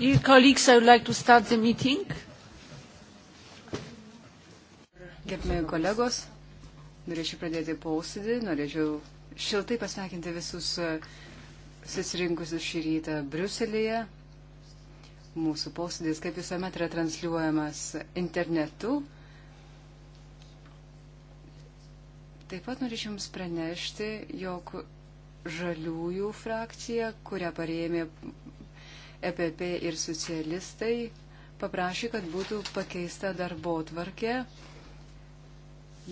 Dear colleagues, I would like to start the meeting. Gerbėjai kolegos, norėčiau pradėti posėdį, norėčiau šiltai pasveikinti visus e, susirinkusius šį rytą Briuselėje. Mūsų posėdis, kaip visuomet, yra transliuojamas internetu. Taip pat norėčiau Jums pranešti, jog žaliųjų frakcija, kurią parėmė EPP ir socialistai paprašė, kad būtų pakeista darbo tvarkė.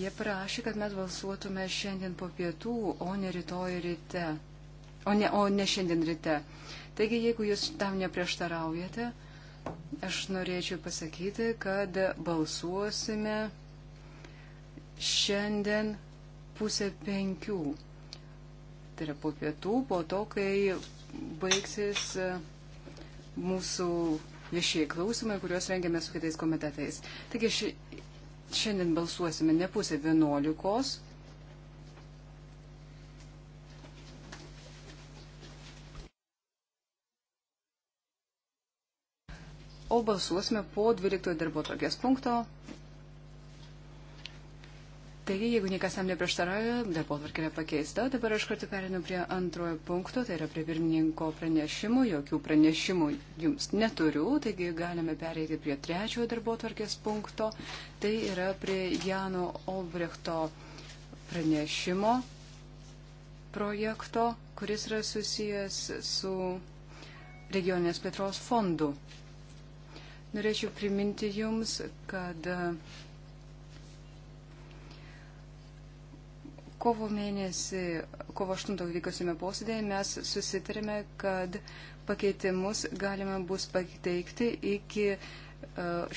Jie prašė, kad mes balsuotume šiandien po pietų, o ne rytoj ryte. O ne, o ne šiandien ryte. Taigi, jeigu jūs tam neprieštaraujate, aš norėčiau pasakyti, kad balsuosime šiandien pusę penkių. Tai yra po pietų, po to, kai baigsis. Uh, mūsų viešieji klausimai, kuriuos rengiame su kitais komitetais. Taigi ši, šiandien balsuosime ne pusę vienuolikos. O balsuosime po 12 darbo tokias punkto Taigi, jeigu niekas tam neprieštarauja, darbo tvarkė yra pakeista. Dabar aš kartu perinu prie antrojo punkto, tai yra prie pirmininko pranešimų. Jokių pranešimų jums neturiu, taigi galime pereiti prie trečiojo darbo tvarkės punkto. Tai yra prie Jano Olbrechto pranešimo projekto, kuris yra susijęs su regioninės plėtros fondu. Norėčiau priminti jums, kad. Uh, Kovo mėnesį, kovo 8 vykusime posėdėje mes susitarėme, kad pakeitimus galima bus pateikti iki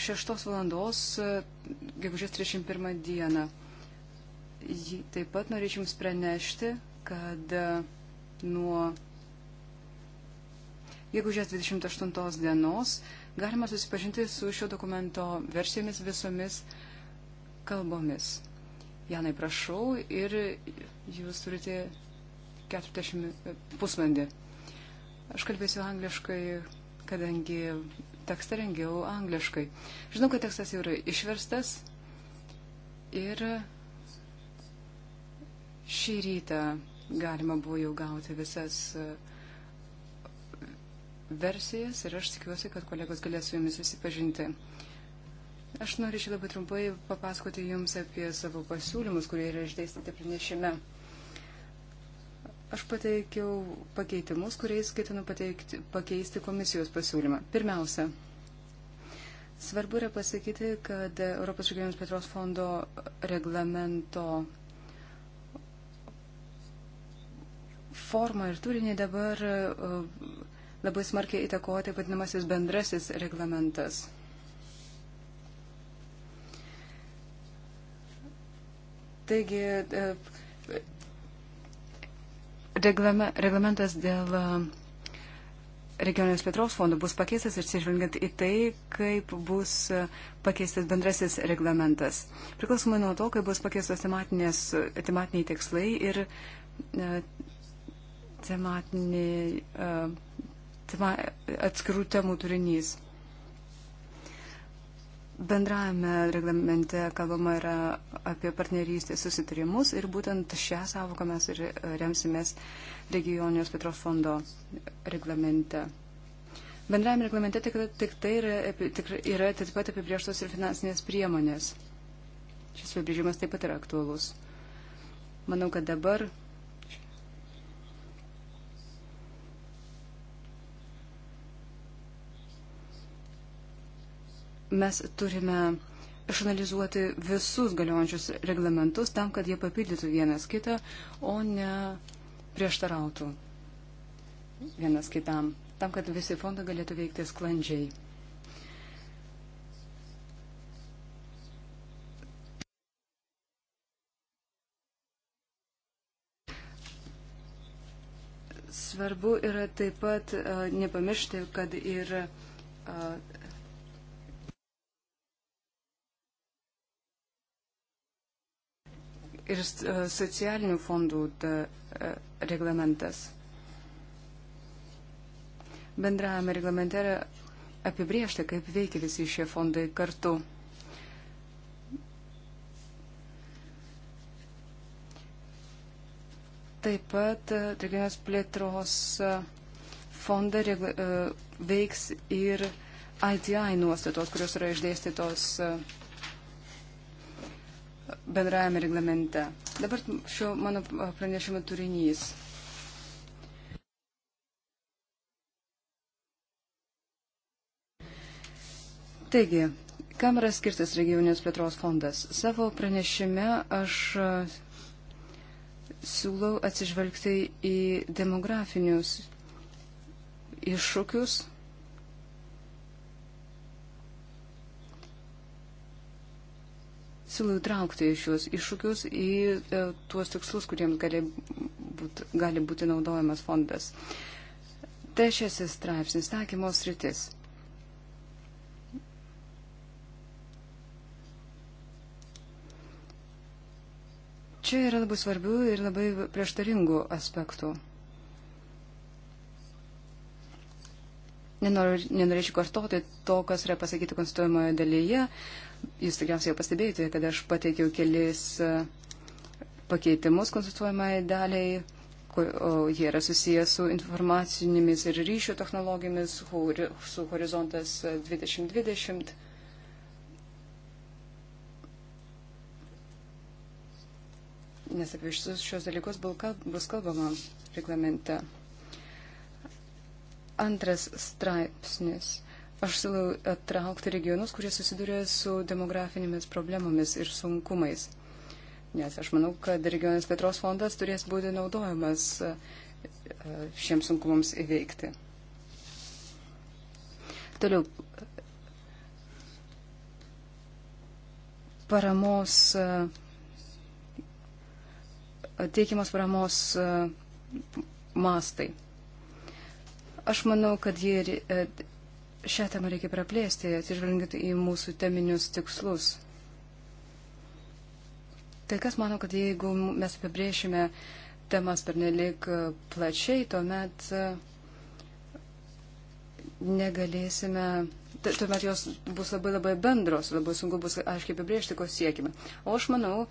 6 e, valandos e, gegužės 31 dieną. Taip pat norėčiau Jums pranešti, kad e, nuo gegužės 28 dienos galima susipažinti su šio dokumento versijomis visomis kalbomis. Janai, prašau, ir jūs turite 40 e, pusvalandį. Aš kalbėsiu angliškai, kadangi tekstą rengiau angliškai. Žinau, kad tekstas jau yra išverstas ir šį rytą galima buvo jau gauti visas e, versijas ir aš tikiuosi, kad kolegos galės su jumis susipažinti. Aš norėčiau labai trumpai papasakoti Jums apie savo pasiūlymus, kurie yra išdėstyti pranešime. Aš pateikiau pakeitimus, kuriais ketinu pateikti, pakeisti komisijos pasiūlymą. Pirmiausia, svarbu yra pasakyti, kad Europos regionės plėtros fondo reglamento forma ir turiniai dabar uh, labai smarkiai įtakoti vadinamasis bendrasis reglamentas. Taigi, e, reglame, reglamentas dėl e, regioninės plėtros fondų bus pakeistas ir atsižvelgiant į tai, kaip bus e, pakeistas bendrasis reglamentas. Priklausomai nuo to, kaip bus pakeistos tematiniai tikslai ir tematinė, tema, atskirų temų turinys. Bendravime reglamente kalbama yra apie partnerystės susitarimus ir būtent šią savoką mes ir remsimės regionijos plėtros fondo reglamente. Bendrajame reglamente tik, tik tai yra, tik, yra taip pat apibrieštos ir finansinės priemonės. Šis apibrėžimas taip pat yra aktuolus. Manau, kad dabar mes turime išanalizuoti visus galiojančius reglamentus tam, kad jie papildytų vienas kitą, o ne prieštarautų vienas kitam, tam, kad visi fondai galėtų veikti sklandžiai. Svarbu yra taip pat e, nepamiršti, kad ir e, ir e, socialinių fondų e, reglamentas. Bendrajame reglamente apibriešta, kaip veikia visi šie fondai kartu. Taip pat e, regionės plėtros fondą veiks ir ITI nuostatos, kurios yra išdėstytos uh, bendrajame reglamente. Dabar šio mano pranešimo turinys. Taigi, kam yra skirtas regioninės plėtros fondas? Savo pranešime aš e, siūlau atsižvelgti į demografinius iššūkius Siūlau įtraukti šios iššūkius į e, tuos tikslus, kuriems gali, būt, gali būti naudojamas fondas. Trečiasis straipsnis - takymos rytis. Čia yra labai svarbių ir labai prieštaringų aspektų. Nenor, nenorėčiau kartoti to, kas yra pasakyti konstituojamoje dalyje, jūs tikriausiai jau pastebėjote, kad aš pateikiau kelis e, pakeitimus konsultuojamai daliai, kur, o, jie yra susijęs su informacinėmis ir ryšių technologijomis, su horizontas 2020. Nes apie visus šios dalykus bus kalbama reglamente. Antras straipsnis Aš siūlau attraukti regionus, kurie susiduria su demografinėmis problemomis ir sunkumais. Nes aš manau, kad regionės plėtros fondas turės būti naudojamas e, šiems sunkumams įveikti. Toliau. Paramos, e, teikiamas paramos e, mastai. Aš manau, kad jie šią temą reikia praplėsti, atsižvelgiant į mūsų teminius tikslus. Tai kas mano, kad jeigu mes apibriešime temas pernelik plačiai, tuomet e, negalėsime, tuomet jos bus labai labai bendros, labai sunku bus aiškiai apibriežti, ko siekime. O aš manau,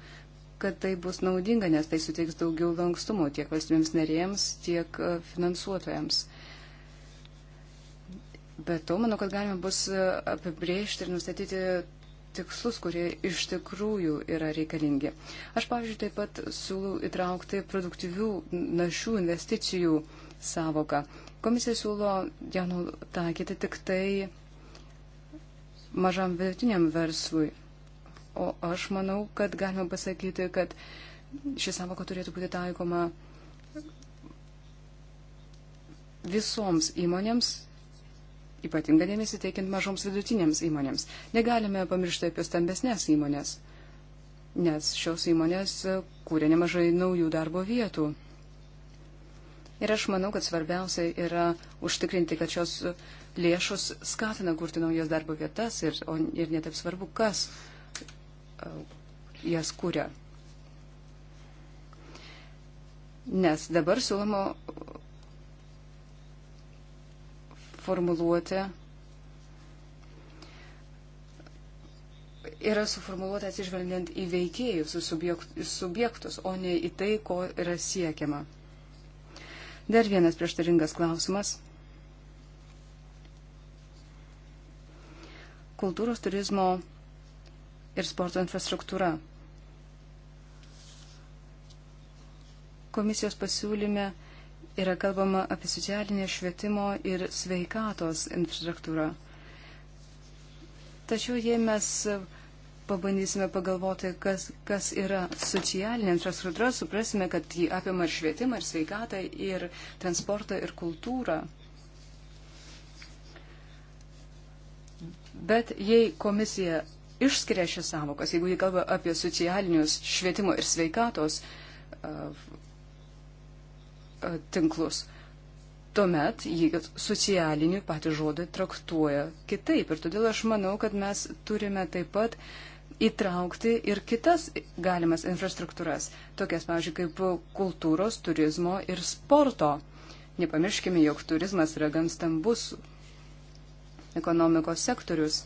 kad tai bus naudinga, nes tai suteiks daugiau lankstumo tiek valstybėms narėms, tiek e, finansuotojams. Bet to, manau, kad galima bus e, apibriežti ir nustatyti tikslus, kurie iš tikrųjų yra reikalingi. Aš, pavyzdžiui, taip pat siūlau įtraukti produktyvių našių investicijų savoką. Komisija siūlo ją taikyti tik tai mažam vidutiniam verslui. O aš manau, kad galima pasakyti, kad ši savoka turėtų būti taikoma visoms įmonėms ypatingą dėmesį teikiant mažoms vidutinėms įmonėms. Negalime pamiršti apie stambesnės įmonės, nes šios įmonės e, kūrė nemažai naujų darbo vietų. Ir aš manau, kad svarbiausia yra užtikrinti, kad šios lėšos skatina kurti naujas darbo vietas ir, o, ir netaip svarbu, kas e, jas kūrė. Nes dabar siūloma formuluotė yra suformuoluota atsižvelgiant į veikėjus, į subjektus, o ne į tai, ko yra siekiama. Dar vienas prieštaringas klausimas. Kultūros turizmo ir sporto infrastruktūra. Komisijos pasiūlyme yra kalbama apie socialinę švietimo ir sveikatos infrastruktūrą. Tačiau jei mes pabandysime pagalvoti, kas, kas yra socialinė infrastruktūra, suprasime, kad jį apima ir švietimą, ir sveikatą, ir transportą, ir kultūrą. Bet jei komisija išskiria šias savokas, jeigu jie kalba apie socialinius švietimo ir sveikatos uh, E, tinklus. Tuomet jį socialinių patį žodį traktuoja kitaip. Ir todėl aš manau, kad mes turime taip pat įtraukti ir kitas galimas infrastruktūras, tokias, pavyzdžiui, kaip kultūros, turizmo ir sporto. Nepamirškime, jog turizmas yra gan stambus ekonomikos sektorius.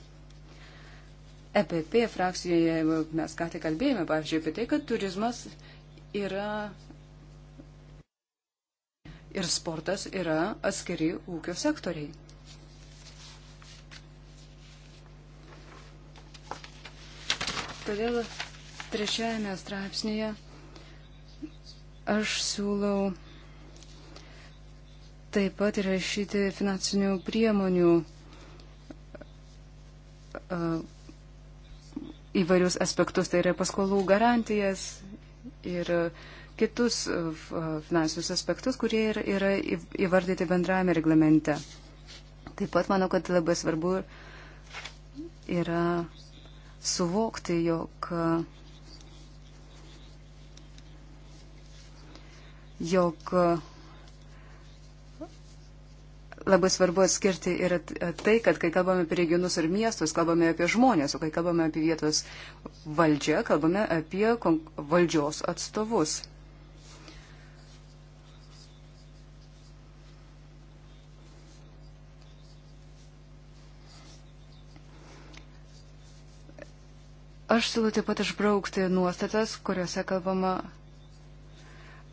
EPP frakcijoje mes ką tik kalbėjome, pavyzdžiui, apie tai, kad turizmas yra ir sportas yra atskiri ūkio sektoriai. Todėl trečiajame straipsnėje aš siūlau taip pat įrašyti finansinių priemonių įvairius aspektus, tai yra paskolų garantijas ir uh, kitus e, e, finansinius aspektus, kurie yra, yra įvardyti bendrajame reglamente. Taip pat manau, kad labai svarbu yra suvokti, jog, jog labai svarbu atskirti ir tai, kad kai kalbame apie regionus ir miestus, kalbame apie žmonės, o kai kalbame apie vietos valdžią, kalbame apie valdžios atstovus. Aš siūlau taip pat išbraukti nuostatas, kuriuose kalbama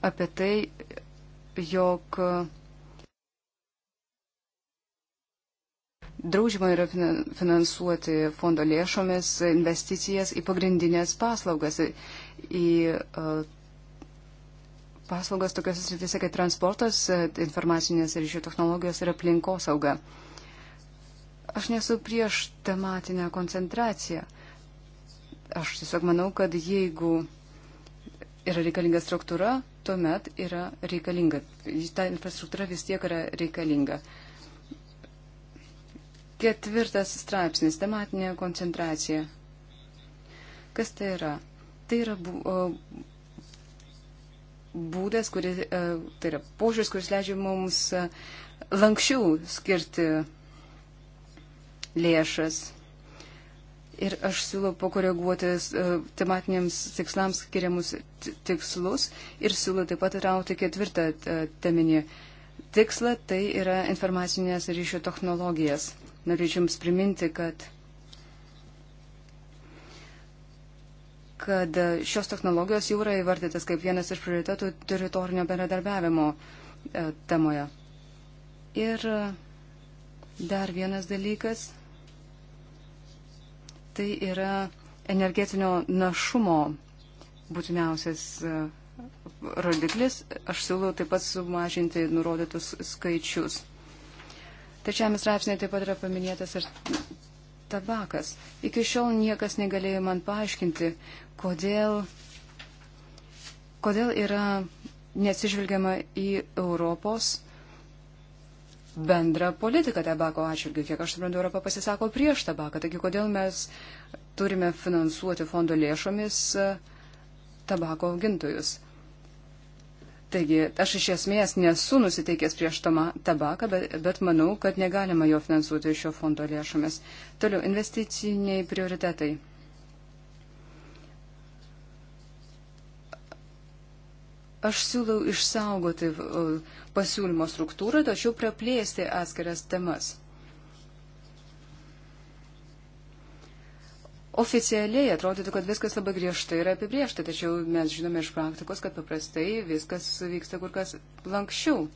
apie tai, jog Draužima yra finansuoti fondo lėšomis investicijas į pagrindinės paslaugas, į e, paslaugas tokios srityse kaip transportas, e, informacinės ryšių technologijos ir aplinkosauga. Aš nesu prieš tematinę koncentraciją. Aš tiesiog manau, kad jeigu yra reikalinga struktūra, tuomet yra reikalinga. Ta infrastruktūra vis tiek yra reikalinga. Ketvirtas straipsnis - tematinė koncentracija. Kas tai yra? Tai yra būdas, kuris, e, tai yra požiūris, kuris leidžia mums e, lankščiau skirti lėšas Ir aš siūlau pakoreguoti e, tematiniams tikslams skiriamus tikslus ir siūlau taip pat rauti ketvirtą e, teminį tikslą, tai yra informacinės ryšių technologijas. Norėčiau Jums priminti, kad kad šios technologijos jau yra įvardytas kaip vienas iš prioritetų teritorinio bendradarbiavimo e, temoje. Ir dar vienas dalykas Tai yra energetinio našumo būtiniausias e, rodiklis. Aš siūlau taip pat sumažinti nurodytus skaičius. Tačiame straipsnėje taip pat yra paminėtas ir tabakas. Iki šiol niekas negalėjo man paaiškinti, kodėl, kodėl yra neatsižvelgiama į Europos bendrą politiką tabako atšvilgių. Kiek aš suprantu, Europą pasisako prieš tabaką. Taigi, kodėl mes turime finansuoti fondo lėšomis e, tabako augintojus? Taigi, aš iš esmės nesu nusiteikęs prieš tama, tabaką, bet, bet manau, kad negalima jo finansuoti šio fondo lėšomis. Toliau, investiciniai prioritetai. Aš siūlau išsaugoti e, pasiūlymo struktūrą, tačiau praplėsti atskiras temas. Oficialiai atrodytų, kad viskas labai griežtai yra apibriešta, tačiau mes žinome iš praktikos, kad paprastai viskas vyksta kur kas lankščiau.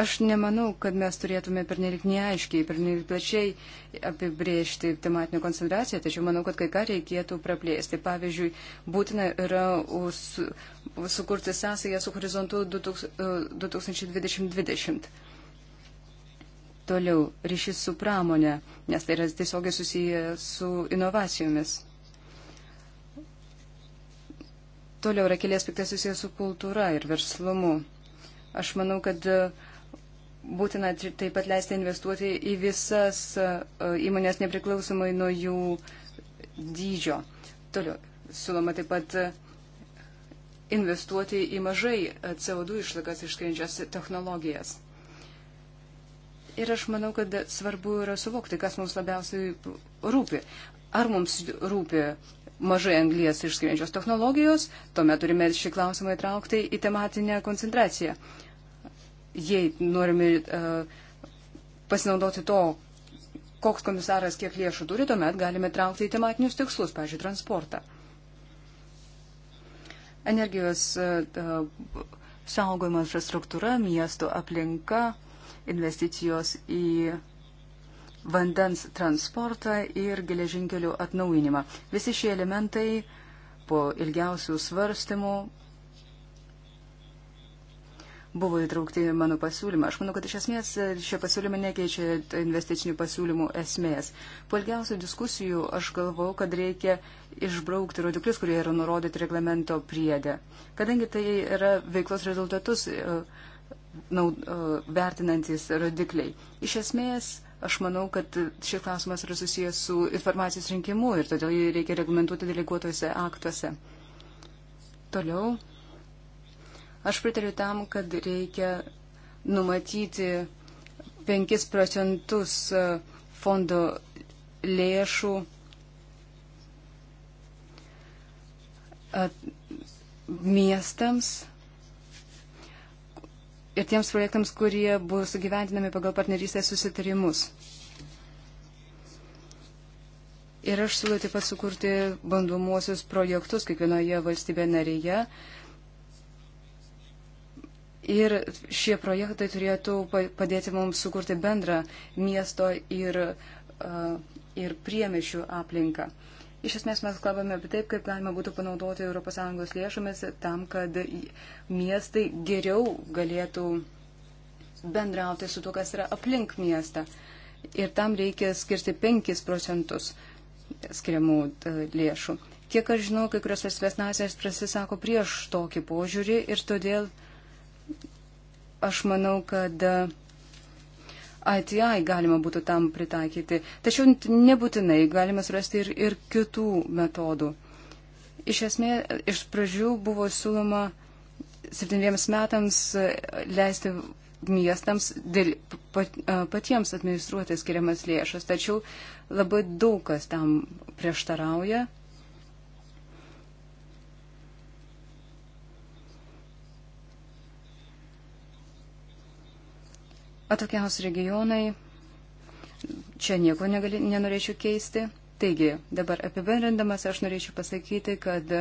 Aš nemanau, kad mes turėtume pernelik neaiškiai, pernelik plačiai apibriežti tematinę koncentraciją, tačiau manau, kad kai ką reikėtų praplėsti. Pavyzdžiui, būtina yra su, sukurti sąsąją su horizontu 2020. E, Toliau, ryšys su pramonė, nes tai yra tiesiogiai susiję su inovacijomis. Toliau yra keli aspektai susiję su kultūra ir verslumu. Aš manau, kad uh, būtina taip pat leisti investuoti į visas e, e, įmonės nepriklausomai nuo jų dydžio. Toliau, siūloma taip pat e, investuoti į mažai CO2 išlakas išskiriančias technologijas. Ir aš manau, kad svarbu yra suvokti, kas mums labiausiai rūpi. Ar mums rūpi mažai anglijas išskiriančios technologijos, tuomet turime šį klausimą įtraukti į tematinę koncentraciją jei norime e, pasinaudoti to, koks komisaras kiek lėšų turi, tuomet galime traukti į tematinius tikslus, pažiūrėjau, transportą. Energijos e, e, saugojimo infrastruktūra, miesto aplinka, investicijos į vandens transportą ir geležinkelių atnauinimą. Visi šie elementai po ilgiausių svarstymų buvo įtraukti mano pasiūlymą. Aš manau, kad iš esmės šie pasiūlymai nekeičia investicinių pasiūlymų esmės. Po ilgiausių diskusijų aš galvau, kad reikia išbraukti rodiklius, kurie yra nurodyti reglamento priedė. Kadangi tai yra veiklos rezultatus e, naud, e, vertinantis rodikliai. Iš esmės, aš manau, kad šis klausimas yra susijęs su informacijos rinkimu ir todėl jį reikia reglamentuoti deleguotuose aktuose. Toliau Aš pritariu tam, kad reikia numatyti 5 procentus e, fondo lėšų miestams ir tiems projektams, kurie bus gyventinami pagal partnerystės susitarimus. Ir aš siūlau taip pat sukurti bandomuosius projektus kiekvienoje valstybė narėje, Ir šie projektai turėtų padėti mums sukurti bendrą miesto ir, ir priemešių aplinką. Iš esmės mes kalbame apie taip, kaip galima būtų panaudoti ES lėšomis tam, kad miestai geriau galėtų bendrauti su tuo, kas yra aplink miestą. Ir tam reikia skirti 5 procentus skiriamų lėšų. Kiek aš žinau, kai kurios valstybės nacijos prasisako prieš tokį požiūrį ir todėl aš manau, kad e, ATI galima būtų tam pritaikyti. Tačiau nebūtinai galima surasti ir, ir kitų metodų. Iš esmės, iš pradžių buvo siūloma septyniems metams e, leisti miestams dėl, pat, e, patiems administruoti skiriamas lėšas, tačiau labai daug kas tam prieštarauja atokiausi regionai. Čia nieko negali, nenorėčiau keisti. Taigi, dabar apibendrindamas aš norėčiau pasakyti, kad e,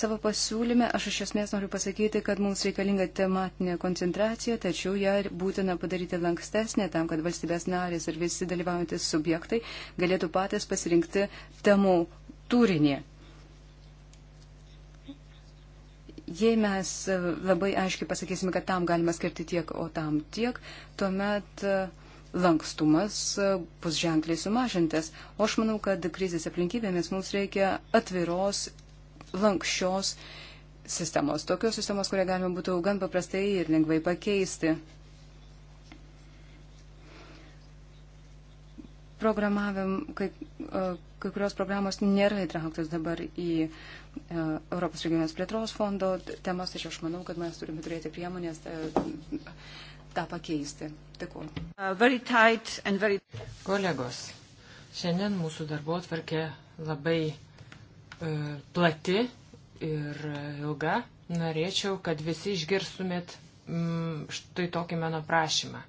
savo pasiūlyme aš iš esmės noriu pasakyti, kad mums reikalinga tematinė koncentracija, tačiau ją būtina padaryti lankstesnė tam, kad valstybės narės ir visi dalyvaujantis subjektai galėtų patys pasirinkti temų turinį. Jei mes e, labai aiškiai pasakysime, kad tam galima skirti tiek, o tam tiek, tuomet e, lankstumas e, bus ženkliai sumažintas. O aš manau, kad krizės aplinkybėmis mums reikia atviros, lankščios sistemos. Tokios sistemos, kurią galima būtų gan paprastai ir lengvai pakeisti. programavim, kai, e, kai kurios programos nėra įtrauktos dabar į e, Europos regionės plėtros fondo temas, tačiau aš manau, kad mes turime turėti priemonės e, tą pakeisti. Dėkuoju. Uh, very... Kolegos, šiandien mūsų darbo atvarkė labai e, plati ir ilga. Norėčiau, kad visi išgirstumėt m, mm, štai tokį mano prašymą.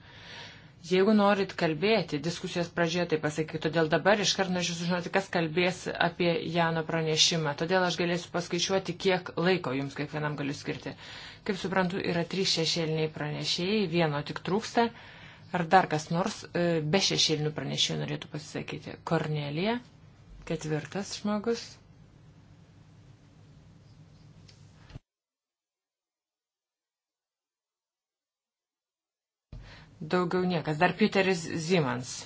Jeigu norit kalbėti, diskusijos pradžioje tai pasakyti, todėl dabar iškart norėčiau sužinoti, kas kalbės apie Jano pranešimą. Todėl aš galėsiu paskaičiuoti, kiek laiko jums kiekvienam galiu skirti. Kaip suprantu, yra trys šešėliniai pranešėjai, vieno tik trūksta. Ar dar kas nors e, be šešėlinių pranešėjų norėtų pasisakyti? Kornelija, ketvirtas žmogus. Daugiau niekas. Dar Peteris Zimans.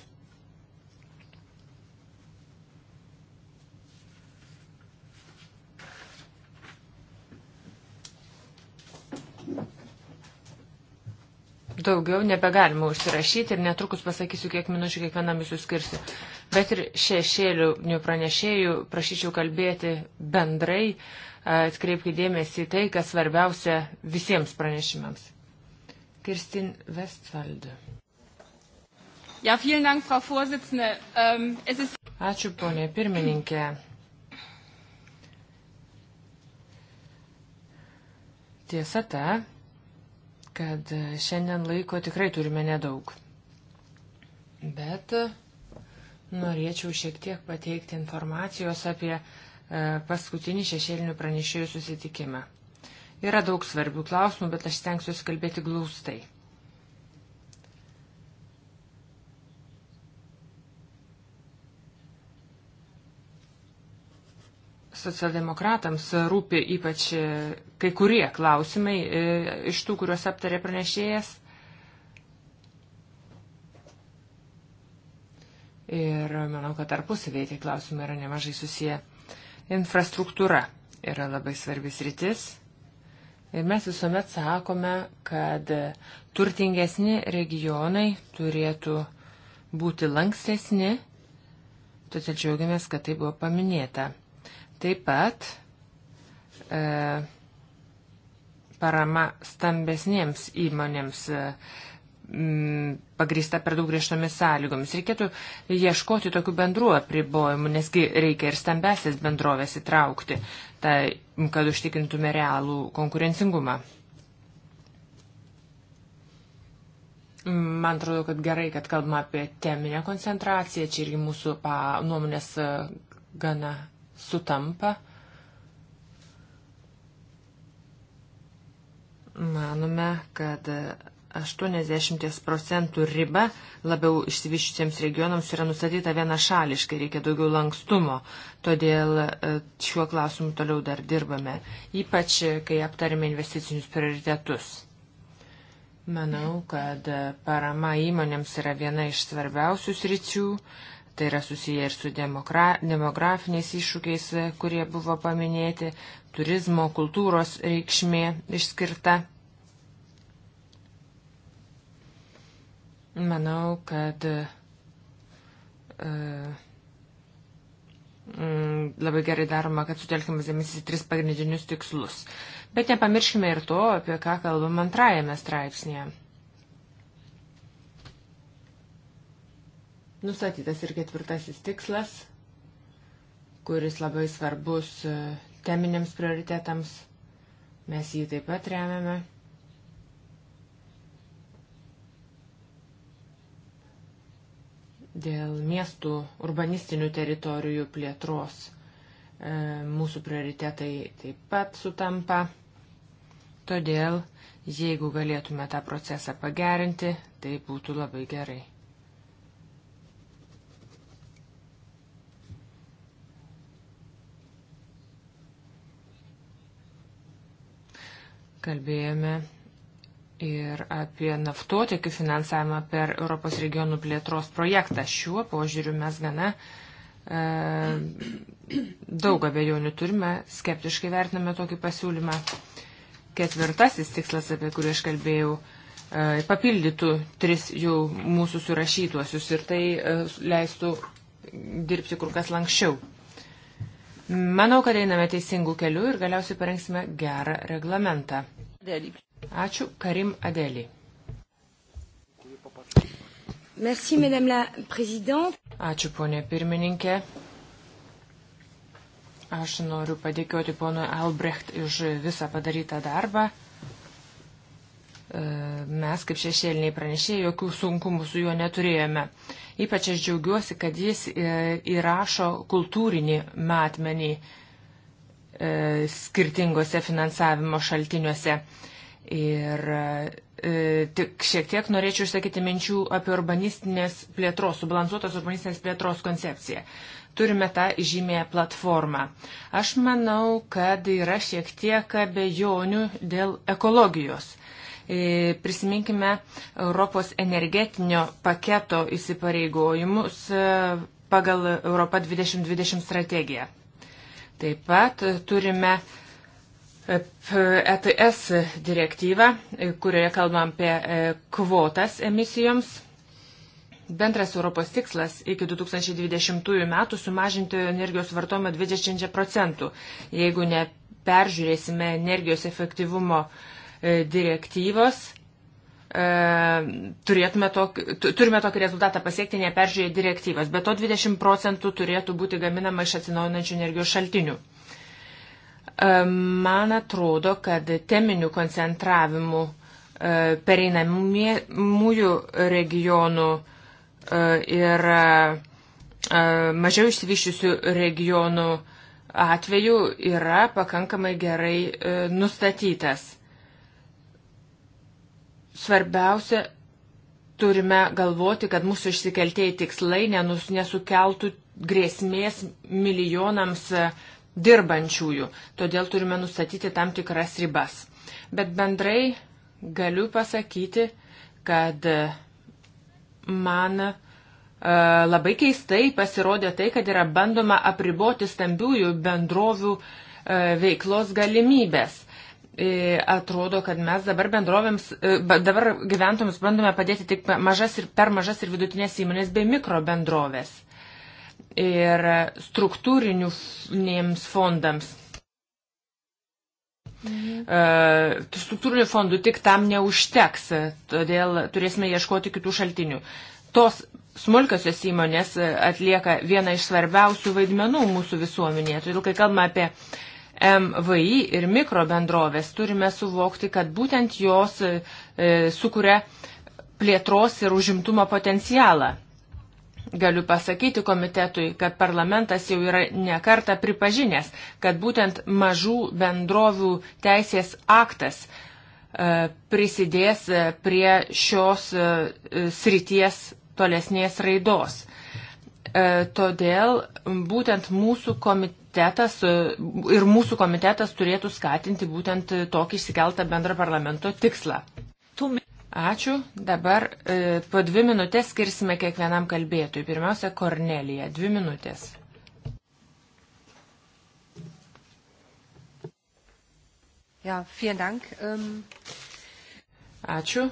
Daugiau nebegalima užsirašyti ir netrukus pasakysiu, kiek minučių kiekvienam jūsų skirsiu. Bet ir šešėlių pranešėjų prašyčiau kalbėti bendrai, atkreipkite dėmesį į tai, kas svarbiausia visiems pranešimams. Kirstin Westvalde. Ja, vielen Dank, Frau Vorsitzende. Ähm, es ist Ačiū, ponė pirmininkė. Tiesa ta, kad šiandien laiko tikrai turime nedaug. Bet norėčiau šiek tiek pateikti informacijos apie e, paskutinį šešėlinių pranešėjų susitikimą. Yra daug svarbių klausimų, bet aš stengsiuosi kalbėti glaustai. Socialdemokratams rūpi ypač e, kai kurie klausimai e, iš tų, kuriuos aptarė pranešėjas. Ir manau, kad tarpusavėje tie klausimai yra nemažai susiję. Infrastruktūra yra labai svarbis rytis. Ir mes visuomet sakome, kad turtingesni regionai turėtų būti lankstesni, todėl džiaugiamės, kad tai buvo paminėta. Taip pat e, parama stambesniems įmonėms. E, pagrįsta per daug griežtomis sąlygomis. Reikėtų ieškoti tokių bendrų apribojimų, nesgi reikia ir stambesės bendrovės įtraukti tai, kad užtikrintume realų konkurencingumą. Man atrodo, kad gerai, kad kalbama apie teminę koncentraciją, čia irgi mūsų pa, nuomonės e, gana sutampa. Manome, kad 80 procentų riba labiau išsivyščiusiems regionams yra nustatyta vienašališkai, reikia daugiau lankstumo, todėl e, šiuo klausimu toliau dar dirbame, ypač e, kai aptarime investicinius prioritetus. Manau, kad e, parama įmonėms yra viena iš svarbiausių sričių, tai yra susiję ir su demografiniais iššūkiais, kurie buvo paminėti, turizmo, kultūros reikšmė išskirta Manau, kad e, mm, labai gerai daroma, kad sutelkiamas dėmesys į tris pagrindinius tikslus. Bet nepamirškime ir to, apie ką kalbam antrajame straipsnėje. Nustatytas ir ketvirtasis tikslas, kuris labai svarbus e, teminiams prioritetams. Mes jį taip pat remiame. dėl miestų urbanistinių teritorijų plėtros. E, mūsų prioritetai taip pat sutampa, todėl jeigu galėtume tą procesą pagerinti, tai būtų labai gerai. Kalbėjome ir apie naftotiekių finansavimą per Europos regionų plėtros projektą. Šiuo požiūriu mes gana e, daug abejonių turime, skeptiškai vertiname tokį pasiūlymą. Ketvirtasis tikslas, apie kurį aš kalbėjau, e, papildytų tris jau mūsų surašytuosius ir tai e, leistų dirbti kur kas lankščiau. Manau, kad einame teisingų kelių ir galiausiai parengsime gerą reglamentą. Dėlį. Ačiū, Karim Adeli. Merci, Madame la Présidente. Ačiū, ponė pirmininkė. Aš noriu padėkoti ponui Albrecht už visą padarytą darbą. E, mes kaip šešėliniai pranešėjai jokių sunkumų su juo neturėjome. Ypač aš džiaugiuosi, kad jis e, įrašo kultūrinį matmenį e, skirtingose finansavimo šaltiniuose. Ir e, tik šiek tiek norėčiau išsakyti minčių apie urbanistinės plėtros, subalansuotos urbanistinės plėtros koncepciją. Turime tą žymę platformą. Aš manau, kad yra šiek tiek abejonių dėl ekologijos. E, prisiminkime Europos energetinio paketo įsipareigojimus e, pagal Europą 2020 strategiją. Taip pat turime ETS direktyvą, kurioje kalbam apie e, kvotas emisijoms. Bendras Europos tikslas iki 2020 metų sumažinti energijos vartojimą 20 procentų. Jeigu neperžiūrėsime energijos efektyvumo e, direktyvos, e, turėtume tok, turime tokį rezultatą pasiekti neperžiūrėję direktyvas. Be to 20 procentų turėtų būti gaminama iš atsinaujinančių energijos šaltinių. Man atrodo, kad teminių koncentravimų e, pereinamųjų regionų e, ir e, mažiau išsivyščiusių regionų atveju yra pakankamai gerai nustatytas. Svarbiausia, turime galvoti, kad mūsų išsikeltieji tikslai nesukeltų grėsmės milijonams uh, dirbančiųjų. Todėl turime nustatyti tam tikras ribas. Bet bendrai galiu pasakyti, kad e, man e, labai keistai pasirodė tai, kad yra bandoma apriboti stambiųjų bendrovių e, veiklos galimybės. E, atrodo, kad mes dabar bendrovėms, e, dabar gyventojams bandome padėti tik mažas ir, per mažas ir vidutinės įmonės bei mikro bendrovės ir struktūriniams fondams. Mhm. E, struktūrinių fondų tik tam neužteks, todėl turėsime ieškoti kitų šaltinių. Tos smulkiosios įmonės atlieka vieną iš svarbiausių vaidmenų mūsų visuomenėje. Todėl, kai kalbame apie MVI ir mikro bendrovės, turime suvokti, kad būtent jos e, sukuria plėtros ir užimtumo potencialą. Galiu pasakyti komitetui, kad parlamentas jau yra nekarta pripažinęs, kad būtent mažų bendrovių teisės aktas e, prisidės e, prie šios e, srities tolesnės raidos. Todėl būtent mūsų komitetas ir mūsų komitetas turėtų skatinti būtent tokį išsikeltą bendrą parlamento tikslą. Ačiū. Dabar e, po dvi minutės skirsime kiekvienam kalbėtojui. Pirmiausia, Kornelija. Dvi minutės. Ja, vielen Dank. Um... Ačiū.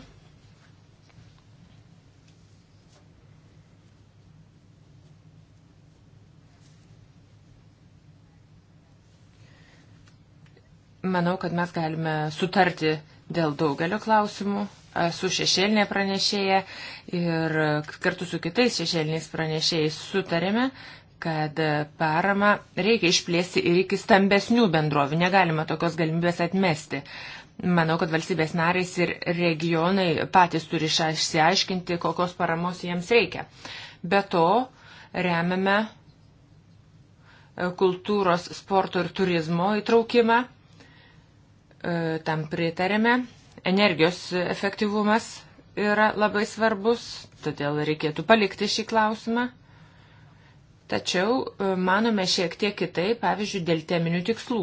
Manau, kad mes galime sutarti dėl daugelio klausimų su šešėlinė pranešėja ir kartu su kitais šešėliniais pranešėjais sutarėme, kad parama reikia išplėsti ir iki stambesnių bendrovių. Negalima tokios galimybės atmesti. Manau, kad valstybės narės ir regionai patys turi išsiaiškinti, kokios paramos jiems reikia. Be to, remiame e, kultūros, sporto ir turizmo įtraukimą. E, tam pritarėme Energijos efektyvumas yra labai svarbus, todėl reikėtų palikti šį klausimą. Tačiau e, manome šiek tiek kitaip, pavyzdžiui, dėl teminių tikslų.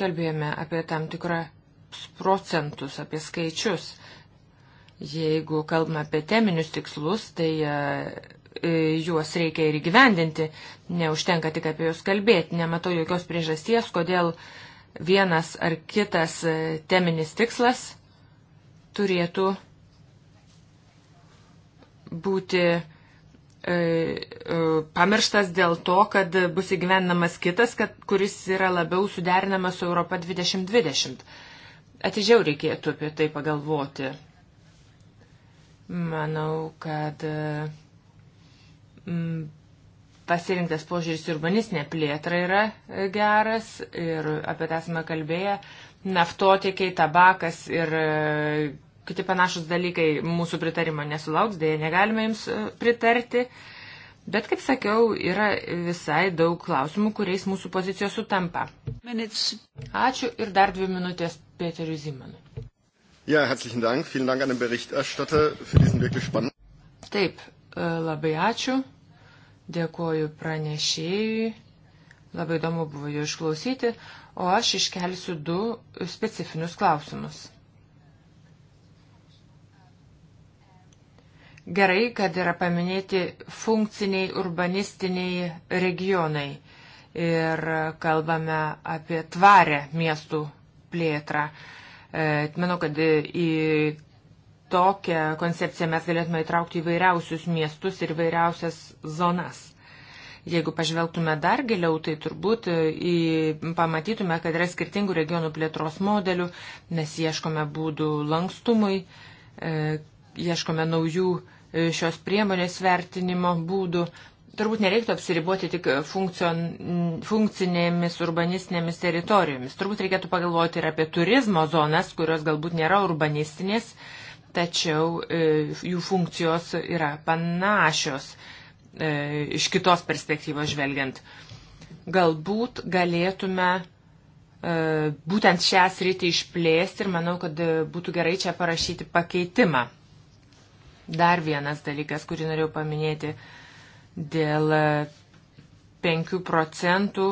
Kalbėjome apie tam tikrą procentus, apie skaičius. Jeigu kalbame apie teminius tikslus, tai e, E, juos reikia ir įgyvendinti, neužtenka tik apie juos kalbėti, nematau jokios priežasties, kodėl vienas ar kitas e, teminis tikslas turėtų būti e, e, pamirštas dėl to, kad bus įgyvendinamas kitas, kad, kuris yra labiau suderinamas su Europa 2020. Atidžiau reikėtų apie tai pagalvoti. Manau, kad e, mm, pasirinktas požiūris į urbanistinę plėtrą yra e, geras ir apie tai esame kalbėję. Naftotiekiai, tabakas ir e, kiti panašus dalykai mūsų pritarimo nesulauks, dėja negalime jums e, pritarti. Bet, kaip sakiau, yra visai daug klausimų, kuriais mūsų pozicijos sutampa. Minutes. Ačiū ir dar dvi minutės Peteriu Zimanui. Ja, herzlichen Dank. Vielen Dank an den Berichterstatter für diesen wirklich spannenden. Taip, E, labai ačiū. Dėkuoju pranešėjui. Labai įdomu buvo jo išklausyti, o aš iškelsiu du specifinius klausimus. Gerai, kad yra paminėti funkciniai urbanistiniai regionai ir kalbame apie tvarę miestų plėtrą. E, manau, kad į tokią koncepciją mes galėtume įtraukti įvairiausius miestus ir įvairiausias zonas. Jeigu pažvelgtume dar giliau, tai turbūt e, į, pamatytume, kad yra skirtingų regionų plėtros modelių, mes ieškome būdų lankstumui, e, ieškome naujų e, šios priemonės vertinimo būdų. Turbūt nereiktų apsiriboti tik funkcion, funkcinėmis urbanistinėmis teritorijomis. Turbūt reikėtų pagalvoti ir apie turizmo zonas, kurios galbūt nėra urbanistinės, e, tačiau e, jų funkcijos yra panašios e, iš kitos perspektyvos žvelgiant. Galbūt galėtume e, būtent šią sritį išplėsti ir manau, kad būtų gerai čia parašyti pakeitimą. Dar vienas dalykas, kurį norėjau paminėti dėl 5 procentų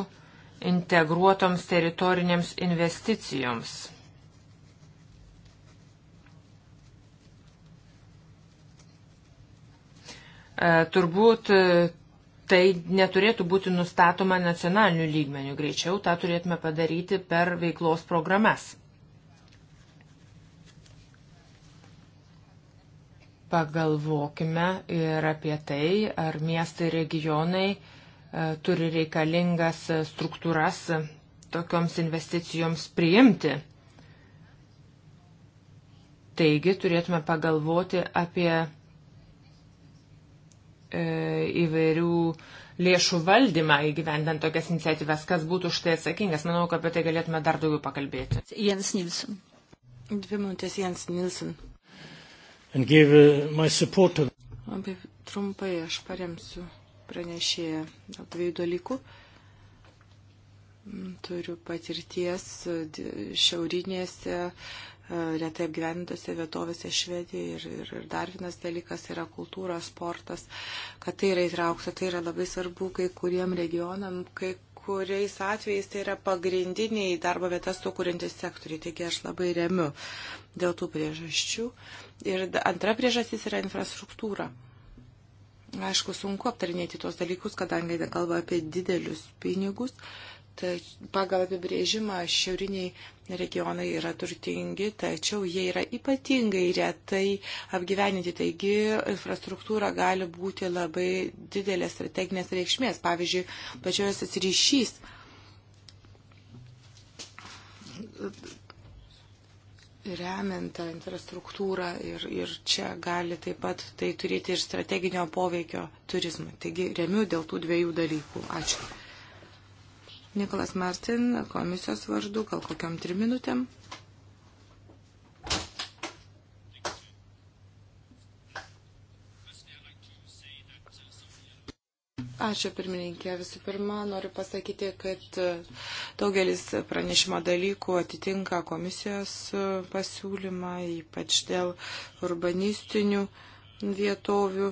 integruotoms teritorinėms investicijoms. E, turbūt e, tai neturėtų būti nustatoma nacionaliniu lygmeniu. Greičiau tą turėtume padaryti per veiklos programas. Pagalvokime ir apie tai, ar miestai regionai e, turi reikalingas struktūras tokioms investicijoms priimti. Taigi turėtume pagalvoti apie E, įvairių lėšų valdymą įgyvendant tokias iniciatyvas, kas būtų už tai atsakingas. Manau, kad apie tai galėtume dar daugiau pakalbėti. Jens Nilsen. Dvi minutės Jens Nilsen. Uh, Labai trumpai aš paremsiu pranešėją dėl dviejų dalykų. Mm, turiu patirties šiaurinėse retai apgyvendintose vietovėse Švedijoje ir, ir, ir dar vienas dalykas yra kultūra, sportas, kad tai yra įtraukta, tai yra labai svarbu kai kuriem regionam, kai kuriais atvejais tai yra pagrindiniai darbo vietas sukūrintis sektoriai, taigi aš labai remiu dėl tų priežasčių. Ir antra priežastis yra infrastruktūra. Aišku, sunku aptarinėti tuos dalykus, kadangi kalba apie didelius pinigus, Tai pagal apibrėžimą šiauriniai regionai yra turtingi, tačiau jie yra ypatingai retai apgyveninti. Taigi infrastruktūra gali būti labai didelės strateginės reikšmės. Pavyzdžiui, pačioje atsiryšys remiantą infrastruktūrą ir, ir čia gali taip pat tai turėti ir strateginio poveikio turizmui. Taigi remiu dėl tų dviejų dalykų. Ačiū. Nikolas Martin, komisijos vardu, gal kokiam trim minutėm. Ačiū pirmininkė. Visų pirma, noriu pasakyti, kad daugelis pranešimo dalykų atitinka komisijos pasiūlymą, ypač dėl urbanistinių vietovių.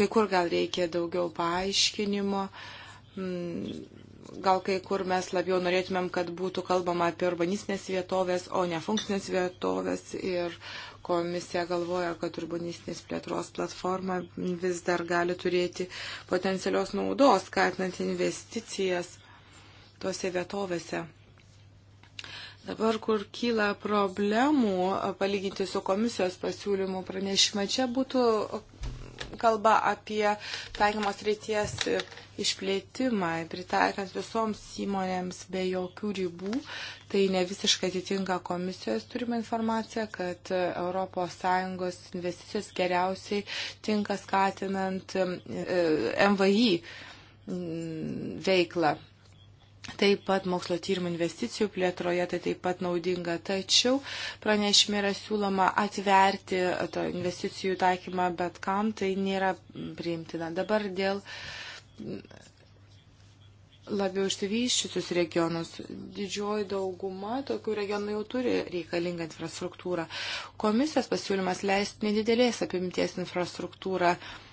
Kai kur gal reikia daugiau paaiškinimo mm, gal kai kur mes labiau norėtumėm, kad būtų kalbama apie urbanistinės vietovės, o ne funkcinės vietovės. Ir komisija galvoja, kad urbanistinės plėtros platforma vis dar gali turėti potencialios naudos, skatinant investicijas tose vietovėse. Dabar, kur kyla problemų palyginti su komisijos pasiūlymu pranešimą, čia būtų kalba apie taikymos ryties išplėtimą, pritaikant visoms įmonėms be jokių ribų. Tai ne visiškai atitinka komisijos turimą informaciją, kad ES investicijos geriausiai tinka skatinant e, e, MVI veiklą. Taip pat mokslo tyrimų investicijų plėtroje tai taip pat naudinga, tačiau pranešime yra siūloma atverti to investicijų taikymą, bet kam tai nėra priimtina. Dabar dėl labiau išsivyščiusius regionus. Didžioji dauguma tokių regionų jau turi reikalingą infrastruktūrą. Komisijos pasiūlymas leist nedidelės apimties infrastruktūrą. Uh,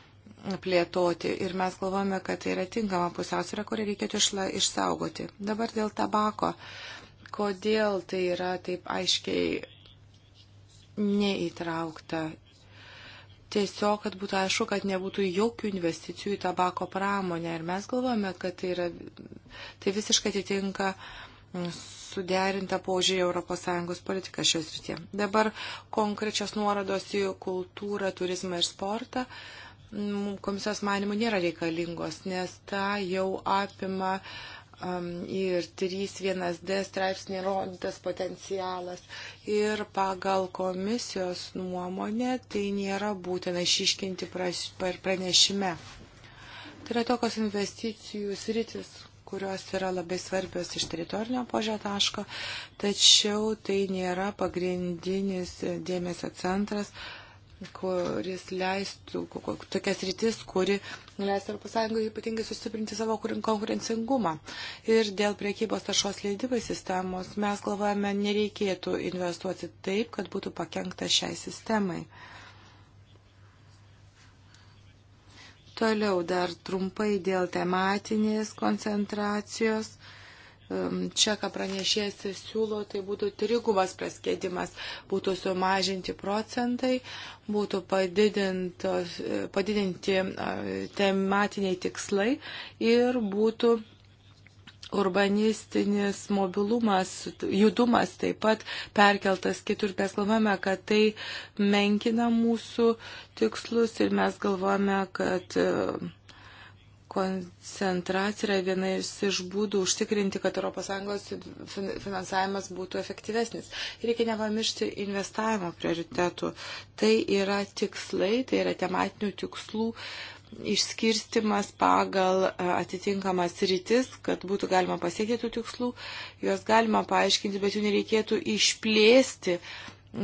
plėtoti ir mes galvojame, kad tai yra tinkama pusiausvėra, kurią reikėtų išsaugoti. Dabar dėl tabako. Kodėl tai yra taip aiškiai neįtraukta? Tiesiog, kad būtų aišku, kad nebūtų jokių investicijų į tabako pramonę. Ir mes galvojame, kad tai, yra, tai visiškai atitinka mm, suderinta požiūrė ES politika šios rytie. Dabar konkrečios nuorados į kultūrą, turizmą ir sportą. Uh, komisijos manimų nėra reikalingos, nes ta jau apima um, ir 3.1d straipsnė rodytas potencialas. Ir pagal komisijos nuomonę tai nėra būtina išiškinti pranešime. Tai yra tokios investicijų sritis, kurios yra labai svarbios iš teritorinio požio taško, tačiau tai nėra pagrindinis dėmesio centras, uh, kuris leistų, tokias rytis, kuri leistų Europos Sąjungai ypatingai sustiprinti savo konkurencingumą. Ir dėl priekybos taršos leidimai sistemos mes galvojame, nereikėtų investuoti taip, kad būtų pakengta šiai sistemai. Toliau dar trumpai dėl tematinės koncentracijos čia, ką pranešėjas siūlo, tai būtų trigubas praskėdimas, būtų sumažinti procentai, būtų e, padidinti tematiniai tikslai ir būtų urbanistinis mobilumas, judumas taip pat perkeltas kitur. Mes galvojame, kad tai menkina mūsų tikslus ir mes galvojame, kad uh, koncentracija yra viena iš būdų užtikrinti, kad ES finansavimas būtų efektyvesnis. Reikia nepamiršti investavimo prioritetų. Tai yra tikslai, tai yra tematinių tikslų išskirstimas pagal e, atitinkamas rytis, kad būtų galima pasiekti tų tikslų, juos galima paaiškinti, bet jų nereikėtų išplėsti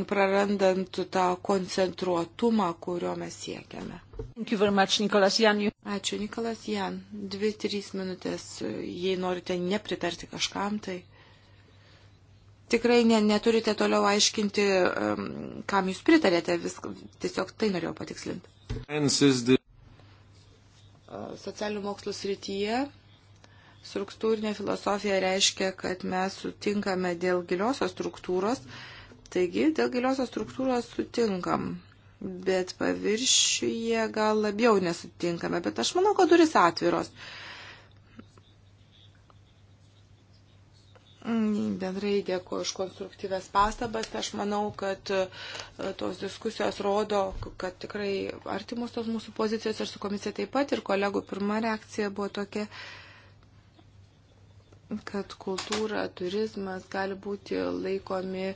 prarandant tą koncentruotumą, kurio mes siekiame. Much, Nicholas Ačiū, Nikolas Jan. Dvi, trys minutės, jei norite nepritarti kažkam, tai tikrai ne, neturite toliau aiškinti, um, kam jūs pritarėte, viską. tiesiog tai norėjau patikslinti. Socialinių mokslų srityje struktūrinė filosofija reiškia, kad mes sutinkame dėl giliosios struktūros. Mm Taigi dėl giliosios struktūros sutinkam, bet paviršiuje gal labiau nesutinkame, bet aš manau, kad duris atviros. Mm, bendrai dėkuoju už konstruktyves pastabas. Aš manau, kad e, tos diskusijos rodo, kad tikrai artimus tos mūsų pozicijos ir su komisija taip pat. Ir kolegų pirma reakcija buvo tokia, kad kultūra, turizmas gali būti laikomi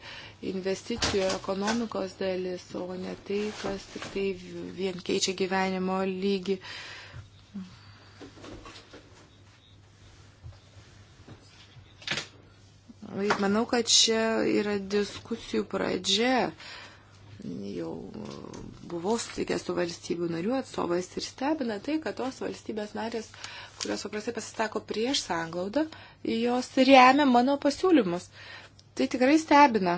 investicijų ekonomikos dalis, o ne tai, kas tik tai vien keičia gyvenimo lygį. Manau, kad čia yra diskusijų pradžia. Uh, jau e, buvau susitikęs su valstybių narių atstovais ir stebina tai, kad tos valstybės narės, kurios paprastai pasisako prieš sanglaudą, jos remia mano pasiūlymus. Tai tikrai stebina.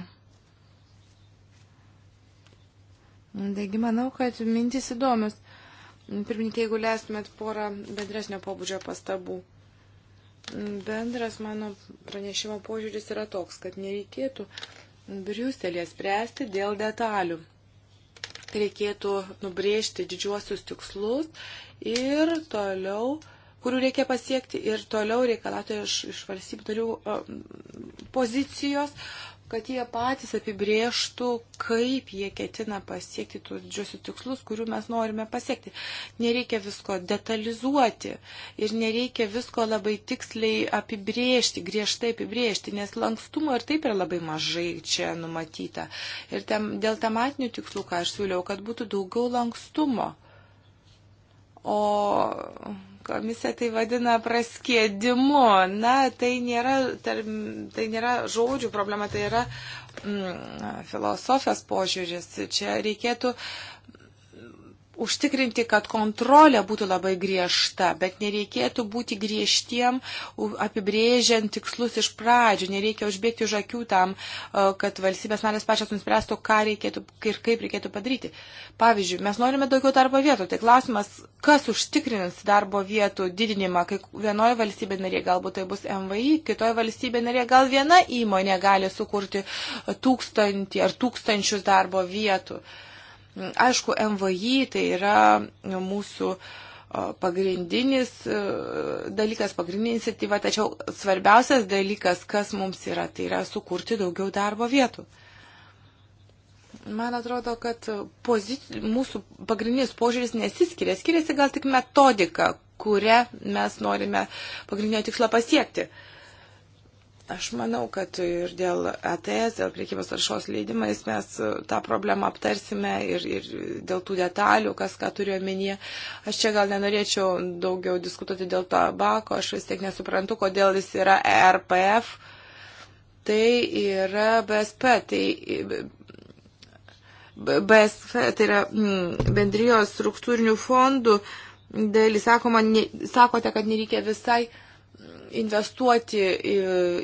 Taigi manau, kad mintis įdomios. Pirmininkai, jeigu leistumėt porą bendresnio pobūdžio pastabų. Bendras mano pranešimo požiūris yra toks, kad nereikėtų uh, Briuselė spręsti dėl detalių. Reikėtų nubrėžti didžiuosius tikslus ir toliau, kurių reikia pasiekti ir toliau reikalauti iš, iš valstybių narių um, pozicijos, kad jie patys apibrieštų, kaip jie ketina pasiekti tų didžiosius tikslus, kurių mes norime pasiekti. Nereikia visko detalizuoti ir nereikia visko labai tiksliai apibriežti, griežtai apibriežti, nes lankstumo ir taip yra labai mažai čia numatyta. Ir tem, dėl tematinių tikslų, ką aš siūliau, kad būtų daugiau lankstumo. O Komisija tai vadina praskėdimu. Na, tai nėra, tai nėra žodžių problema, tai yra mm, filosofijos požiūris. Čia reikėtų uh, užtikrinti, kad kontrolė būtų labai griežta, bet nereikėtų būti griežtiem apibrėžiant tikslus iš pradžių, nereikia užbėgti už akių tam, e, kad valstybės narės pačios nuspręstų, ką reikėtų ir kaip reikėtų padaryti. Pavyzdžiui, mes norime daugiau darbo vietų, tai klausimas, kas užtikrins darbo vietų didinimą, kai vienoje valstybė narė galbūt tai bus MVI, kitoje valstybė narė gal viena įmonė gali sukurti tūkstantį ar tūkstančius darbo vietų. Uh, Aišku, MVI tai yra mūsų pagrindinis dalykas, pagrindinė iniciatyva, tačiau svarbiausias dalykas, kas mums yra, tai yra sukurti daugiau darbo vietų. Man atrodo, kad pozici... mūsų pagrindinis požiūris nesiskiria, skiriasi gal tik metodika, kurią mes norime pagrindinio tikslo pasiekti. Uh, Aš manau, kad ir dėl ATS, dėl priekybos taršos leidimais mes tą problemą aptarsime ir, ir dėl tų detalių, kas ką turiu omenyje. Aš čia gal nenorėčiau daugiau diskutuoti dėl tabako, aš vis tiek nesuprantu, kodėl jis yra ERPF. Tai yra BSP, tai BSP, tai yra hmm, bendrijos struktūrinių fondų dalis. Sakoma, ne, sakote, kad nereikia visai investuoti į,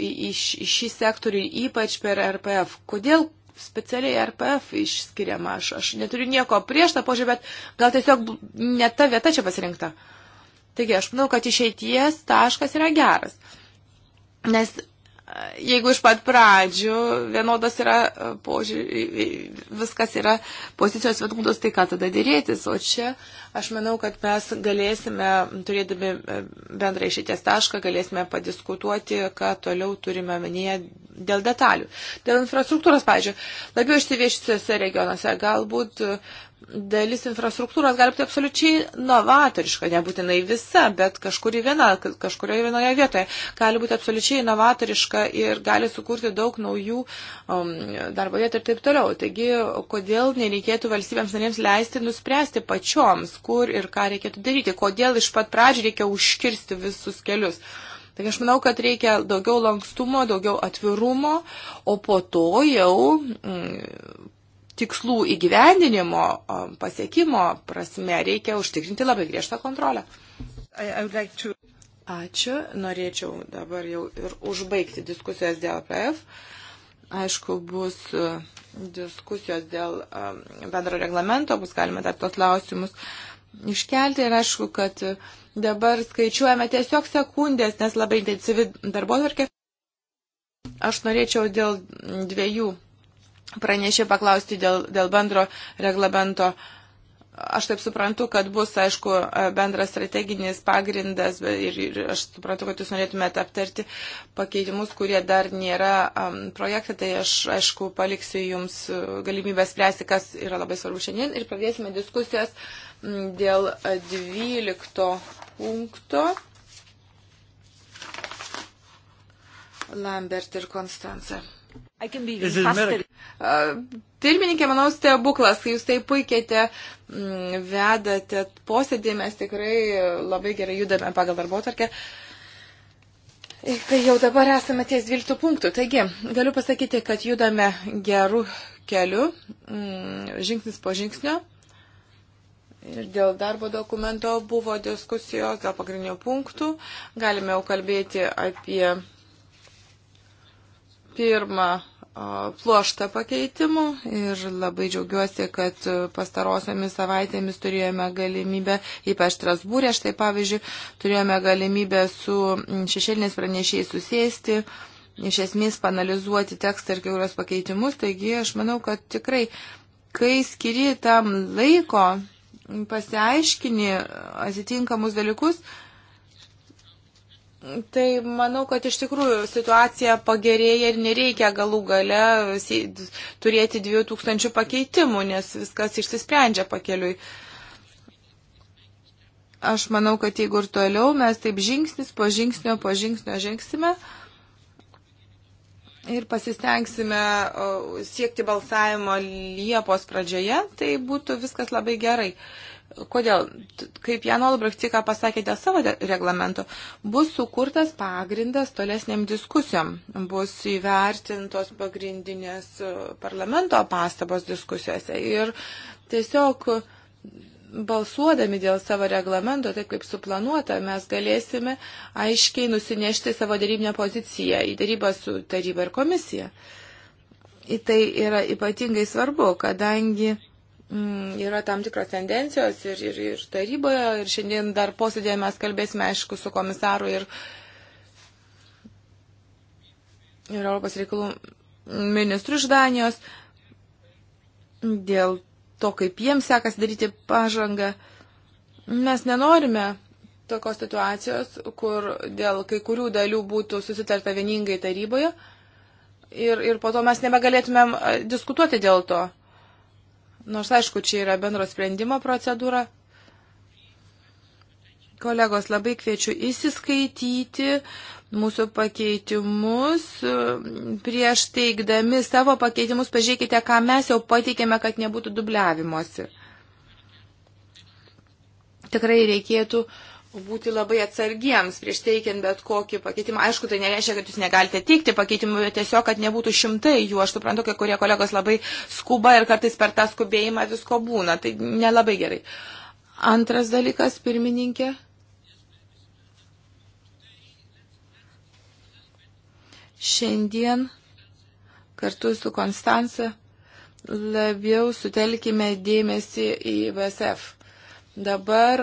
į, į šį sektorių, ypač per RPF. Kodėl specialiai RPF išskiriama? Aš, aš neturiu nieko prieš tą požiūrį, bet gal tiesiog ne ta vieta čia pasirinkta. Taigi aš manau, kad išeities taškas yra geras. Nes jeigu iš pat pradžių vienodas yra e, požiūrį, viskas yra pozicijos vienodos, tai ką tada dėrėtis. O čia aš manau, kad mes galėsime, turėdami e, bendrą išėties tašką, galėsime padiskutuoti, ką toliau turime minėję dėl detalių. Dėl infrastruktūros, pavyzdžiui, labiau išsiviešusiuose regionuose galbūt dalis infrastruktūros gali būti absoliučiai novatoriška, nebūtinai visa, bet kažkuri viena, kažkurioje vienoje vietoje gali būti absoliučiai novatoriška ir gali sukurti daug naujų um, darbo vietų ir taip toliau. Taigi, kodėl nereikėtų valstybėms narėms leisti nuspręsti pačioms, kur ir ką reikėtų daryti, kodėl iš pat pradžių reikia užkirsti visus kelius. Taigi aš manau, kad reikia daugiau lankstumo, daugiau atvirumo, o po to jau mm, tikslų įgyvendinimo pasiekimo prasme reikia užtikrinti labai griežtą kontrolę. I, I like to... Ačiū. Norėčiau dabar jau ir užbaigti diskusijas dėl PF. Aišku, bus e, diskusijos dėl e, bendro reglamento, bus galima dar tos klausimus iškelti ir aišku, kad e, dabar skaičiuojame tiesiog sekundės, nes labai intensyvi darbo tvarkė. Aš norėčiau dėl dviejų pranešė paklausti dėl, dėl bendro reglamento. Aš taip suprantu, kad bus, aišku, bendras strateginis pagrindas ir, ir aš suprantu, kad jūs norėtumėte aptarti pakeitimus, kurie dar nėra um, projekte, tai aš, aišku, paliksiu jums galimybę spręsti, kas yra labai svarbu šiandien ir pradėsime diskusijas dėl 12 punkto. Lambert ir Konstancija. Pirmininkė, manau, stebuklas, kai jūs taip puikėte, mm, vedate posėdį, mes tikrai labai gerai judame pagal darbo tarkę. E, tai jau dabar esame ties 12 punktų. Taigi, galiu pasakyti, kad judame gerų kelių, mm, žingsnis po žingsnio. Ir dėl darbo dokumento buvo diskusijos, dėl pagrindinių punktų. Galime jau kalbėti apie pirmą pluoštą pakeitimų ir labai džiaugiuosi, kad pastarosiomis savaitėmis turėjome galimybę, ypač Strasbūrė, štai pavyzdžiui, turėjome galimybę su šešėliniais pranešėjais susėsti, iš esmės panalizuoti tekstą ir kai kurios pakeitimus, taigi aš manau, kad tikrai, kai skiri tam laiko, pasiaiškini atitinkamus dalykus, Tai manau, kad iš tikrųjų situacija pagerėja ir nereikia galų gale turėti 2000 pakeitimų, nes viskas išsisprendžia pakeliui. Aš manau, kad jeigu ir toliau mes taip žingsnis po žingsnio po žingsnio žingsime ir pasistengsime siekti balsavimo Liepos pradžioje, tai būtų viskas labai gerai. Kodėl? Kaip Jan Olbracht tik pasakė dėl savo reglamento, bus sukurtas pagrindas tolesniam diskusijom, bus įvertintos pagrindinės e, parlamento pastabos diskusijose ir tiesiog balsuodami dėl savo reglamento, taip kaip suplanuota, mes galėsime aiškiai nusinešti savo darybinę poziciją į darybą su taryba ir komisija. Į tai yra ypatingai svarbu, kadangi Mm, yra tam tikros tendencijos ir, ir, ir taryboje, ir šiandien dar posėdėje mes kalbėsime, aišku, su komisaru ir, ir Europos reikalų ministru iš Danijos dėl to, kaip jiems sekasi daryti pažangą. Mes nenorime tokios situacijos, kur dėl kai kurių dalių būtų susitarta vieningai taryboje ir, ir po to mes nebegalėtumėm diskutuoti dėl to. Nors aišku, čia yra bendro sprendimo procedūra. Kolegos, labai kviečiu įsiskaityti mūsų pakeitimus. Prieš teikdami savo pakeitimus, pažiūrėkite, ką mes jau pateikėme, kad nebūtų dubliavimuose. Tikrai reikėtų uh, būti labai atsargiems prieš teikiant bet kokį pakeitimą. Aišku, tai nereiškia, kad jūs negalite teikti pakeitimų, tiesiog, kad nebūtų šimtai jų. Aš suprantu, kai kurie kolegos labai skuba ir kartais per tą skubėjimą visko būna. Tai nelabai gerai. Antras dalykas, pirmininkė. Šiandien kartu su Konstanca labiau sutelkime dėmesį į VSF Dabar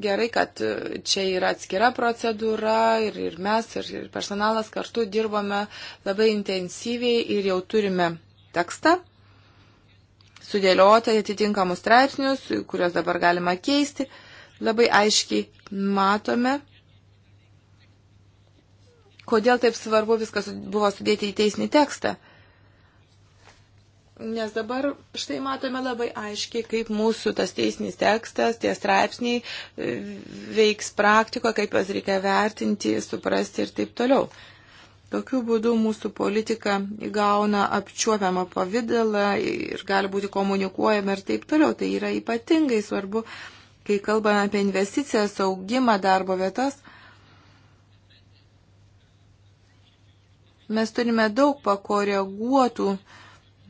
gerai, kad čia yra atskira procedūra ir, ir mes, ir, ir personalas kartu dirbame labai intensyviai ir jau turime tekstą sudėlioti atitinkamus straipsnius, kuriuos dabar galima keisti. Labai aiškiai matome, kodėl taip svarbu viskas buvo sudėti į teisinį tekstą. Nes dabar štai matome labai aiškiai, kaip mūsų tas teisinis tekstas, tie straipsniai e, veiks praktiko, kaip jas reikia vertinti, suprasti ir taip toliau. Tokiu būdu mūsų politika įgauna apčiuopiamą pavydalą ir gali būti komunikuojama ir taip toliau. Tai yra ypatingai svarbu, kai kalbame apie investicijas, augimą, darbo vietas. Mes turime daug pakoreguotų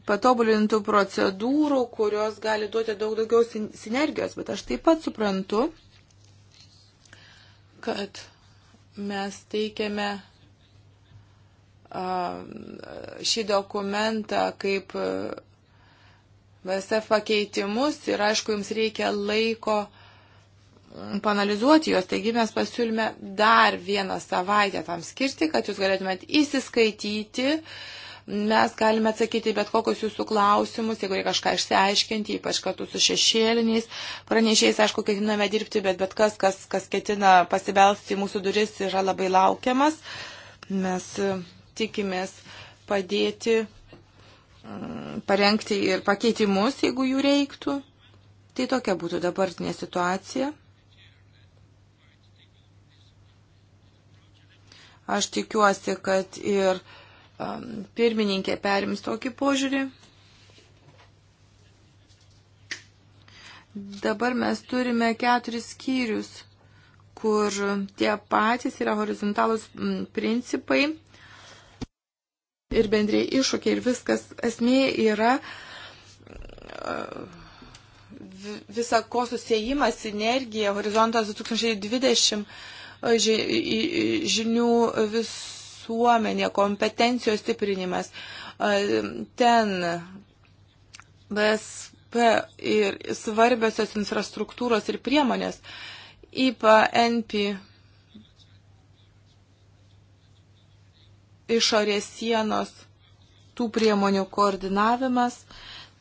patobulintų procedūrų, kurios gali duoti daug daugiau sinergijos, bet aš taip pat suprantu, kad mes teikiame šį dokumentą kaip VSF pakeitimus ir aišku, jums reikia laiko mm, panalizuoti juos. Taigi mes pasiūlyme dar vieną savaitę tam skirti, kad jūs galėtumėt įsiskaityti uh, Mes galime atsakyti bet kokius jūsų klausimus, jeigu reikia kažką išsiaiškinti, ypač kartu su šešėliniais pranešėjais, aišku, ketiname dirbti, bet bet kas, kas, kas ketina pasibelsti į mūsų duris, yra labai laukiamas. Mes e, tikimės padėti, mm, parengti ir pakeitimus, jeigu jų reiktų. Tai tokia būtų dabartinė situacija. Aš tikiuosi, kad ir Um, pirmininkė perims tokį požiūrį. Dabar mes turime keturis skyrius, kur tie patys yra horizontalus mm, principai ir bendrėjai iššūkiai ir viskas. Esmė yra visa ko susijimas, sinergija, horizontas 2020 žinių vis visuomenė, kompetencijos stiprinimas. Ten BSP ir svarbiosios infrastruktūros ir priemonės, IPA, NP, išorės sienos, tų priemonių koordinavimas,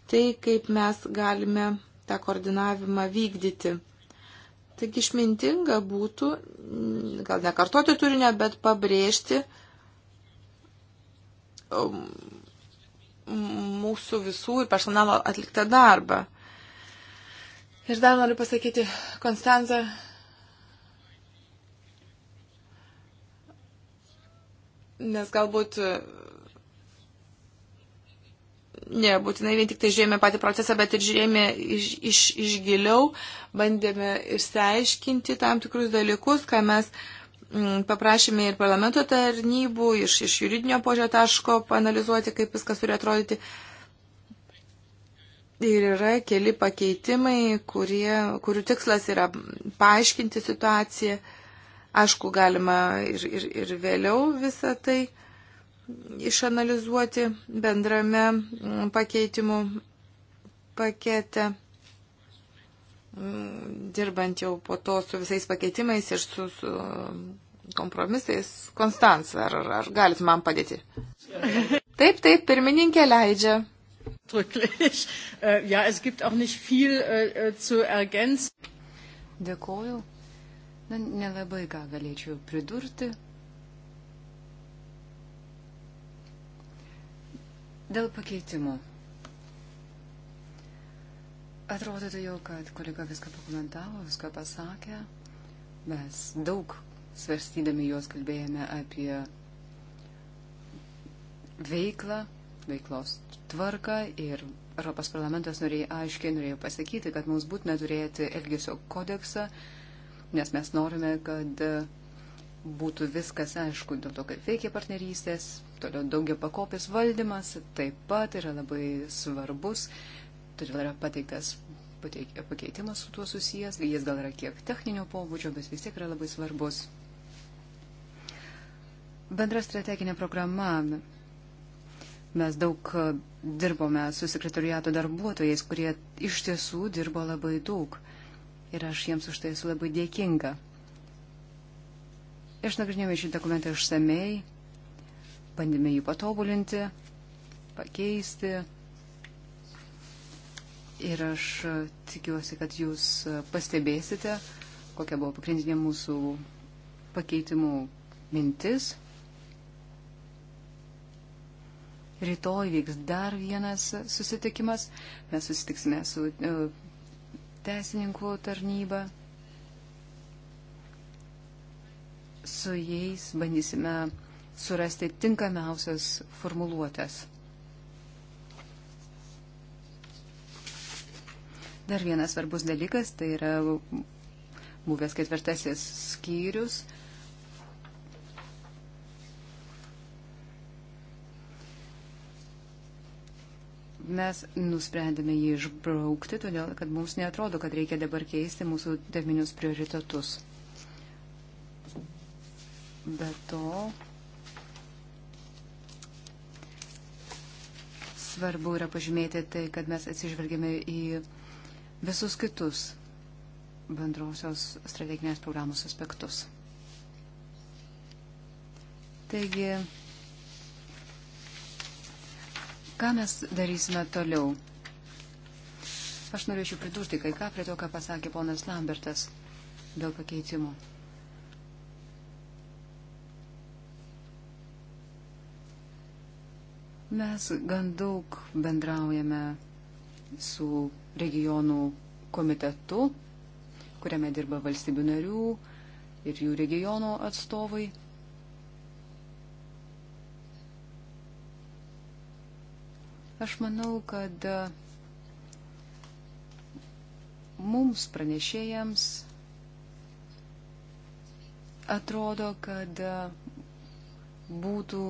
tai kaip mes galime tą koordinavimą vykdyti. Taigi išmintinga būtų, gal nekartoti turinio, bet pabrėžti, Um, mūsų visų ir personalo atliktą darbą. Ir dar noriu pasakyti, Konstanza. Nes galbūt nebūtinai vien tik tai žiūrėjome patį procesą, bet ir žiūrėjome iš, iš, iš giliau, bandėme išsiaiškinti tam tikrus dalykus, ką mes uh, Mm, paprašėme ir parlamento tarnybų iš, iš juridinio požio taško analizuoti, kaip viskas turi atrodyti. Ir yra keli pakeitimai, kurie, kurių tikslas yra paaiškinti situaciją. Aišku, galima ir, ir, ir vėliau visą tai išanalizuoti bendrame mm, pakeitimų pakete. Mm, dirbant jau po to su visais pakeitimais ir su, su kompromisais. Konstans, ar, ar galit man padėti? Taip, taip, pirmininkė leidžia. Drücklich. Äh, ja, es gibt auch nicht viel äh, äh, zu ergänzen. Dėkoju. Na, nelabai ką galėčiau pridurti. Dėl pakeitimų. Atrodytų jau, kad kolega viską pakomentavo, viską pasakė. Mes daug svarstydami juos kalbėjome apie veiklą, veiklos tvarką ir Europos parlamentas norėjo aiškiai norėjo pasakyti, kad mums būtina turėti Elgesio kodeksą, nes mes norime, kad būtų viskas aišku dėl to, kaip veikia partnerystės, toliau daugia pakopės valdymas taip pat yra labai svarbus, todėl yra pateiktas pakeitimas su tuo susijęs, jis gal yra kiek techninio pobūdžio, bet vis tiek yra labai svarbus. Bendra strateginė programa. Mes daug dirbome su sekretoriato darbuotojais, kurie iš tiesų dirbo labai daug. Ir aš jiems už tai esu labai dėkinga. Išnagrinėjome šį dokumentą išsamei, bandėme jį patobulinti, pakeisti Ir aš tikiuosi, kad jūs pastebėsite, kokia buvo pagrindinė mūsų pakeitimų mintis. Rytoj vyks dar vienas susitikimas. Mes susitiksime su e, teisininkų tarnyba. Su jais bandysime surasti tinkamiausias formuluotės. Dar vienas svarbus dalykas, tai yra buvęs ketvirtasis skyrius. Mes nusprendėme jį išbraukti, todėl kad mums netrodo, kad reikia dabar keisti mūsų devinius prioritetus. Be to, svarbu yra pažymėti tai, kad mes atsižvelgėme į visus kitus bendrosios strateginės programos aspektus. Taigi, ką mes darysime toliau? Aš norėčiau pridurti kai ką prie to, ką pasakė ponas Lambertas dėl pakeitimų. Mes gan daug bendraujame su regionų komitetu, kuriame dirba valstybių narių ir jų regionų atstovai. Aš manau, kad e, mums pranešėjams atrodo, kad e, būtų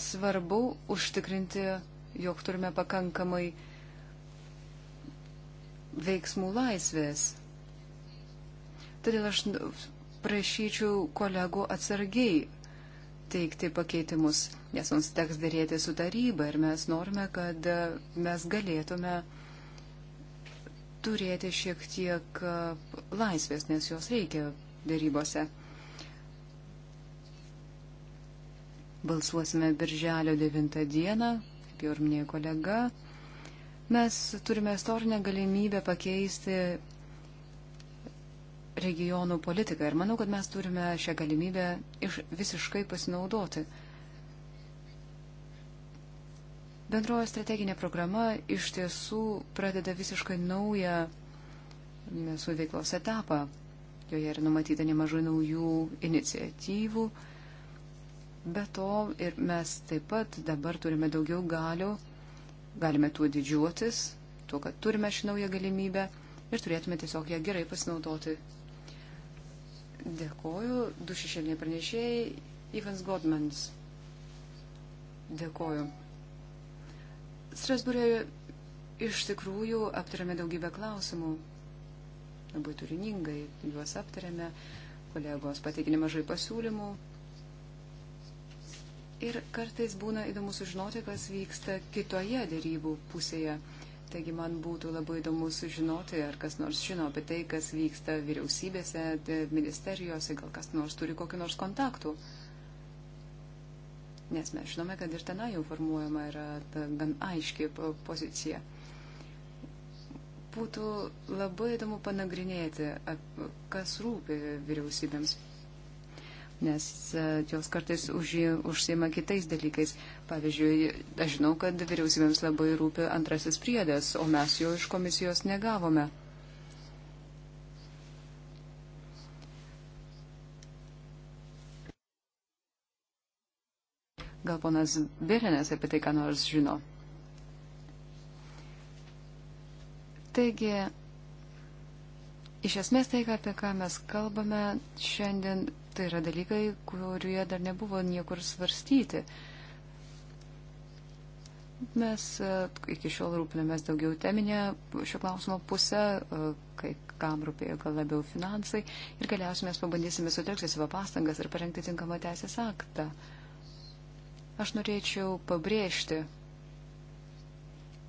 svarbu užtikrinti, jog turime pakankamai veiksmų laisvės. Todėl aš prašyčiau kolegų atsargiai teikti pakeitimus, nes mums teks dėrėti su taryba ir mes norime, kad e, mes galėtume turėti šiek tiek e, laisvės, nes jos reikia dėrybose. Balsuosime birželio 9 dieną, kaip jau ir minėjo kolega. Mes turime istorinę galimybę pakeisti regionų politiką ir manau, kad mes turime šią galimybę iš, visiškai pasinaudoti. Bendrojo strateginė programa iš tiesų pradeda visiškai naują mūsų veiklos etapą. Joje yra numatyta nemažai naujų iniciatyvų, Be to, ir mes taip pat dabar turime daugiau galių, galime tuo didžiuotis, tuo, kad turime šį naują galimybę ir turėtume tiesiog ją gerai pasinaudoti. Dėkoju, du šešėliniai pranešėjai, Ivans Godmans. Dėkoju. Strasbūrė iš tikrųjų aptarėme daugybę klausimų, labai turiningai juos aptarėme, kolegos pateikė nemažai pasiūlymų, Ir kartais būna įdomu sužinoti, kas vyksta kitoje dėrybų pusėje. Taigi man būtų labai įdomu sužinoti, ar kas nors žino apie tai, kas vyksta vyriausybėse, ministerijose, gal kas nors turi kokiu nors kontaktų. Nes mes žinome, kad ir tenai jau formuojama yra gan aiški pozicija. Būtų labai įdomu panagrinėti, kas rūpi vyriausybėms nes e, jos kartais už, užsima kitais dalykais. Pavyzdžiui, aš žinau, kad vyriausybėms labai rūpi antrasis priedas, o mes jo iš komisijos negavome. Gal ponas Birinės apie tai ką nors žino? Taigi, iš esmės tai, apie ką mes kalbame šiandien, Tai yra dalykai, kurie dar nebuvo niekur svarstyti. Mes e, iki šiol rūpinamės daugiau teminę šio klausimo pusę, e, kai kam rūpėjo gal labiau finansai ir galiausiai mes pabandysime sutelkti savo pastangas ir parengti tinkamą teisės aktą. Aš norėčiau pabrėžti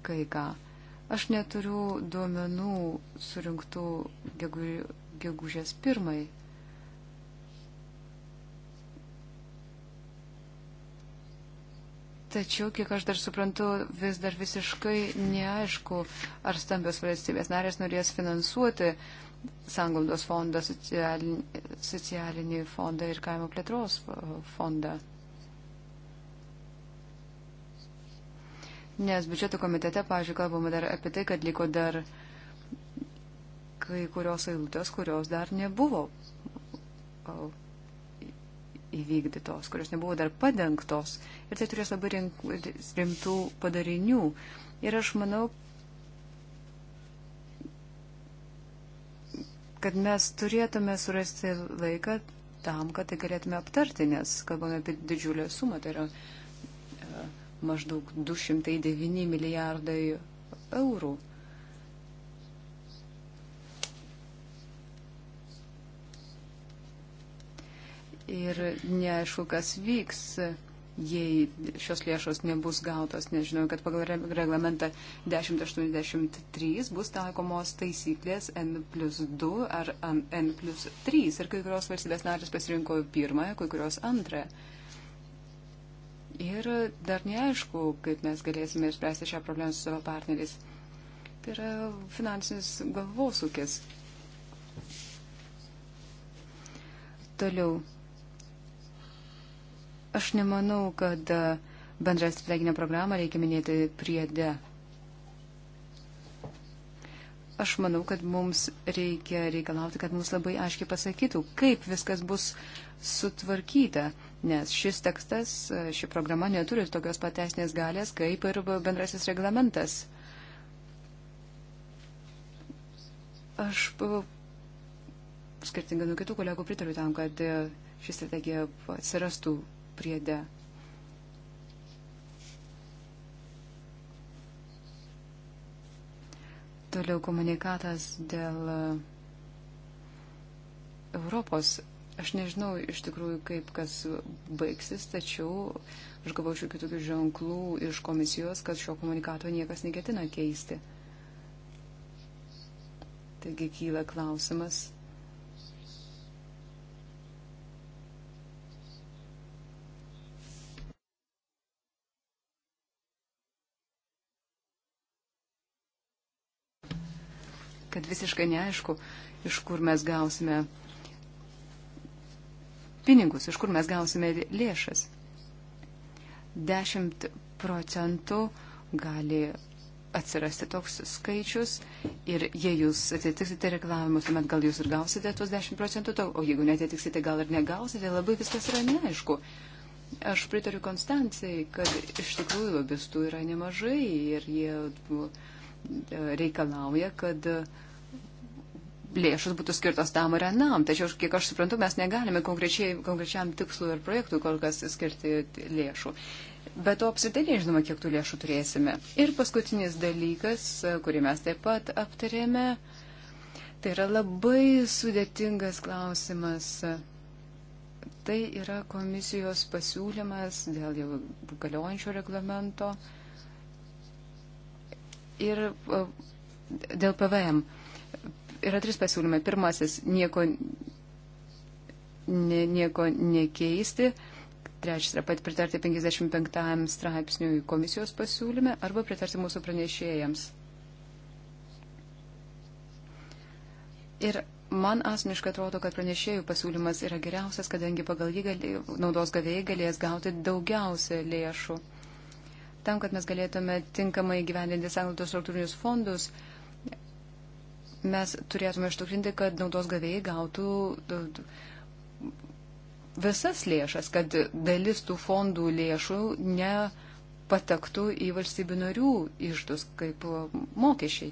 kai ką. Aš neturiu duomenų surinktų gegužės pirmai Tačiau, kiek aš dar suprantu, vis dar visiškai neaišku, ar stambios valstybės narės norės finansuoti Sanglaudos fondą, socialinį, socialinį fondą ir kaimo plėtros fondą. Nes biudžeto komitete, pažiūrėjau, kalbama dar apie tai, kad liko dar kai kurios eilutės, kurios dar nebuvo įvykdytos, kurios nebuvo dar padengtos. Ir tai turės labai rimtų padarinių. Ir aš manau, kad mes turėtume surasti laiką tam, kad tai galėtume aptarti, nes kalbame apie didžiulę sumą, tai yra e, maždaug 209 milijardai eurų. ir neaišku, kas vyks, jei šios lėšos nebus gautos, nes žinau, kad pagal reglamentą 1083 bus taikomos taisyklės N plus 2 ar N plus 3 ir kai kurios valstybės narės pasirinko pirmąją, kai kurios antrąją. Ir dar neaišku, kaip mes galėsime išspręsti šią problemą su savo partneriais. Tai yra finansinis galvosūkis. Toliau Aš nemanau, kad e, bendrą strateginę programą reikia minėti priede. Aš manau, kad mums reikia reikalauti, kad mums labai aiškiai pasakytų, kaip viskas bus sutvarkyta, nes šis tekstas, e, ši programa neturi tokios patesnės galės, kaip ir bendrasis reglamentas. Aš skirtingai nuo kitų kolegų pritariu tam, kad e, ši strategija atsirastų priede. Toliau komunikatas dėl Europos. Aš nežinau iš tikrųjų, kaip kas baigsis, tačiau aš gavau šių kitokių ženklų iš komisijos, kad šio komunikato niekas neketina keisti. Taigi kyla klausimas, kad visiškai neaišku, iš kur mes gausime pinigus, iš kur mes gausime lėšas. 10 procentų gali atsirasti toks skaičius ir jei jūs atitiksite reikalavimus, tuomet gal jūs ir gausite tuos 10 procentų, o jeigu netitiksite, gal ir negausite, labai viskas yra neaišku. Aš pritariu Konstancijai, kad iš tikrųjų lobistų yra nemažai ir jie reikalauja, kad lėšos būtų skirtos tam ar anam. Tačiau, kiek aš suprantu, mes negalime konkrečiam tikslui ir projektui kol kas skirti lėšų. Bet to apsitai nežinoma, kiek tų lėšų turėsime. Ir paskutinis dalykas, kurį mes taip pat aptarėme, tai yra labai sudėtingas klausimas. Tai yra komisijos pasiūlymas dėl jau galiojančio reglamento. Uh, ir e, dėl PVM. Yra tris pasiūlymai. Pirmasis - nieko, ne, nieko nekeisti. Trečias yra pat pritarti 55 straipsniui komisijos pasiūlyme arba pritarti mūsų pranešėjams. Ir man asmeniškai atrodo, kad pranešėjų pasiūlymas yra geriausias, kadangi pagal jį gali, naudos gavėjai galės gauti daugiausia lėšų tam, kad mes galėtume tinkamai gyvendinti sąnaudos struktūrinius fondus, mes turėtume ištukrinti, kad naudos gavėjai gautų visas lėšas, kad dalis tų fondų lėšų nepatektų į valstybių narių išdus kaip mokesčiai.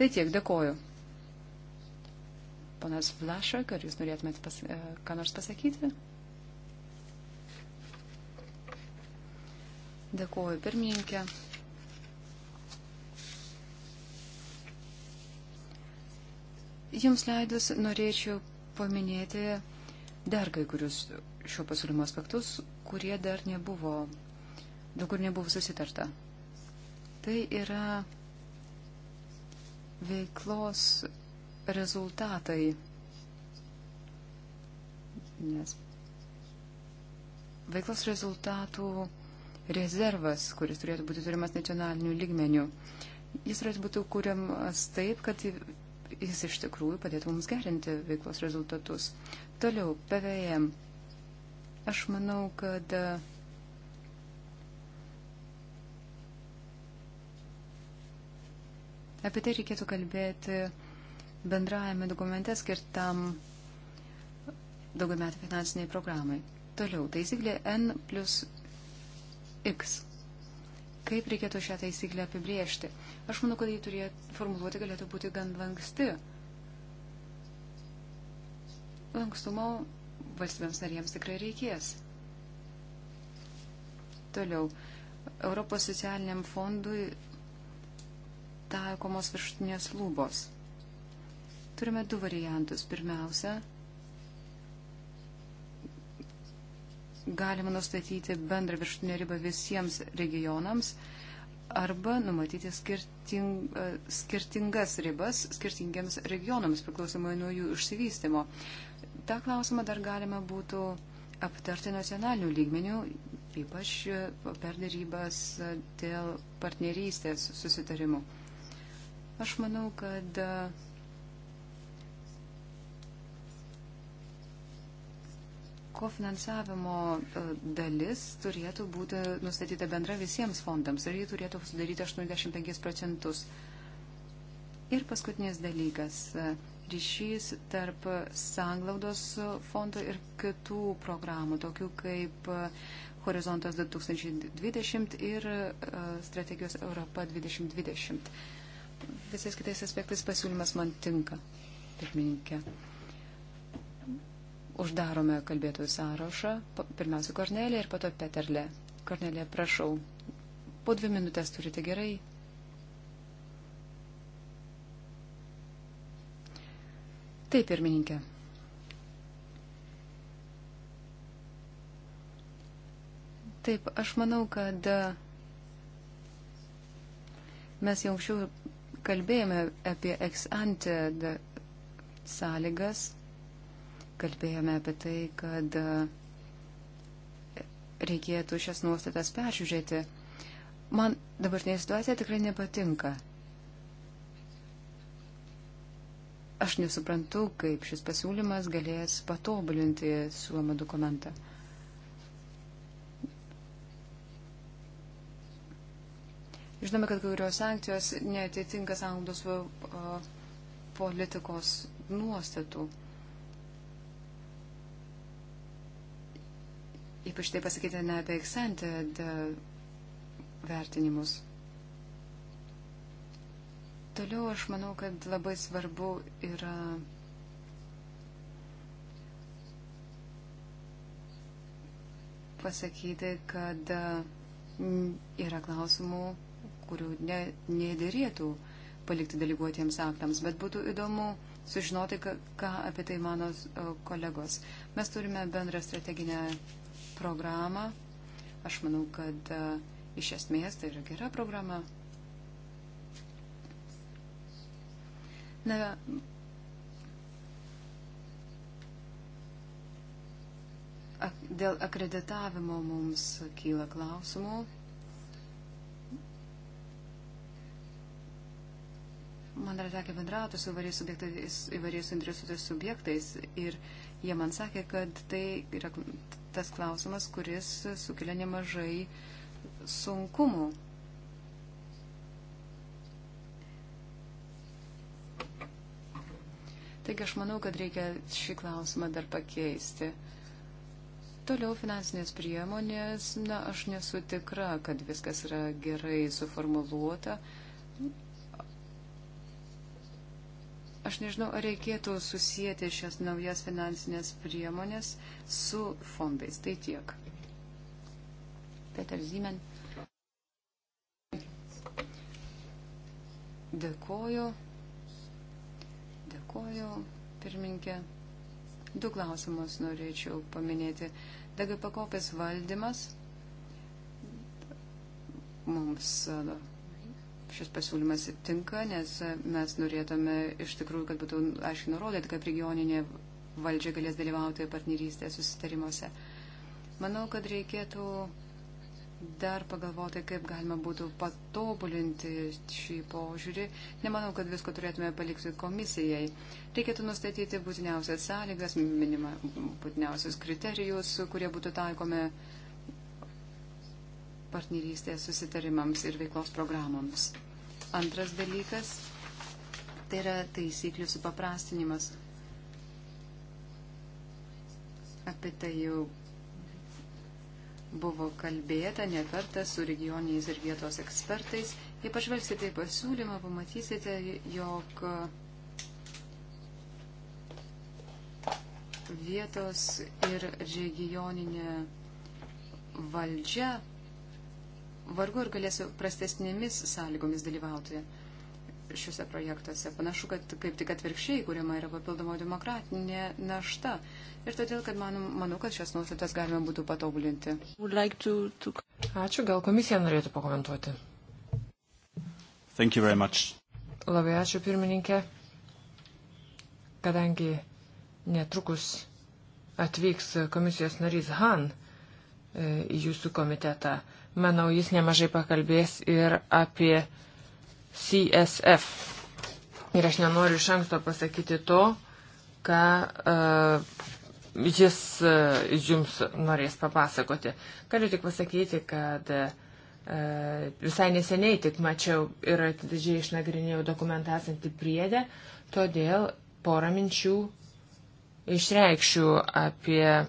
Tai tiek, dėkoju. Ponas Vlašak, ar jūs norėtumėte pas, e, ką nors pasakyti? Dėkuoju pirmininkė. Jums leidus norėčiau paminėti dar kai kurius šio pasiūlymo aspektus, kurie dar nebuvo, dėl kur nebuvo susitarta. Tai yra veiklos rezultatai. Nes veiklos rezultatų rezervas, kuris turėtų būti turimas nacionaliniu lygmeniu. Jis turėtų būti kūriamas taip, kad jis iš tikrųjų padėtų mums gerinti veiklos rezultatus. Toliau, PVM. Aš manau, kad e, Apie tai reikėtų kalbėti bendrajame dokumente skirtam daugiametį finansiniai programai. Toliau, taisyklė N plus X. Kaip reikėtų šią taisyklę apibriežti? Aš manau, kad jį turėtų formuluoti galėtų būti gan lanksti. Lankstumo valstybėms narėms tikrai reikės. Toliau. Europos socialiniam fondui taikomos viršutinės lubos. Turime du variantus. Pirmiausia, galima nustatyti bendrą viršutinę ribą visiems regionams arba numatyti skirting, e, skirtingas ribas skirtingiams regionams priklausomai nuo jų išsivystimo. Ta klausimą dar galima būtų aptarti nacionalinių lygmenių, ypač e, per darybas e, dėl partnerystės susitarimų. Aš manau, kad Kofinansavimo e, dalis turėtų būti nustatyta bendra visiems fondams ir ji turėtų sudaryti 85 procentus. Ir paskutinis dalykas e, - ryšys tarp sanglaudos fondo ir kitų programų, tokių kaip e, Horizontas 2020 ir Strategijos Europa 2020. Visais kitais aspektais pasiūlymas man tinka, pirmininkė. Uždarome kalbėtojų sąrašą. Pirmiausia, Kornelė ir pato Peterle. Kornelė, prašau. Po dvi minutės turite gerai. Taip, pirmininkė. Taip, aš manau, kad e, mes jau anksčiau kalbėjome apie ex ante sąlygas kalbėjome apie tai, kad e, reikėtų šias nuostatas peržiūrėti. Man dabartinė situacija tikrai nepatinka. Aš nesuprantu, kaip šis pasiūlymas galės patobulinti siūlomą dokumentą. Žinome, kad kairios sankcijos netitinka sąnaudos politikos nuostatų. Ypač tai pasakyti ne apie eksantę e, vertinimus. Toliau aš manau, kad labai svarbu yra pasakyti, kad e, yra klausimų, kurių ne, nedėrėtų palikti deleguotiems aktams, bet būtų įdomu sužinoti, ką apie tai mano kolegos. Mes turime bendrą strateginę programą. Aš manau, kad e, iš esmės tai yra gera programa. Na, ak dėl akreditavimo mums kyla klausimų. man yra tekę bendrauti su įvairiais, įvairiais interesuotais subjektais ir jie man sakė, kad tai yra tas klausimas, kuris sukelia nemažai sunkumų. Taigi aš manau, kad reikia šį klausimą dar pakeisti. Toliau finansinės priemonės, na, aš nesu tikra, kad viskas yra gerai suformuluota. Uh, Aš nežinau, ar reikėtų susijęti šias naujas finansinės priemonės su fondais. Tai tiek. Peter Zimen. Dėkoju. Dėkoju, pirminkė. Du klausimus norėčiau paminėti. Dega pakopės valdymas mums šis pasiūlymas tinka, nes mes norėtume iš tikrųjų, kad būtų aiškiai nurodyta, kaip regioninė valdžia galės dalyvauti partnerystės susitarimuose. Manau, kad reikėtų dar pagalvoti, kaip galima būtų patobulinti šį požiūrį. Nemanau, kad visko turėtume palikti komisijai. Reikėtų nustatyti būtiniausias sąlygas, minima būtiniausius kriterijus, kurie būtų taikomi partnerystės susitarimams ir veiklos programoms. Antras dalykas - tai yra taisyklių supaprastinimas. Apie tai jau buvo kalbėta ne kartą su regioniais ir vietos ekspertais. Jei pažvelgsite į pasiūlymą, pamatysite, jog vietos ir regioninė valdžia vargu ir galėsiu prastesnėmis sąlygomis dalyvauti šiuose projektuose. Panašu, kad kaip tik atvirkščiai kuriama yra papildoma demokratinė našta. Ir todėl, kad man, manau, kad šias nuostatas galima būtų patobulinti. Like to, to... Ačiū, gal komisija norėtų pakomentuoti. Labai ačiū pirmininkė, kadangi netrukus atvyks komisijos narys Han e, į jūsų komitetą. Manau, jis nemažai pakalbės ir apie CSF. Ir aš nenoriu iš anksto pasakyti to, ką uh, jis uh, jums norės papasakoti. Galiu tik pasakyti, kad uh, visai neseniai tik mačiau ir atidžiai išnagrinėjau dokumentą esantį priedę, todėl porą minčių išreikščiau apie e,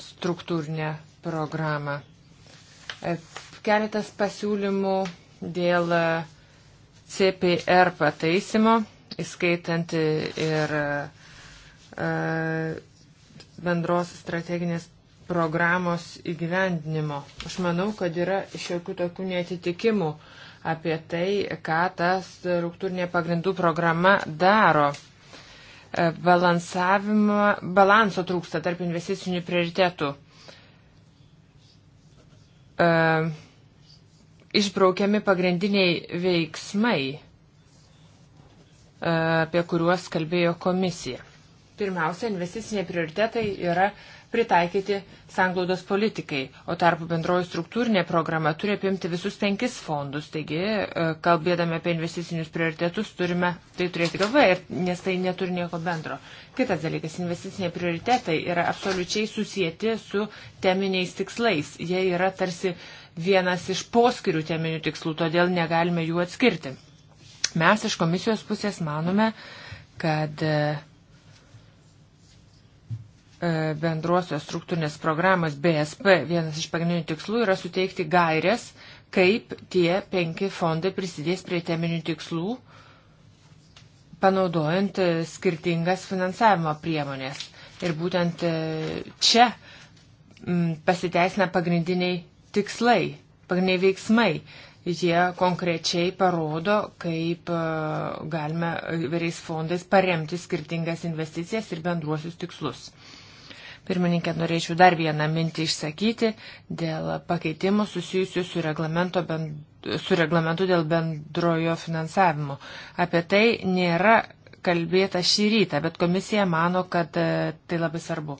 struktūrinę programą. Keletas pasiūlymų dėl e, CPR pataisimo, įskaitant e, ir e, bendros strateginės programos įgyvendinimo. Aš manau, kad yra šiokių tokių netitikimų apie tai, ką tas struktūrinė pagrindų programa daro. Balansavimo, balanso trūksta tarp investicinių prioritetų uh, išbraukiami pagrindiniai veiksmai, uh, apie kuriuos kalbėjo komisija. Pirmiausia, investiciniai prioritetai yra pritaikyti sanglaudos politikai, o tarpu bendroji struktūrinė programa turi apimti visus penkis fondus. Taigi, e, kalbėdami apie investicinius prioritetus, turime tai turėti galvoje, nes tai neturi nieko bendro. Kitas dalykas, investiciniai prioritetai yra absoliučiai susijęti su teminiais tikslais. Jie yra tarsi vienas iš poskirių teminių tikslų, todėl negalime jų atskirti. Mes iš komisijos pusės manome, kad uh, E, bendruosios struktūrinės programos BSP vienas iš pagrindinių tikslų yra suteikti gairias, kaip tie penki fondai prisidės prie teminių tikslų, panaudojant e, skirtingas finansavimo priemonės. Ir būtent e, čia pasiteisina pagrindiniai tikslai, pagrindiniai veiksmai. Jie konkrečiai parodo, kaip galime vairiais fondais paremti skirtingas investicijas ir bendruosius tikslus. Pirmininkė, norėčiau dar vieną mintį išsakyti dėl pakeitimų susijusių su, bend, su reglamentu dėl bendrojo finansavimo. Apie tai nėra kalbėta šį rytą, bet komisija mano, kad e, tai labai svarbu.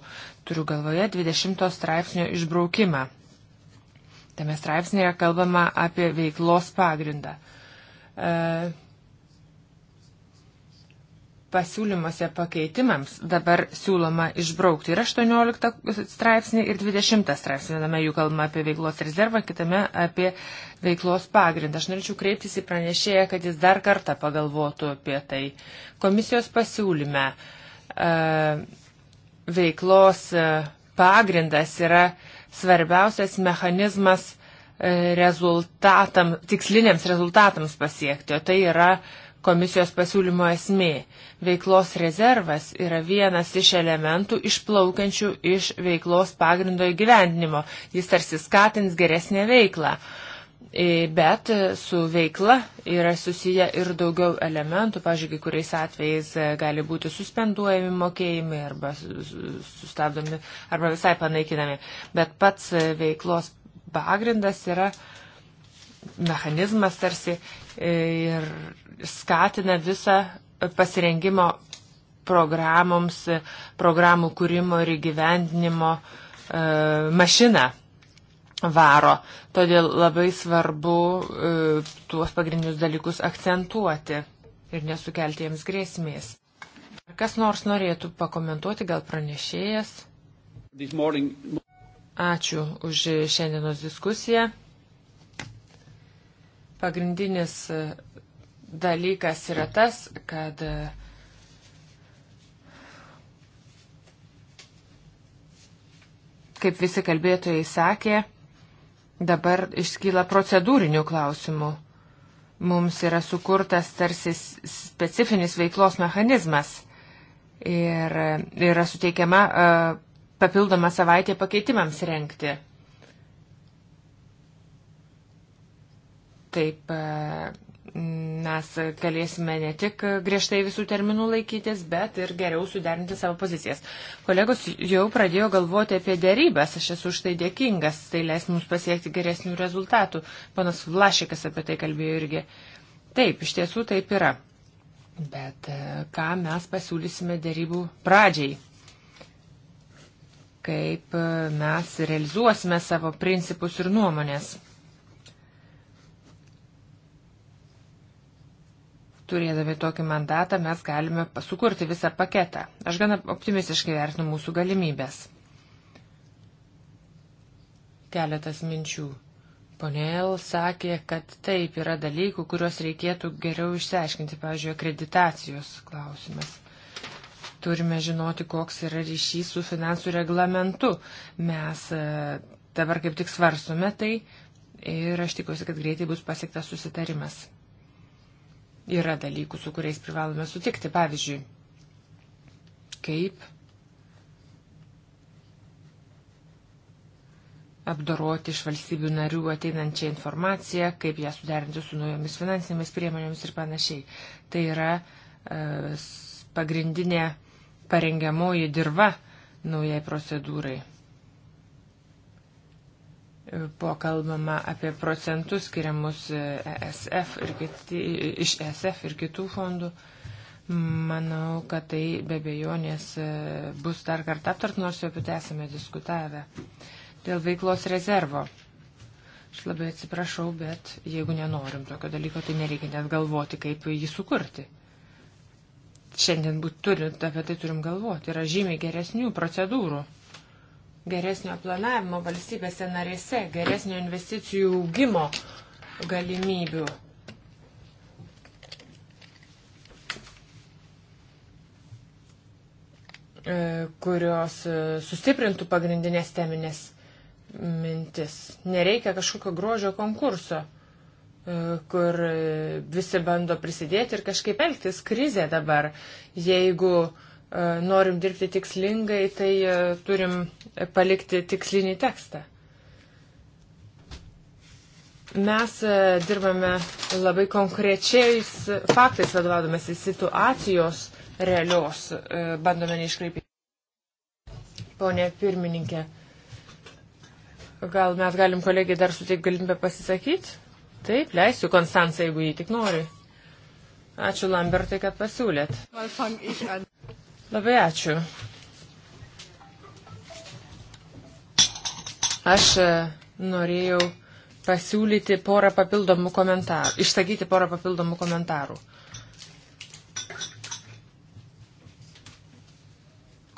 Turiu galvoje 20 straipsnio išbraukimą. Tame straipsnėje kalbama apie veiklos pagrindą. E, pasiūlymuose pakeitimams dabar siūloma išbraukti ir 18 straipsnį, ir 20 straipsnį. Viename jų kalbama apie veiklos rezervą, kitame apie veiklos pagrindą. Aš norėčiau kreiptis į pranešėją, kad jis dar kartą pagalvotų apie tai. Komisijos pasiūlyme e, veiklos e, pagrindas yra svarbiausias mechanizmas e, rezultatam, tiksliniams rezultatams pasiekti, o tai yra uh, komisijos pasiūlymo esmė. Veiklos rezervas yra vienas iš elementų išplaukiančių iš veiklos pagrindo įgyvendinimo. Jis tarsi skatins geresnę veiklą. E, bet su veikla yra susiję ir daugiau elementų, pažiūrėk, kuriais atvejais e, gali būti suspenduojami mokėjimai arba sustabdomi arba visai panaikinami. Bet pats e, veiklos pagrindas yra mechanizmas tarsi ir skatina visą pasirengimo programoms, programų kūrimo ir įgyvendinimo e, mašiną varo. Todėl labai svarbu e, tuos pagrindinius dalykus akcentuoti ir nesukelti jiems grėsmės. Ar kas nors norėtų pakomentuoti, gal pranešėjas? Ačiū už šiandienos diskusiją. Pagrindinis e, dalykas yra tas, kad e, kaip visi kalbėtojai sakė, dabar iškyla procedūrinių klausimų. Mums yra sukurtas tarsi specifinis veiklos mechanizmas ir e, yra suteikiama papildoma savaitė pakeitimams renkti. Taip e, mes galėsime ne tik griežtai visų terminų laikytis, bet ir geriau suderinti savo pozicijas. Kolegos jau pradėjo galvoti apie dėrybęs, aš esu už tai dėkingas, tai leis mums pasiekti geresnių rezultatų. Panas Vlašikas apie tai kalbėjo irgi. Taip, iš tiesų taip yra. Bet e, ką mes pasiūlysime dėrybų pradžiai? Kaip e, mes realizuosime savo principus ir nuomonės? Turėdami tokį mandatą mes galime sukurti visą paketą. Aš gana optimistiškai vertinu mūsų galimybės. Keletas minčių. Ponėl sakė, kad taip yra dalykų, kuriuos reikėtų geriau išsiaiškinti, pavyzdžiui, akreditacijos klausimas. Turime žinoti, koks yra ryšys su finansų reglamentu. Mes e, dabar kaip tik svarstome tai ir aš tikiuosi, kad greitai bus pasiektas susitarimas. Yra dalykų, su kuriais privalome sutikti. Pavyzdžiui, kaip apdoroti iš valstybių narių ateinančią informaciją, kaip ją suderinti su naujomis finansinėmis priemonėmis ir panašiai. Tai yra e, pagrindinė parengiamoji dirba naujai procedūrai. E, buvo kalbama apie procentus skiriamus ESF e ir kiti, iš ESF ir kitų fondų. Manau, kad tai be bejonės e, bus dar kartą aptart, nors jau apie tai esame diskutavę. Dėl veiklos rezervo. Aš labai atsiprašau, bet jeigu nenorim tokio dalyko, tai nereikia net galvoti, kaip jį sukurti. Šiandien būt turint, apie tai turim galvoti. Yra žymiai geresnių procedūrų geresnio planavimo valstybėse narėse, geresnio investicijų augimo galimybių. E, kurios e, sustiprintų pagrindinės teminės mintis. Nereikia kažkokio grožio konkurso, e, kur visi bando prisidėti ir kažkaip elgtis krizė dabar. Jeigu uh, E, norim dirbti tikslingai, tai e, turim palikti tikslinį tekstą. Mes e, dirbame labai konkrečiais faktais, vadovaudomės į situacijos realios, bandome neiškreipyti. Pone pirmininkė, gal mes galim kolegiai dar suteikti galimybę pasisakyti? Taip, leisiu Konstancijai, jeigu jį tik nori. Ačiū Lambertai, kad pasiūlėt. Labai ačiū. Aš e, norėjau pasiūlyti porą papildomų komentarų, išsakyti porą papildomų komentarų.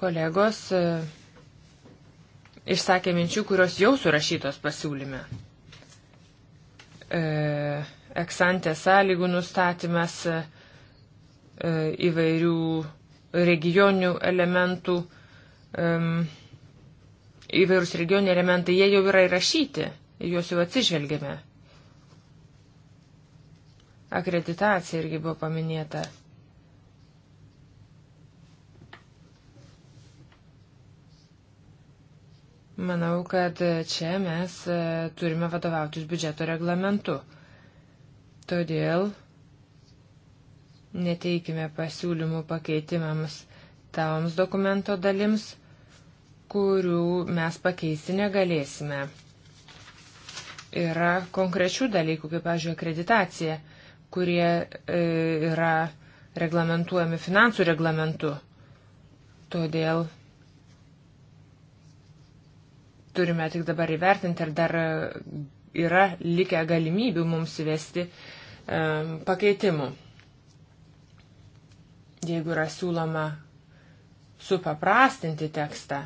Kolegos e, išsakė minčių, kurios jau surašytos pasiūlyme. E, eksantė sąlygų nustatymas e, e įvairių regioninių elementų, um, įvairūs regioniniai elementai, jie jau yra įrašyti, juos jau atsižvelgiame. Akreditacija irgi buvo paminėta. Manau, kad čia mes e, turime vadovautis biudžeto reglamentu. Todėl neteikime pasiūlymų pakeitimams toms dokumento dalims, kurių mes pakeisti negalėsime. Yra konkrečių dalykų, kaip, pavyzdžiui, akreditacija, kurie e, yra reglamentuojami finansų reglamentu. Todėl turime tik dabar įvertinti, ar dar yra likę galimybių mums įvesti e, pakeitimų. Jeigu yra siūloma supaprastinti tekstą,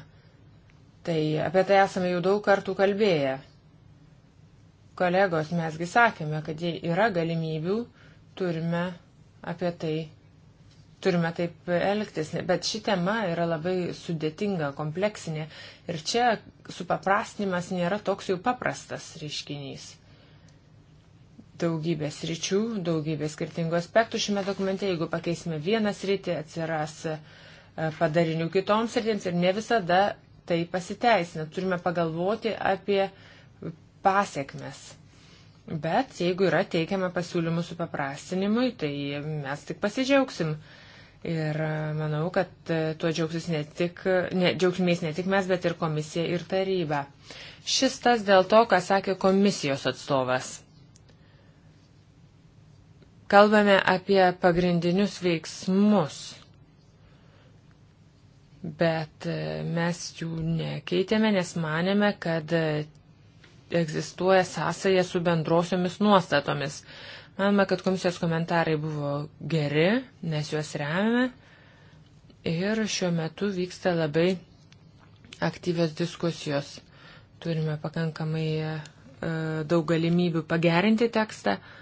tai apie tai esame jau daug kartų kalbėję. Kolegos, mesgi sakėme, kad jei yra galimybių, turime apie tai, turime taip elgtis. Bet ši tema yra labai sudėtinga, kompleksinė ir čia supaprastinimas nėra toks jau paprastas reiškinys daugybės ryčių, daugybės skirtingų aspektų šiame dokumente. Jeigu pakeisime vieną sritį, atsiras e, padarinių kitoms sritims ir ne visada tai pasiteisina. Turime pagalvoti apie pasiekmes. Bet jeigu yra teikiama pasiūlymų su paprastinimui, tai mes tik pasidžiaugsim. Ir e, manau, kad e, tuo džiaugsis ne tik, ne, džiaugsimės ne tik mes, bet ir komisija ir taryba. Šis tas dėl to, ką sakė komisijos atstovas. Kalbame apie pagrindinius veiksmus, bet e, mes jų nekeitėme, nes manėme, kad e, egzistuoja sąsaja su bendrosiomis nuostatomis. Manome, kad komisijos komentarai buvo geri, nes juos remiame. Ir šiuo metu vyksta labai aktyvios diskusijos. Turime pakankamai e, daug galimybių pagerinti tekstą. E,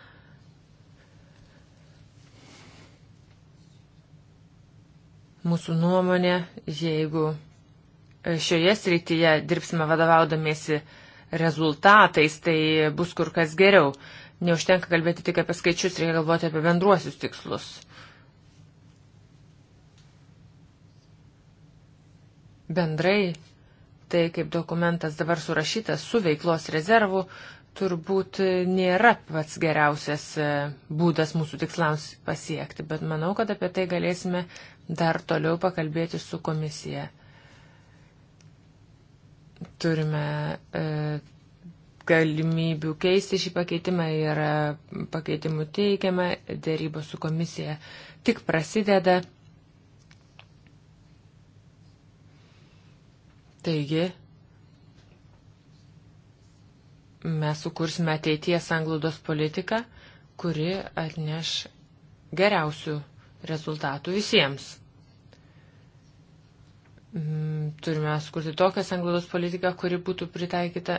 Mūsų nuomonė, jeigu e, šioje srityje dirbsime vadovaudomėsi rezultatais, tai bus kur kas geriau. Neužtenka kalbėti tik apie skaičius, reikia galvoti apie bendruosius tikslus. Bendrai, tai kaip dokumentas dabar surašytas su veiklos rezervu, turbūt nėra pats geriausias e, būdas mūsų tikslams pasiekti, bet manau, kad apie tai galėsime dar toliau pakalbėti su komisija. Turime e, galimybių keisti šį pakeitimą ir pakeitimų teikiamą, dėrybos su komisija tik prasideda. Taigi, mes sukursime ateities anglaudos politiką, kuri atneš geriausių rezultatų visiems. Mm, turime skurti tokią sanglaudos politiką, kuri būtų pritaikyta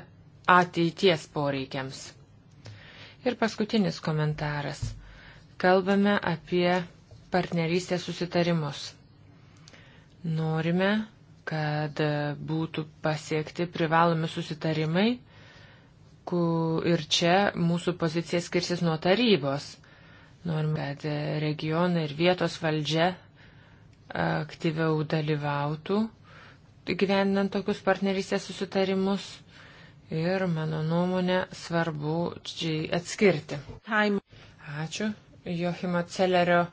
ateities poreikiams. Ir paskutinis komentaras. Kalbame apie partnerystės susitarimus. Norime, kad būtų pasiekti privalomi susitarimai, ir čia mūsų pozicija skirsis nuo tarybos. Norim, kad regionai ir vietos valdžia aktyviau dalyvautų gyvendant tokius partnerystės susitarimus. Ir mano nuomonė svarbu čia atskirti. Time. Ačiū. Johimo Celerio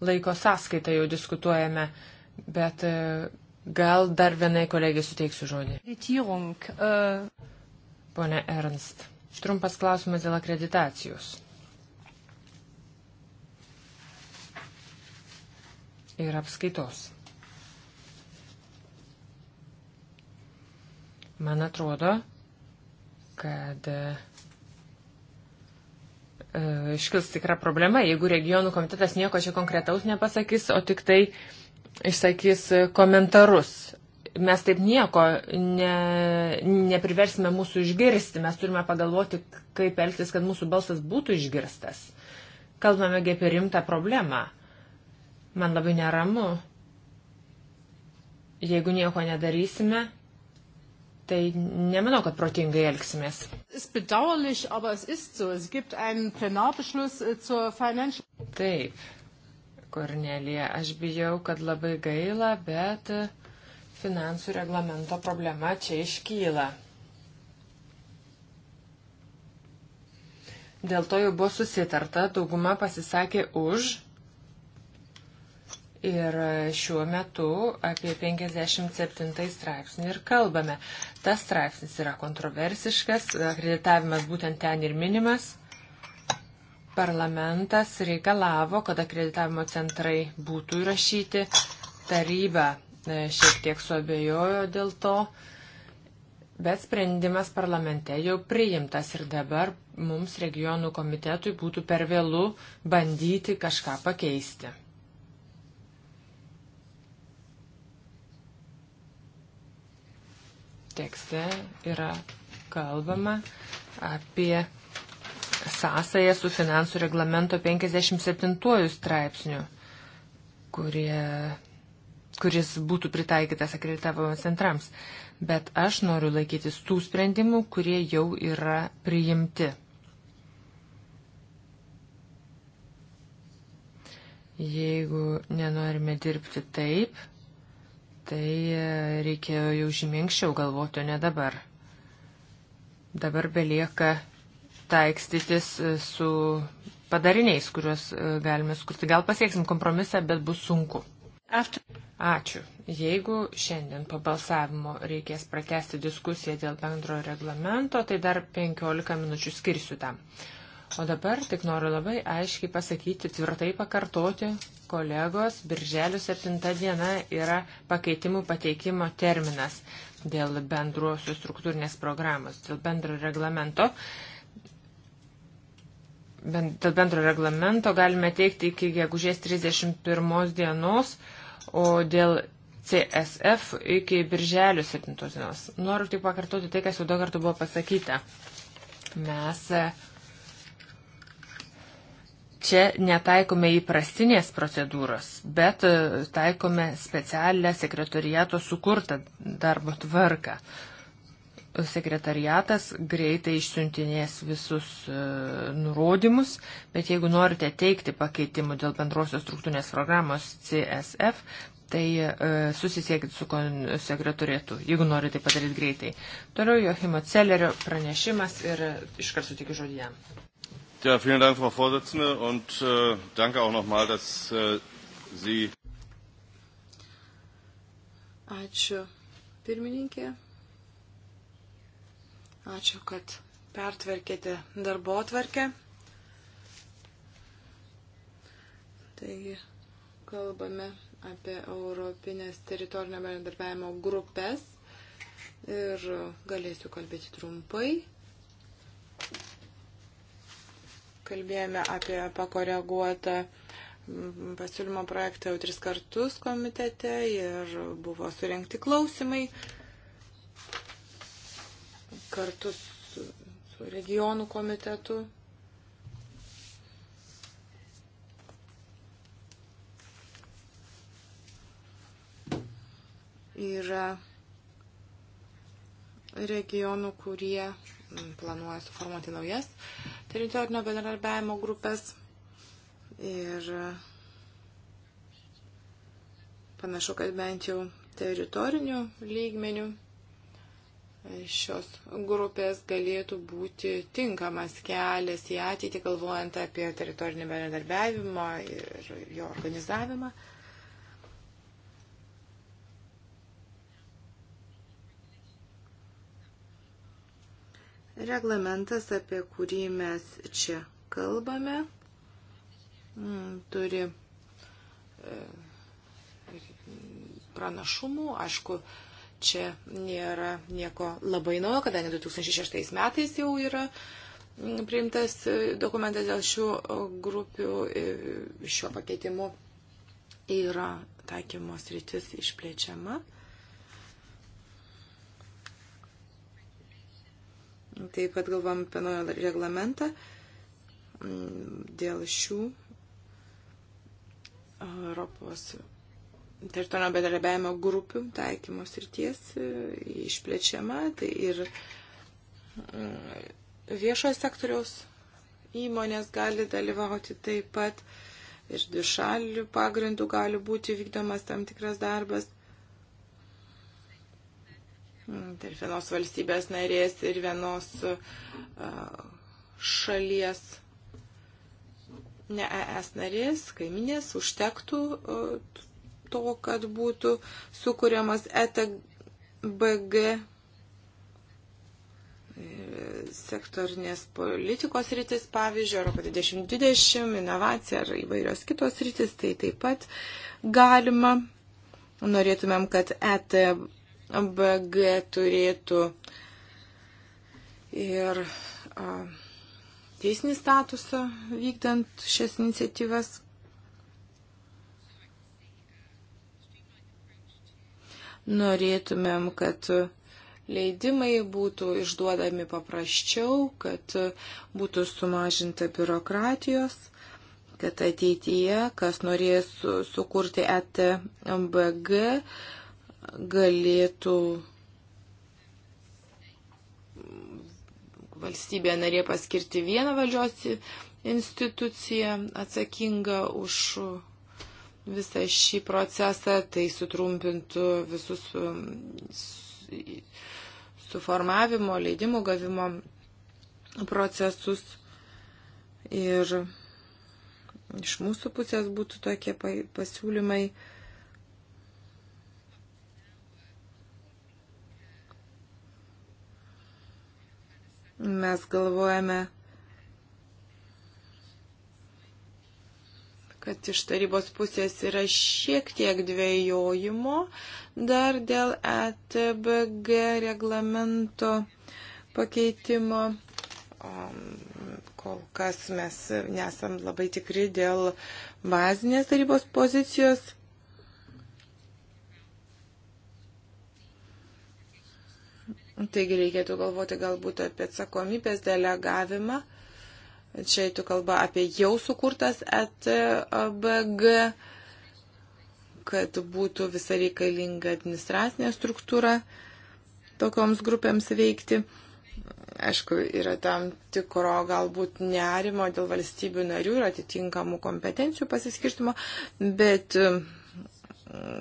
laiko sąskaitą jau diskutuojame, bet e, gal dar vienai kolegijai suteiksiu žodį. E. Pone Ernst, trumpas klausimas dėl akreditacijos. ir apskaitos. Man atrodo, kad e, iškils tikra problema, jeigu regionų komitetas nieko čia konkretaus nepasakys, o tik tai išsakys komentarus. Mes taip nieko ne, nepriversime mūsų išgirsti, mes turime pagalvoti, kaip elgtis, kad mūsų balsas būtų išgirstas. Kalbame apie rimtą problemą. Man labai neramu. Jeigu nieko nedarysime, Tai nemanau, kad protingai elgsimės. Äh, Taip, Kornelija, aš bijau, kad labai gaila, bet äh, finansų reglamento problema čia iškyla. Dėl to jau buvo susitarta, dauguma pasisakė už, Ir šiuo metu apie 57 straipsnį ir kalbame. Tas straipsnis yra kontroversiškas, akreditavimas būtent ten ir minimas. Parlamentas reikalavo, kad akreditavimo centrai būtų įrašyti. Taryba e, šiek tiek suabejojo dėl to, bet sprendimas parlamente jau priimtas ir dabar mums regionų komitetui būtų per vėlų bandyti kažką pakeisti. tekste yra kalbama apie sąsąją su finansų reglamento 57 straipsniu, kurie, kuris būtų pritaikytas akreditavimo centrams. Bet aš noriu laikytis tų sprendimų, kurie jau yra priimti. Jeigu nenorime dirbti taip, tai e, reikėjo jau žymiai anksčiau galvoti, o ne dabar. Dabar belieka taikstytis e, su padariniais, kuriuos e, galime skurti. Gal pasieksim kompromisą, bet bus sunku. Ačiū. Jeigu šiandien po balsavimo reikės pratesti diskusiją dėl bendrojo reglamento, tai dar 15 minučių skirsiu tam. O dabar tik noriu labai aiškiai pasakyti, tvirtai pakartoti, kolegos, birželio 7 diena yra pakeitimų pateikimo terminas dėl bendruosios struktūrinės programos, dėl bendro reglamento. Bend, dėl bendro reglamento galime teikti iki gegužės 31 dienos, o dėl CSF iki birželio 7 dienos. Noriu tik pakartoti tai, kas jau daug kartų buvo pasakyta. Mes Čia netaikome įprastinės procedūros, bet e, taikome specialią sekretariato sukurtą darbo tvarką. Sekretariatas greitai išsiuntinės visus e, nurodymus, bet jeigu norite teikti pakeitimų dėl bendrosios struktūrinės programos CSF, tai e, susisiekit su sekretorietu, jeigu norite tai padaryti greitai. Toliau Johimo Celerio pranešimas ir iškart sutikiu žodį jam. Ja, vielen Dank, Frau Vorsitzende, und äh, danke auch nochmal, dass äh, Sie. Ačiū, pirmininkė. Ačiū, kad pertvarkėte darbo atvarkę. Taigi, kalbame apie Europinės teritorinio bendradarbiavimo grupės ir galėsiu kalbėti trumpai kalbėjome apie pakoreguotą pasiūlymo projektą jau tris kartus komitete ir buvo surinkti klausimai kartu su, su regionų komitetu. Yra regionų, kurie planuoja suformuoti naujas uh, teritorinio bendradarbiavimo grupės ir panašu, kad bent jau teritorinių lygmenių šios grupės galėtų būti tinkamas kelias į ateitį, galvojant apie teritorinį bendradarbiavimą ir jo organizavimą. Reglamentas, apie kurį mes čia kalbame, mm, turi e, pranašumų, aišku, čia nėra nieko labai naujo, kadangi 2006 metais jau yra mm, priimtas e, dokumentas dėl šių e, grupių, šiuo pakeitimu yra taikymos rytis išplėčiama. Taip pat galvom apie naują reglamentą mm, dėl šių Europos teritorinio bedarbiavimo grupių taikymo srities e, išplečiama. Tai ir mm, viešojo sektoriaus įmonės gali dalyvauti taip pat ir dvišalių pagrindų gali būti vykdomas tam tikras darbas tarp vienos valstybės narės ir vienos šalies ne ES narės, kaiminės, užtektų to, kad būtų sukūriamas ETBG sektorinės politikos rytis, pavyzdžiui, Europa 2020, inovacija ar įvairios kitos rytis, tai taip pat galima. Norėtumėm, kad ETBG BG turėtų ir teisinį statusą vykdant šias iniciatyvas. Norėtumėm, kad leidimai būtų išduodami paprasčiau, kad būtų sumažinta biurokratijos, kad ateityje, kas norės sukurti ETMBG, galėtų valstybė narė paskirti vieną valdžios instituciją atsakingą už visą šį procesą, tai sutrumpintų visus um, suformavimo, leidimų gavimo procesus. Ir iš mūsų pusės būtų tokie pasiūlymai. Mes galvojame, kad iš tarybos pusės yra šiek tiek dvėjojimo dar dėl ETBG reglamento pakeitimo. Kol kas mes nesam labai tikri dėl bazinės tarybos pozicijos. Taigi reikėtų galvoti galbūt apie atsakomybės delegavimą. Čia eitų kalba apie jau sukurtas ETBG, kad būtų visa reikalinga administracinė struktūra tokioms grupėms veikti. Aišku, yra tam tikro galbūt nerimo dėl valstybių narių ir atitinkamų kompetencijų pasiskirtimo, bet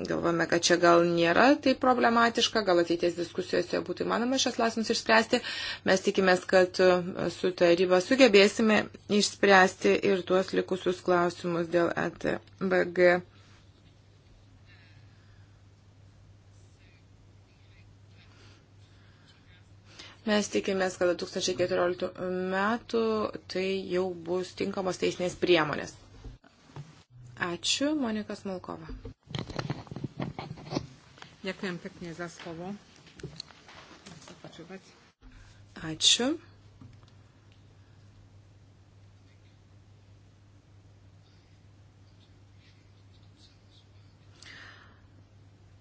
galvojame, kad čia gal nėra tai problematiška, gal ateities diskusijose būtų įmanoma šias klausimus išspręsti. Mes tikimės, kad e, su taryba sugebėsime išspręsti ir tuos likusius klausimus dėl ETBG. Mes tikimės, kad 2014 metų tai jau bus tinkamos teisinės priemonės. Ačiū, Monika Smolkova. Dėkuojam pekniai za slovo. Ačiū.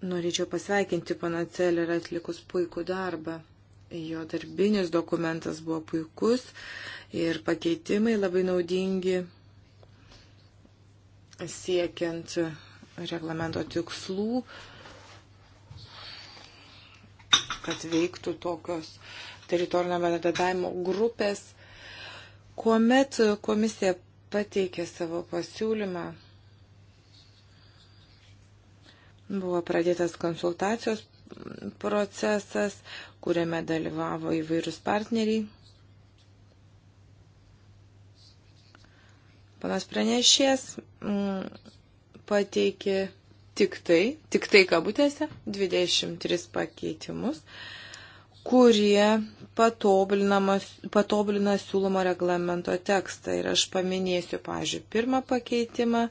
Norėčiau pasveikinti pana Celerį atlikus puikų darbą. Jo darbinis dokumentas buvo puikus ir pakeitimai labai naudingi siekiant reglamento tikslų, kad veiktų tokios teritorinio bendradarbiavimo grupės. Kuomet komisija pateikė savo pasiūlymą, buvo pradėtas konsultacijos procesas, kuriame dalyvavo įvairius partneriai. Panas pranešės mm, pateikė tik tai, tik tai kabutėse, 23 pakeitimus, kurie patobulina siūlomo reglamento tekstą. Ir aš paminėsiu, pažiūrėjau, pirmą pakeitimą,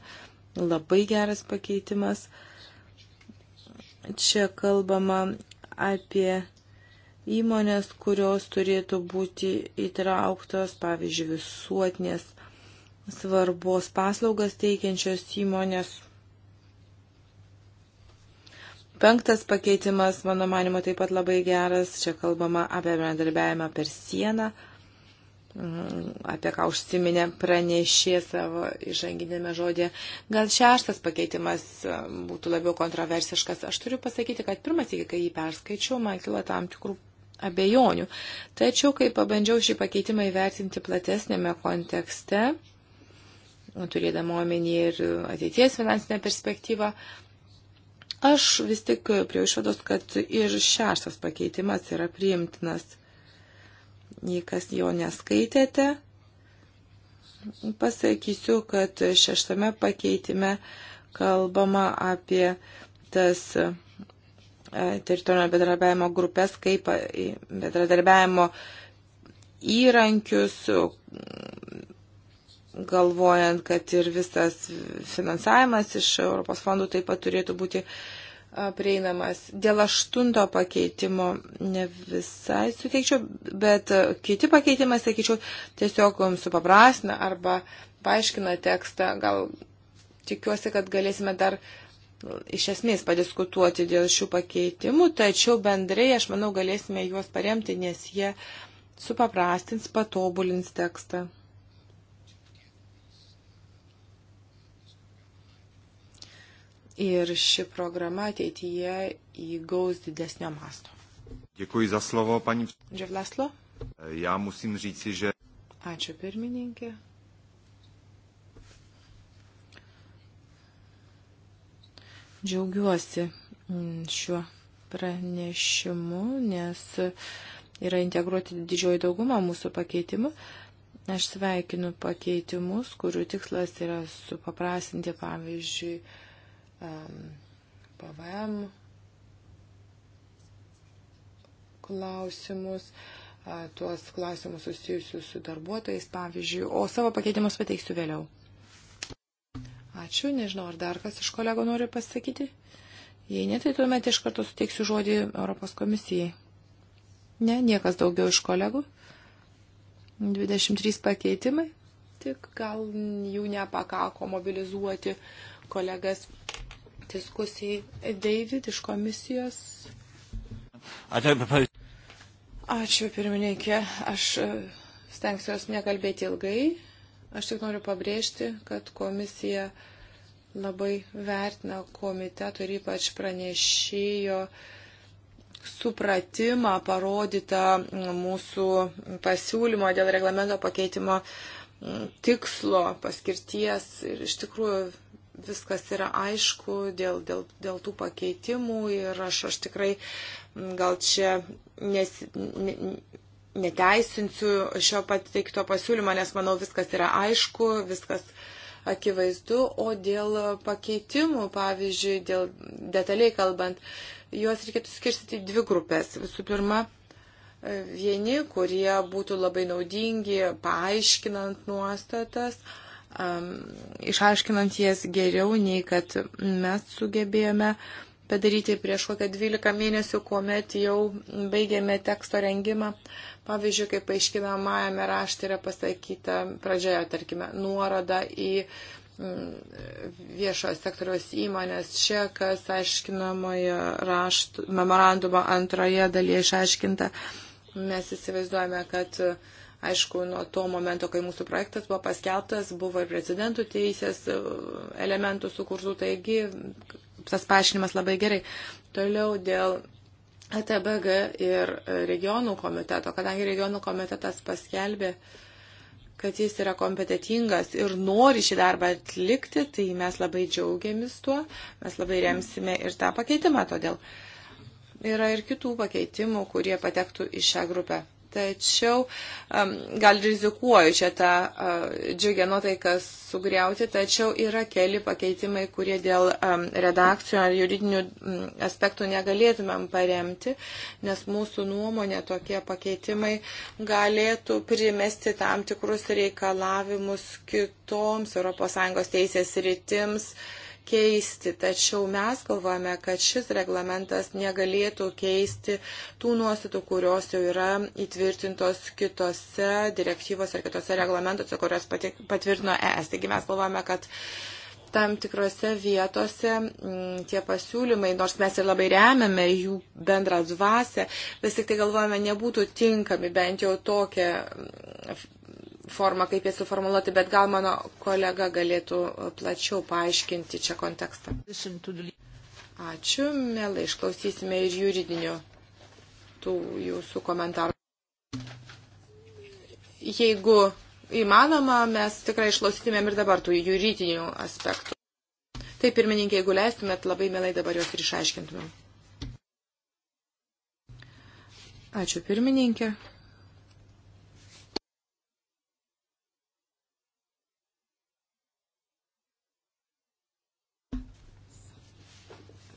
labai geras pakeitimas. Čia kalbama apie įmonės, kurios turėtų būti įtrauktos, pavyzdžiui, visuotinės svarbos paslaugas teikiančios įmonės. Penktas pakeitimas, mano manimo, taip pat labai geras. Čia kalbama apie bendradarbiavimą per sieną, mm, apie ką užsiminė pranešė savo įžanginėme žodė. Gal šeštas pakeitimas mm, būtų labiau kontroversiškas. Aš turiu pasakyti, kad pirmas, kai jį perskaičiau, man kilo tam tikrų abejonių. Tačiau, kai pabandžiau šį pakeitimą įvertinti platesnėme kontekste, Nu, turėdama omenyje ir ateities finansinę perspektyvą. Aš vis tik prie išvados, kad ir šeštas pakeitimas yra priimtinas. Jei kas jo neskaitėte, pasakysiu, kad šeštame pakeitime kalbama apie tas e, teritorinio bedradarbiavimo grupės, kaip e, bedradarbiavimo įrankius, galvojant, kad ir visas finansavimas iš Europos fondų taip pat turėtų būti prieinamas. Dėl aštunto pakeitimo ne visai suteikčiau, bet kiti pakeitimai, sakyčiau, tiesiog um, supaprasina arba paaiškina tekstą. Gal tikiuosi, kad galėsime dar nu, iš esmės padiskutuoti dėl šių pakeitimų, tačiau bendrai, aš manau, galėsime juos paremti, nes jie supaprastins, patobulins tekstą. ir ši programa ateityje įgaus didesnio masto. Dėkui za slovo, pani. Dževlaslo. Ja musim říci, že. Ačiū pirmininkė. Džiaugiuosi mm, šiuo pranešimu, nes yra integruoti didžioji dauguma mūsų pakeitimų. Aš sveikinu pakeitimus, kurių tikslas yra supaprasinti, pavyzdžiui, PVM klausimus, tuos klausimus susijusius su darbuotojais, pavyzdžiui, o savo pakeitimus pateiksiu vėliau. Ačiū, nežinau, ar dar kas iš kolego nori pasakyti. Jei ne, tai tuomet iš karto suteiksiu žodį Europos komisijai. Ne, niekas daugiau iš kolegų. 23 pakeitimai, tik gal jų nepakako mobilizuoti kolegas diskusijai. David iš komisijos. Ačiū pirmininkė. Aš e, stengsiuosi nekalbėti ilgai. Aš tik noriu pabrėžti, kad komisija labai vertina komiteto ir ypač pranešėjo supratimą parodytą mūsų pasiūlymo dėl reglamento pakeitimo tikslo paskirties ir iš tikrųjų viskas yra aišku dėl, dėl, dėl tų pakeitimų ir aš, aš tikrai gal čia nes, ne, neteisinsiu šio pateikto pasiūlymo, nes manau viskas yra aišku, viskas akivaizdu, o dėl pakeitimų, pavyzdžiui, dėl detaliai kalbant, juos reikėtų skirstyti į dvi grupės. Visų pirma, vieni, kurie būtų labai naudingi, paaiškinant nuostatas, Um, išaiškinant jas geriau, nei kad mes sugebėjome padaryti prieš kokią 12 mėnesių, kuomet jau baigėme teksto rengimą. Pavyzdžiui, kaip paaiškinamajame rašte yra pasakyta pradžioje, tarkime, nuoroda į mm, viešojo sektoriaus įmonės čia, kas aiškinamojo rašto memorandumo antroje dalyje išaiškinta. Mes įsivaizduojame, kad uh, Aišku, nuo to momento, kai mūsų projektas buvo paskelbtas, buvo ir prezidentų teisės e, elementų sukurtų, taigi tas paaiškinimas labai gerai. Toliau dėl ATBG ir regionų komiteto, kadangi regionų komitetas paskelbė, kad jis yra kompetitingas ir nori šį darbą atlikti, tai mes labai džiaugiamės tuo, mes labai remsime ir tą pakeitimą todėl. Yra ir kitų pakeitimų, kurie patektų į šią grupę tačiau um, gal rizikuoju čia tą uh, džiugę nuotaiką sugriauti, tačiau yra keli pakeitimai, kurie dėl um, redakcijų ar juridinių um, aspektų negalėtumėm paremti, nes mūsų nuomonė tokie pakeitimai galėtų primesti tam tikrus reikalavimus kitoms ES teisės rytims. Uh, keisti. Tačiau mes galvojame, kad šis reglamentas negalėtų keisti tų nuostatų, kurios jau yra įtvirtintos kitose direktyvose ir kitose reglamentuose, kurios patvirtino ES. Taigi mes galvojame, kad tam tikrose vietose m, mm, tie pasiūlymai, nors mes ir labai remiame jų bendrą dvasę, vis tik tai galvojame, nebūtų tinkami bent jau tokie mm, formą, kaip jie suformuoluoti, bet gal mano kolega galėtų uh, plačiau paaiškinti čia kontekstą. Ačiū, mielai, išklausysime ir juridinių tų jūsų komentarų. Jeigu įmanoma, mes tikrai išklausytumėm ir dabar tų juridinių aspektų. Tai pirmininkė, jeigu leistumėt, labai mielai dabar juos ir išaiškintumėm. Ačiū pirmininkė.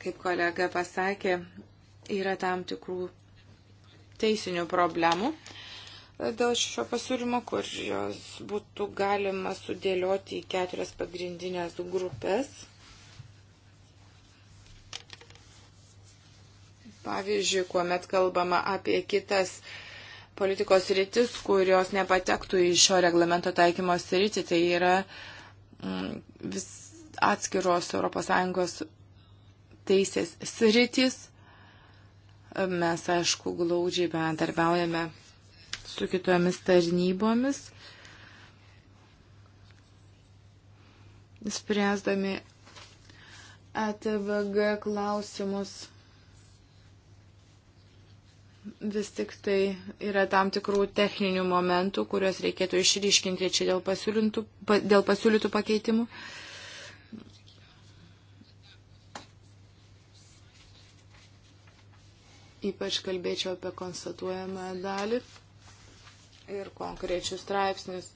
kaip kolega pasakė, yra tam tikrų teisinių problemų dėl šio pasiūlymo, kur jos būtų galima sudėlioti į keturias pagrindinės grupės. Pavyzdžiui, kuomet kalbama apie kitas politikos rytis, kurios nepatektų į šio reglamento taikymo sritį, tai yra mm, vis atskiros ES teisės sritis. Mes, aišku, glaudžiai bendarbiaujame su kitomis tarnybomis, spręsdami ATVG klausimus vis tik tai yra tam tikrų techninių momentų, kuriuos reikėtų išryškinti čia dėl pasiūlytų, dėl pasiūlytų pakeitimų. Uh, Ypač kalbėčiau apie konstatuojamą dalį ir konkrečius straipsnius.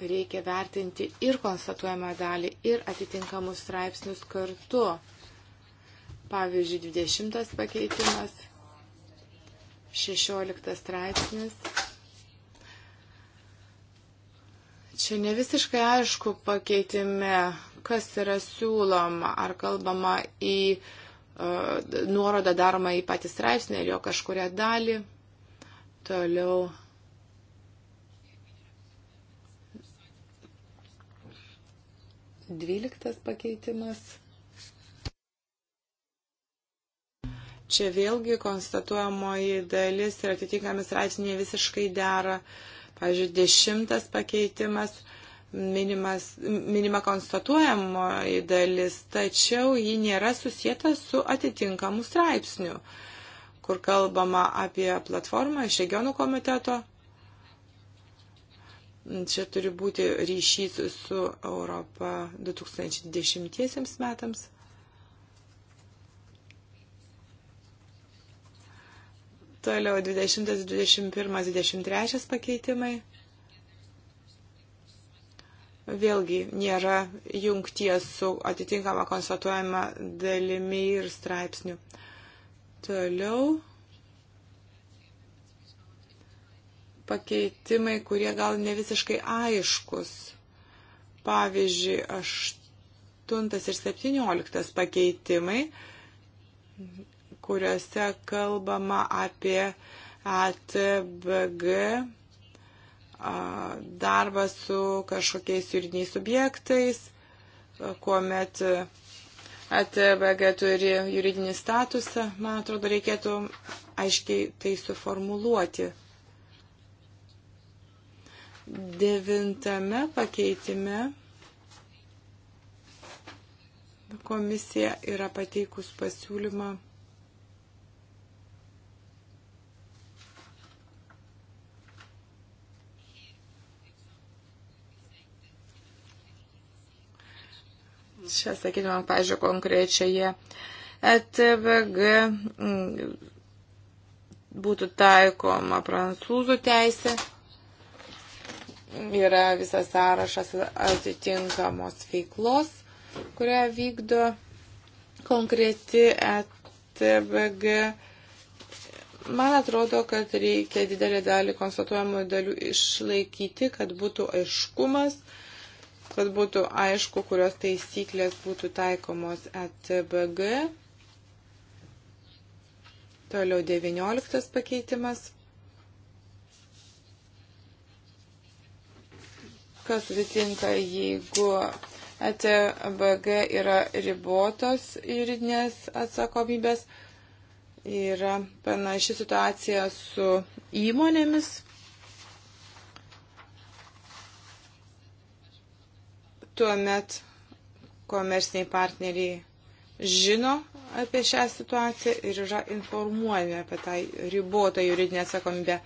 Reikia vertinti ir konstatuojamą dalį, ir atitinkamus straipsnius kartu. Pavyzdžiui, 20 pakeitimas, 16 straipsnis. Čia ne visiškai aišku pakeitime, kas yra siūloma, ar kalbama į uh, nuoroda daroma į patį straipsnį ir jo kažkuria dalį. Toliau. Dvyliktas pakeitimas. Čia vėlgi konstatuojamoji dalis ir atitinkami straipsniai visiškai dera. Pavyzdžiui, dešimtas pakeitimas. Uh, minimas, minima konstatuojamoji dalis, tačiau ji nėra susijęta su atitinkamu straipsniu, kur kalbama apie platformą iš regionų komiteto. Čia turi būti ryšys su Europa 2010 metams. Toliau 20, 21, 23 pakeitimai vėlgi nėra jungties su atitinkama konstatuojama dalimi ir straipsniu. Toliau pakeitimai, kurie gal ne visiškai aiškus. Pavyzdžiui, 8 ir 17 pakeitimai, kuriuose kalbama apie ATBG darbas su kažkokiais juridiniais subjektais, kuomet ATBG turi juridinį statusą, man atrodo, reikėtų aiškiai tai suformuluoti. Devintame pakeitime komisija yra pateikus pasiūlymą čia sakytumėm, pažiūrėjau, konkrečioje ECBG mm, būtų taikoma prancūzų teisė. Yra visas sąrašas atitinkamos veiklos, kurią vykdo konkreti ECBG. Man atrodo, kad reikia didelį dalį konstatuojamų dalių išlaikyti, kad būtų aiškumas, uh, kad būtų aišku, kurios taisyklės būtų taikomos ECBG. Toliau 19 pakeitimas. Kas atsitinka, jeigu ECBG yra ribotos juridinės atsakomybės? Yra panaši situacija su įmonėmis tuomet komerciniai partneriai žino apie šią situaciją ir yra informuojami apie tą ribotą juridinę atsakomybę.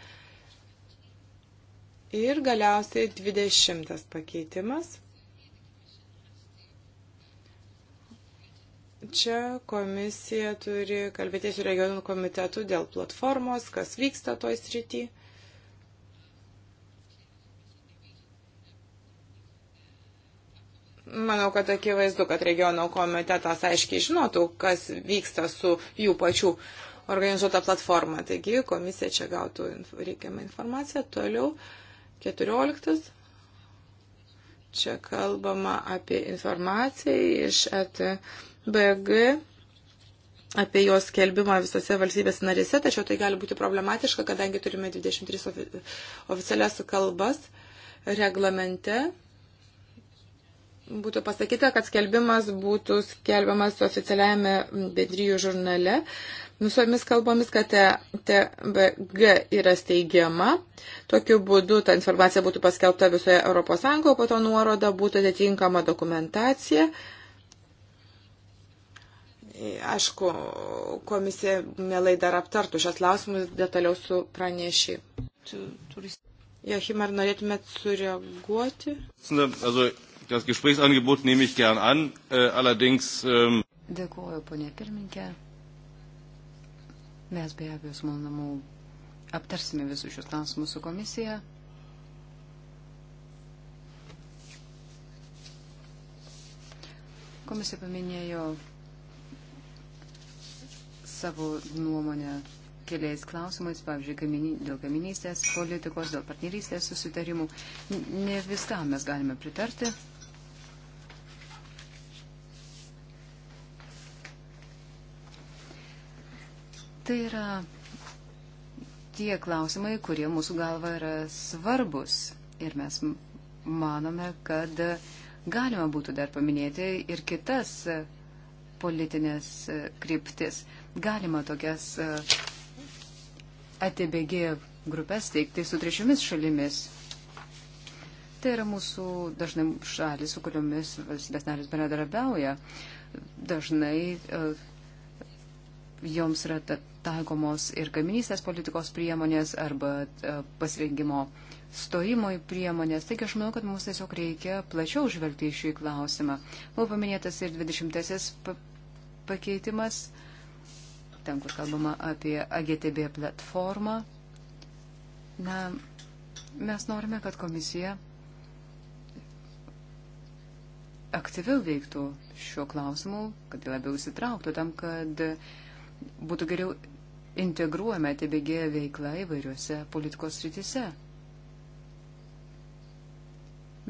Ir galiausiai 20 pakeitimas. čia komisija turi kalbėti su regionų komitetu dėl platformos, kas vyksta toj srity. Manau, kad akivaizdu, kad regiono komitetas aiškiai žinotų, kas vyksta su jų pačių organizuota platforma. Taigi komisija čia gautų reikiamą informaciją. Toliau 14. Čia kalbama apie informaciją iš ETBG, apie jos skelbimą visose valstybės narėse, tačiau tai gali būti problematiška, kadangi turime 23 oficialias kalbas reglamente būtų pasakyta, kad skelbimas būtų skelbiamas oficialiajame bendryjų žurnale visomis kalbomis, kad TBG yra steigiama. Tokiu būdu ta informacija būtų paskelbta visoje ES, o po to nuoroda būtų atitinkama dokumentacija. Aišku, komisija mielai dar aptartų šios klausimus detaliau su praneši. Joachim, ar norėtumėt sureaguoti? Also, Das Gesprächsangebot nehme ich gern an. Äh, allerdings. Ähm Dėkuoju, ponė pirmininkė. Mes be abejo su malonumu aptarsime visus šios klausimus su komisija. Komisija paminėjo savo nuomonę keliais klausimais, pavyzdžiui, kamini, dėl kaiminystės politikos, dėl partnerystės susitarimų. Ne viskam mes galime pritarti. Tai yra tie klausimai, kurie mūsų galva yra svarbus. Ir mes manome, kad galima būtų dar paminėti ir kitas politinės kryptis. Galima tokias e, atibėgė grupės teikti su trečiomis šalimis. Tai yra mūsų dažnai šalis, su kuriomis valstybės narės bendradarbiauja. Dažnai e, joms yra taikomos ir kaiminystės politikos priemonės arba e, pasirengimo stojimo į priemonės. Taigi aš manau, kad mums tiesiog reikia plačiau žvelgti į šį klausimą. Buvo paminėtas ir 20-asis pakeitimas, ten, kur kalbama apie AGTB platformą. Na, mes norime, kad komisija aktyviau veiktų šiuo klausimu, kad labiau įsitrauktų tam, kad uh, būtų geriau integruojama tebegėja veikla įvairiuose politikos rytise.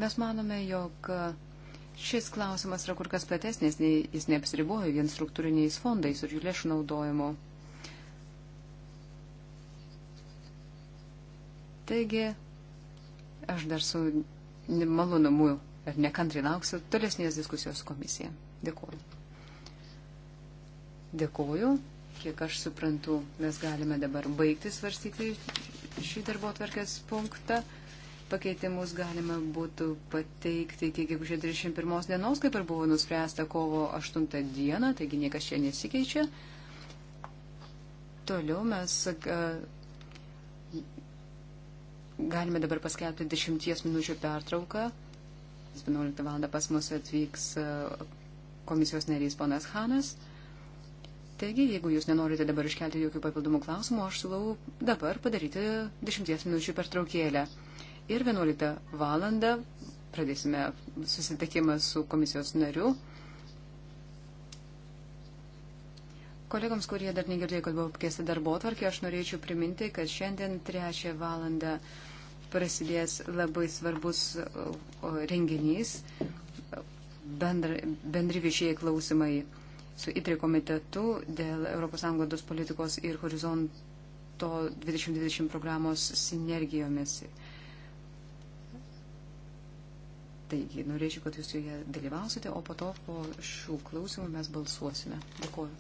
Mes manome, jog šis klausimas yra kur kas platesnis, nei jis neapsiriboja vien struktūriniais fondais ir jų lėšų naudojimu. Taigi, aš dar su malonumu ir nekantri lauksiu tolesnės diskusijos komisija. Dėkuoju. Dėkuoju. Kiek aš suprantu, mes galime dabar baigti svarstyti šį darbo atverkės punktą. Pakeitimus galima būtų pateikti iki gegužės 31 dienos, kaip ir buvo nuspręsta kovo 8 dieną, taigi niekas čia nesikeičia. Toliau mes galime dabar paskelbti 10 minučių pertrauką. 11 val. pas mus atvyks komisijos narys ponas Hanas. Taigi, jeigu jūs nenorite dabar iškelti jokių papildomų klausimų, aš siūlau dabar padaryti 10 minučių pertraukėlę. Ir 11 valandą pradėsime susitikimą su komisijos nariu. Kolegoms, kurie dar negirdėjo, kad buvo apkėsta darbo tvarkė, aš norėčiau priminti, kad šiandien trečią valandą prasidės labai svarbus renginys, bendri viešieji klausimai su ITRI komitetu dėl ES politikos ir horizonto 2020 programos sinergijomis. Taigi, norėčiau, kad jūs joje dalyvausite, o po to po šių klausimų mes balsuosime. Dėkuoju.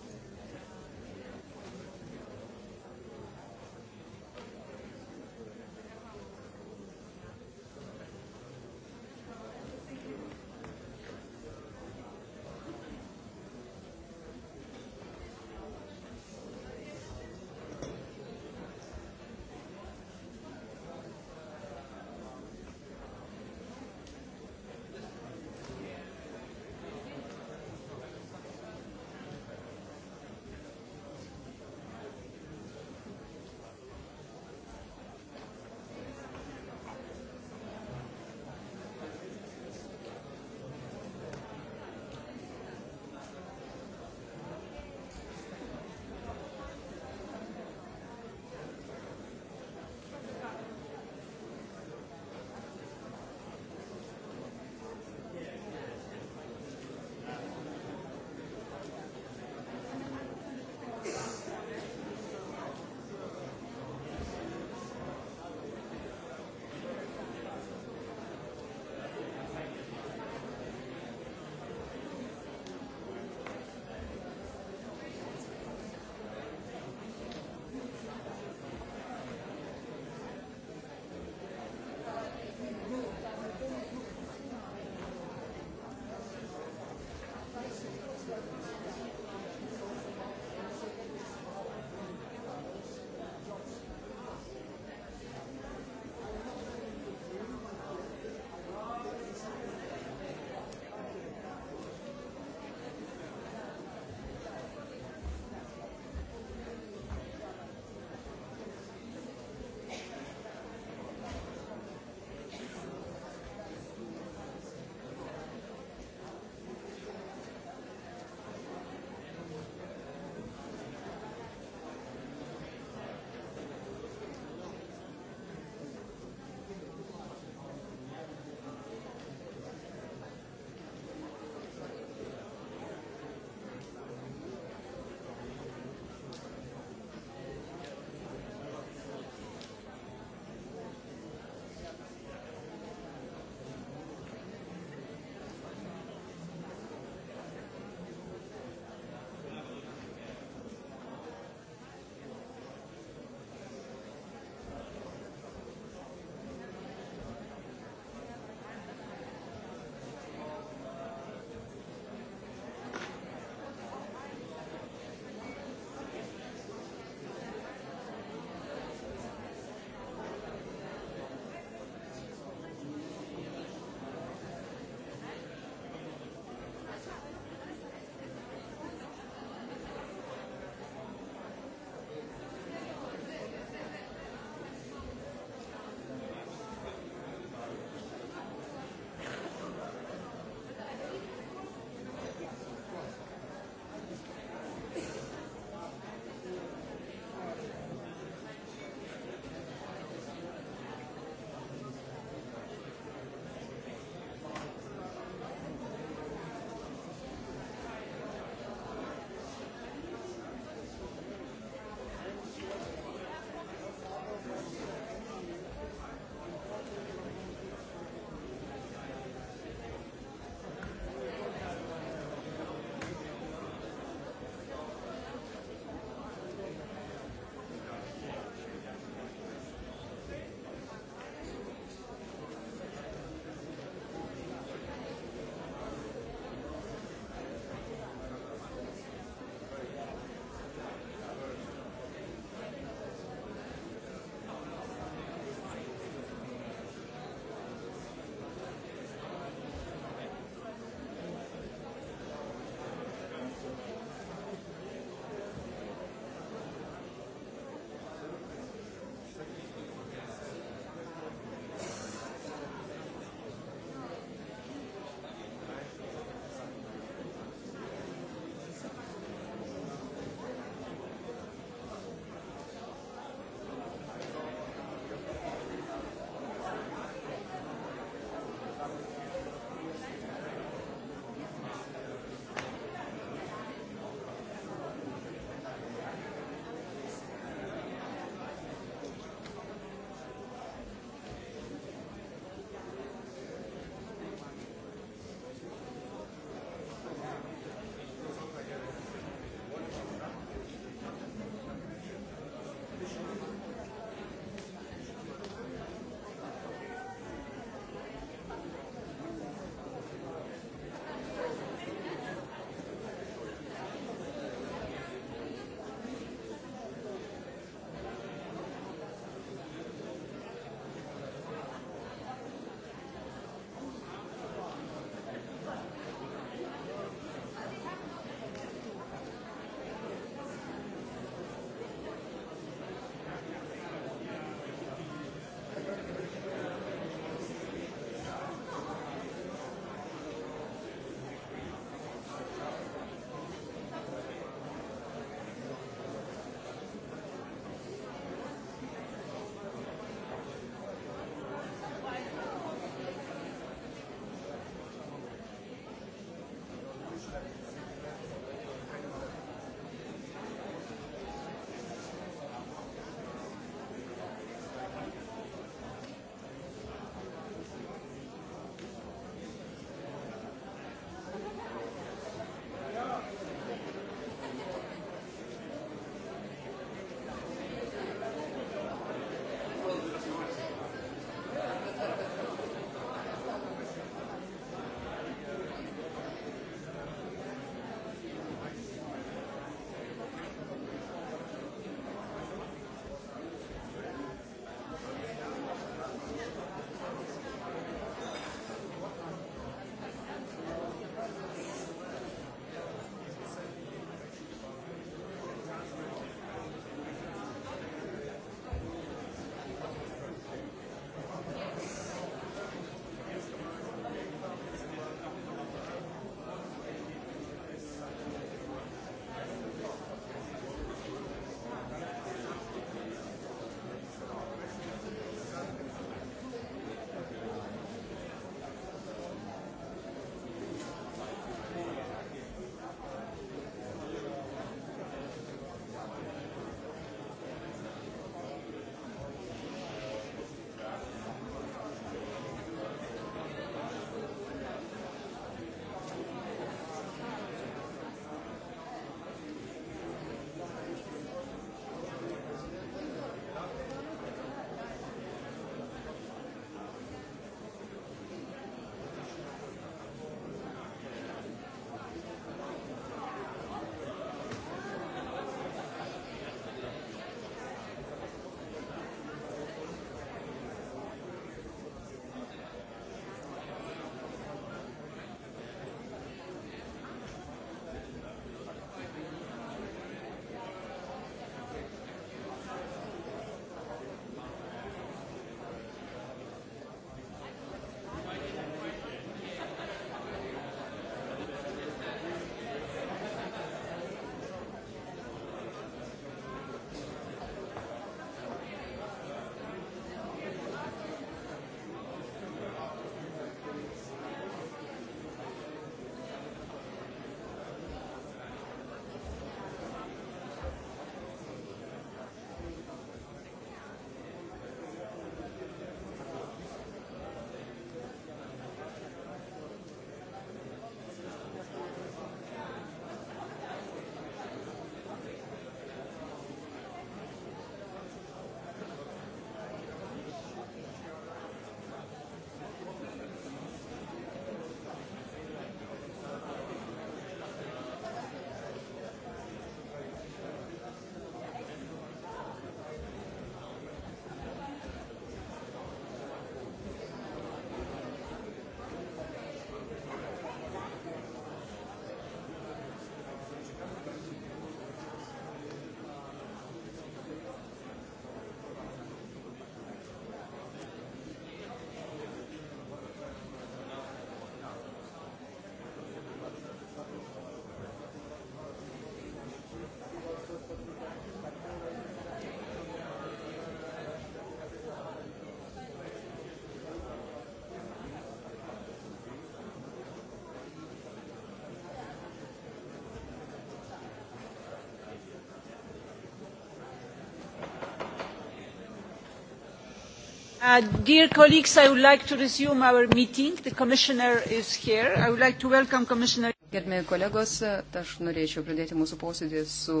Uh, dear colleagues, I would like to resume our meeting. The commissioner is here. I would like to welcome commissioner. Gerbėjai kolegos, aš norėčiau pradėti mūsų posėdį, su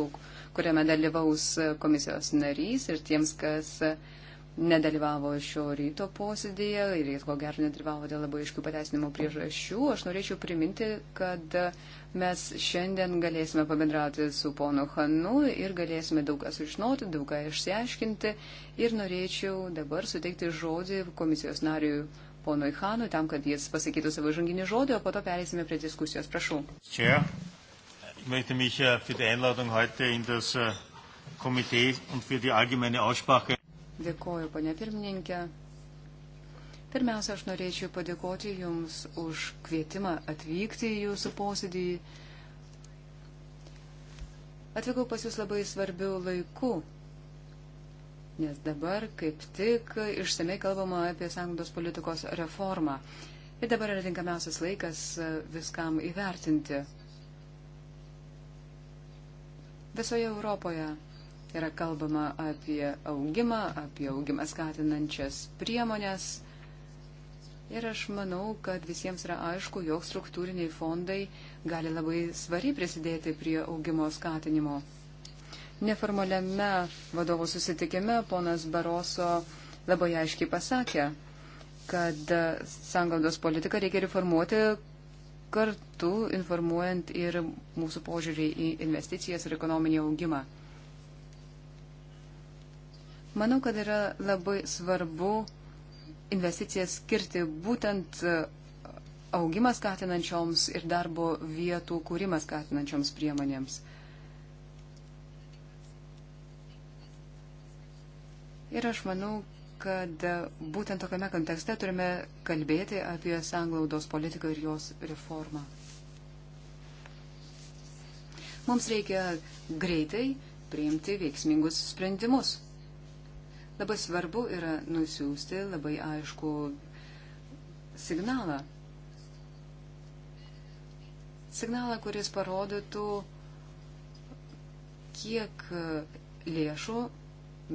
kuriame dalyvaus komisijos narys ir tiems, kas uh, nedalyvavo šio ryto posėdėje ir jis ko gero nedalyvavo dėl labai iškių pateisinimo priežasčių. Aš norėčiau priminti, kad mes šiandien galėsime pabendrauti su ponu Hanu ir galėsime daug ką sužinoti, daug ką išsiaiškinti. Ir norėčiau dabar suteikti žodį komisijos nariui ponui Hanui, tam, kad jis pasakytų savo žanginį žodį, o po to perėsime prie diskusijos. Prašau. Čia. Ich möchte mich äh, für die Einladung heute in das äh, Komitee und für die allgemeine Aussprache Dėkoju, ponė pirmininkė. Pirmiausia, aš norėčiau padėkoti Jums už kvietimą atvykti į Jūsų posėdį. Atvykau pas Jūs labai svarbių laikų, nes dabar kaip tik išsamei kalbama apie sąjungos politikos reformą. Ir dabar yra tinkamiausias laikas viskam įvertinti. Visoje Europoje Tai yra kalbama apie augimą, apie augimą skatinančias priemonės. Ir aš manau, kad visiems yra aišku, jog struktūriniai fondai gali labai svariai prisidėti prie augimo skatinimo. Neformaliame vadovo susitikime ponas Baroso labai aiškiai pasakė, kad sangaldos politiką reikia reformuoti kartu informuojant ir mūsų požiūrį į investicijas ir ekonominį augimą. Manau, kad yra labai svarbu investicijas skirti būtent e, augimas skatinančioms ir darbo vietų kūrimas skatinančioms priemonėms. Ir aš manau, kad e, būtent tokiame kontekste turime kalbėti apie sanglaudos politiką ir jos reformą. Mums reikia greitai priimti veiksmingus sprendimus. Labai svarbu yra nusiųsti labai aišku signalą. Signalą, kuris parodytų, kiek lėšų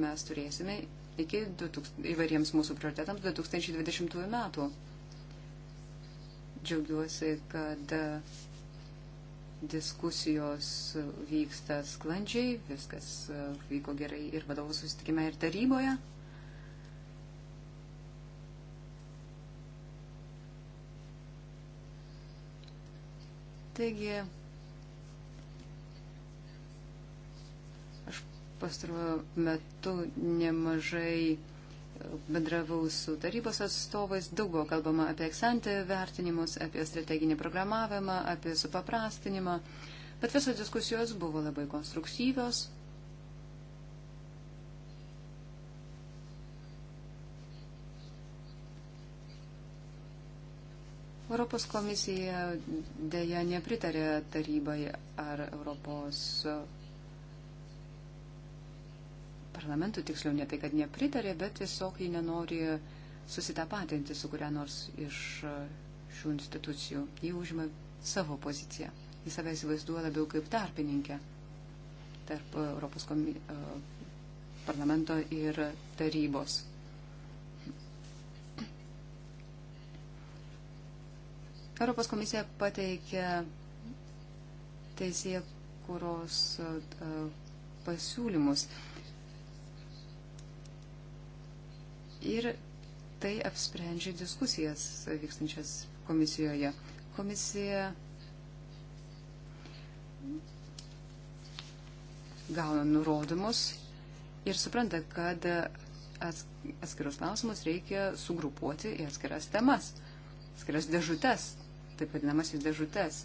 mes turėsime iki 2000, įvariems mūsų prioritetams 2020 metų. Džiaugiuosi, kad diskusijos vyksta sklandžiai, viskas e, vyko gerai ir vadovų susitikime, ir taryboje. Taigi, aš pastaruoju metu nemažai bendravau su tarybos atstovais, daug buvo kalbama apie eksantį vertinimus, apie strateginį programavimą, apie supaprastinimą, bet visos diskusijos buvo labai konstruktyvios. Europos komisija dėja nepritarė tarybai ar Europos parlamentų tiksliau ne tai, kad nepritarė, bet tiesiog ji nenori susitapatinti su kuria nors iš e, šių institucijų. Ji užima savo poziciją. Jis save įsivaizduoja labiau kaip tarpininkę tarp Europos komi... E, parlamento ir tarybos. Europos komisija pateikė teisėje kuros e, pasiūlymus. Uh, ir tai apsprendžia diskusijas vykstančias komisijoje. Komisija gauna nurodymus ir supranta, kad atskirus klausimus reikia sugrupuoti į atskiras temas, atskiras dėžutes, taip vadinamasis dėžutes.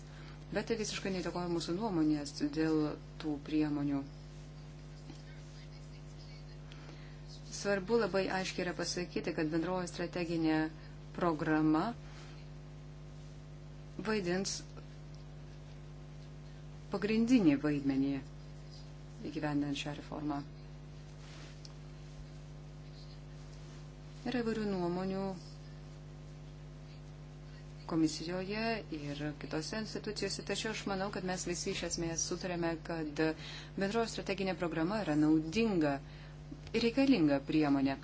Bet tai visiškai neįtakoja mūsų nuomonės dėl tų priemonių svarbu labai aiškiai yra pasakyti, kad bendroji strateginė programa vaidins pagrindinį vaidmenį įgyvendinant šią reformą. Yra įvairių nuomonių komisijoje ir kitose institucijose, tačiau aš manau, kad mes visi iš esmės sutarėme, kad bendroji strateginė programa yra naudinga uh, reikalinga priemonė.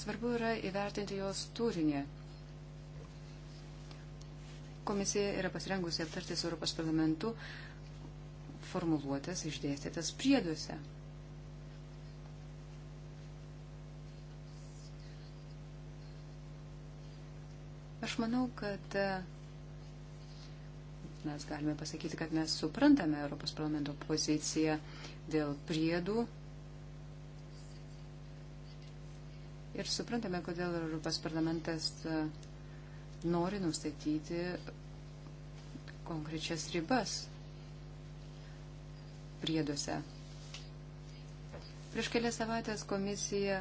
Svarbu yra įvertinti jos turinį. Komisija yra pasirengusi aptarti su Europos parlamentu formuluotės išdėstytas prieduose. Aš manau, kad e, mes galime pasakyti, kad mes suprantame Europos parlamento poziciją dėl priedų Ir suprantame, kodėl Europos parlamentas e, nori nustatyti konkrečias ribas prieduose. Prieš kelias savaitės komisija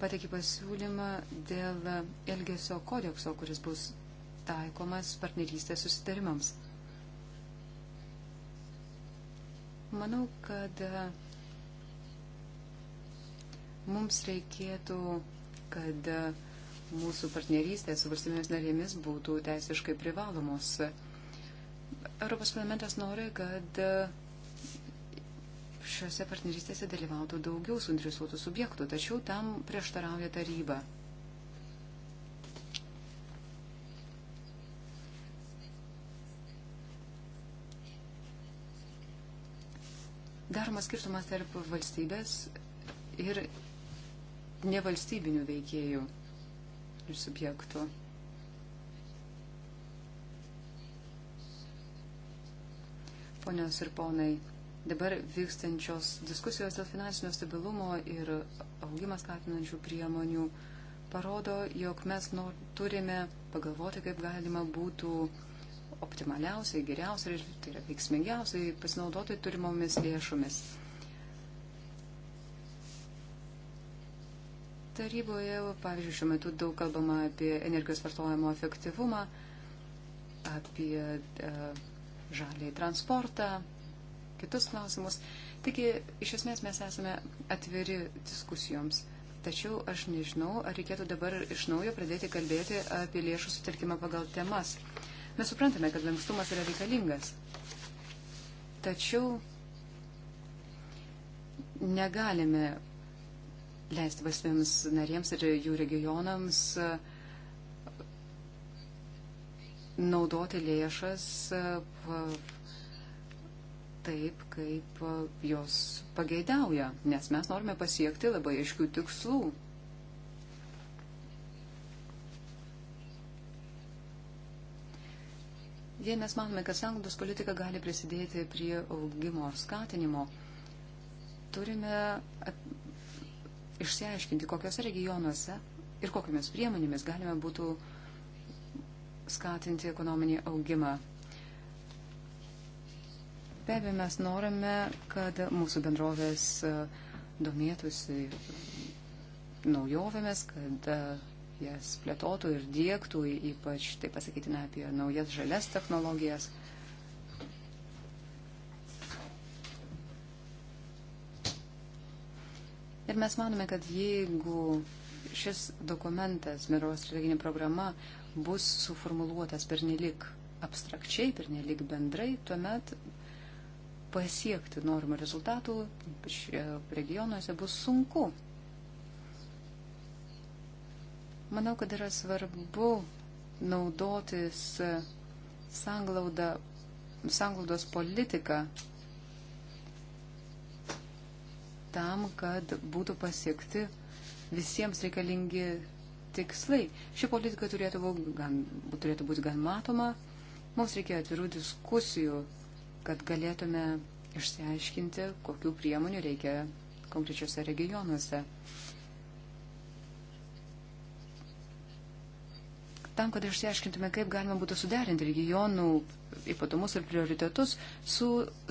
pateikė pasiūlymą dėl Elgesio kodekso, kuris bus taikomas partnerystės susitarimams. Manau, kad e, Mums reikėtų, kad mūsų partnerystė su valstybėmis narėmis būtų teisiškai privalomos. Europos parlamentas nori, kad šiuose partnerystėse dalyvautų daugiau suinteresuotų subjektų, tačiau tam prieštarauja taryba. Daromas skirtumas tarp valstybės ir nevalstybinių veikėjų ir subjektų. Ponios ir ponai, dabar vykstančios diskusijos dėl finansinio stabilumo ir augimas skatinančių priemonių parodo, jog mes nu, turime pagalvoti, kaip galima būtų optimaliausiai, geriausiai ir tai yra veiksmingiausiai pasinaudoti turimomis lėšomis. Taryboje, pavyzdžiui, šiuo metu daug kalbama apie energijos vartojimo efektyvumą, apie uh, e, žalį transportą, kitus klausimus. Taigi, iš esmės mes esame atviri diskusijoms. Tačiau aš nežinau, ar reikėtų dabar iš naujo pradėti kalbėti apie lėšų sutelkimą pagal temas. Mes suprantame, kad lankstumas yra reikalingas. Tačiau negalime leisti valstybėms narėms ir jų regionams e, naudoti lėšas e, taip, kaip e, jos pageidauja, nes mes norime pasiekti labai aiškių tikslų. Jei mes manome, kad sanglaudos politika gali prisidėti prie augimo ar skatinimo, turime išsiaiškinti, kokiuose regionuose ir kokiamis priemonėmis galime būtų skatinti ekonominį augimą. Be abejo, mes norime, kad mūsų bendrovės e, domėtųsi naujovėmis, kad e, jas plėtotų ir dėktų, ypač, taip pasakytina, apie naujas žalias technologijas. Ir mes manome, kad jeigu šis dokumentas, bendros strateginė programa, bus suformuluotas pernelik abstrakčiai, pernelik bendrai, tuomet pasiekti norimų rezultatų e, regionuose bus sunku. Manau, kad yra svarbu naudotis e, sanglauda, sanglaudos politiką tam, kad būtų pasiekti visiems reikalingi tikslai. Ši politika turėtų, gan, turėtų būti gan matoma. Mums reikėjo atvirų diskusijų, kad galėtume išsiaiškinti, kokiu priemonių reikia konkrečiose regionuose. tam, kad išsiaiškintume, kaip galima būtų suderinti regionų ypatumus ir prioritetus su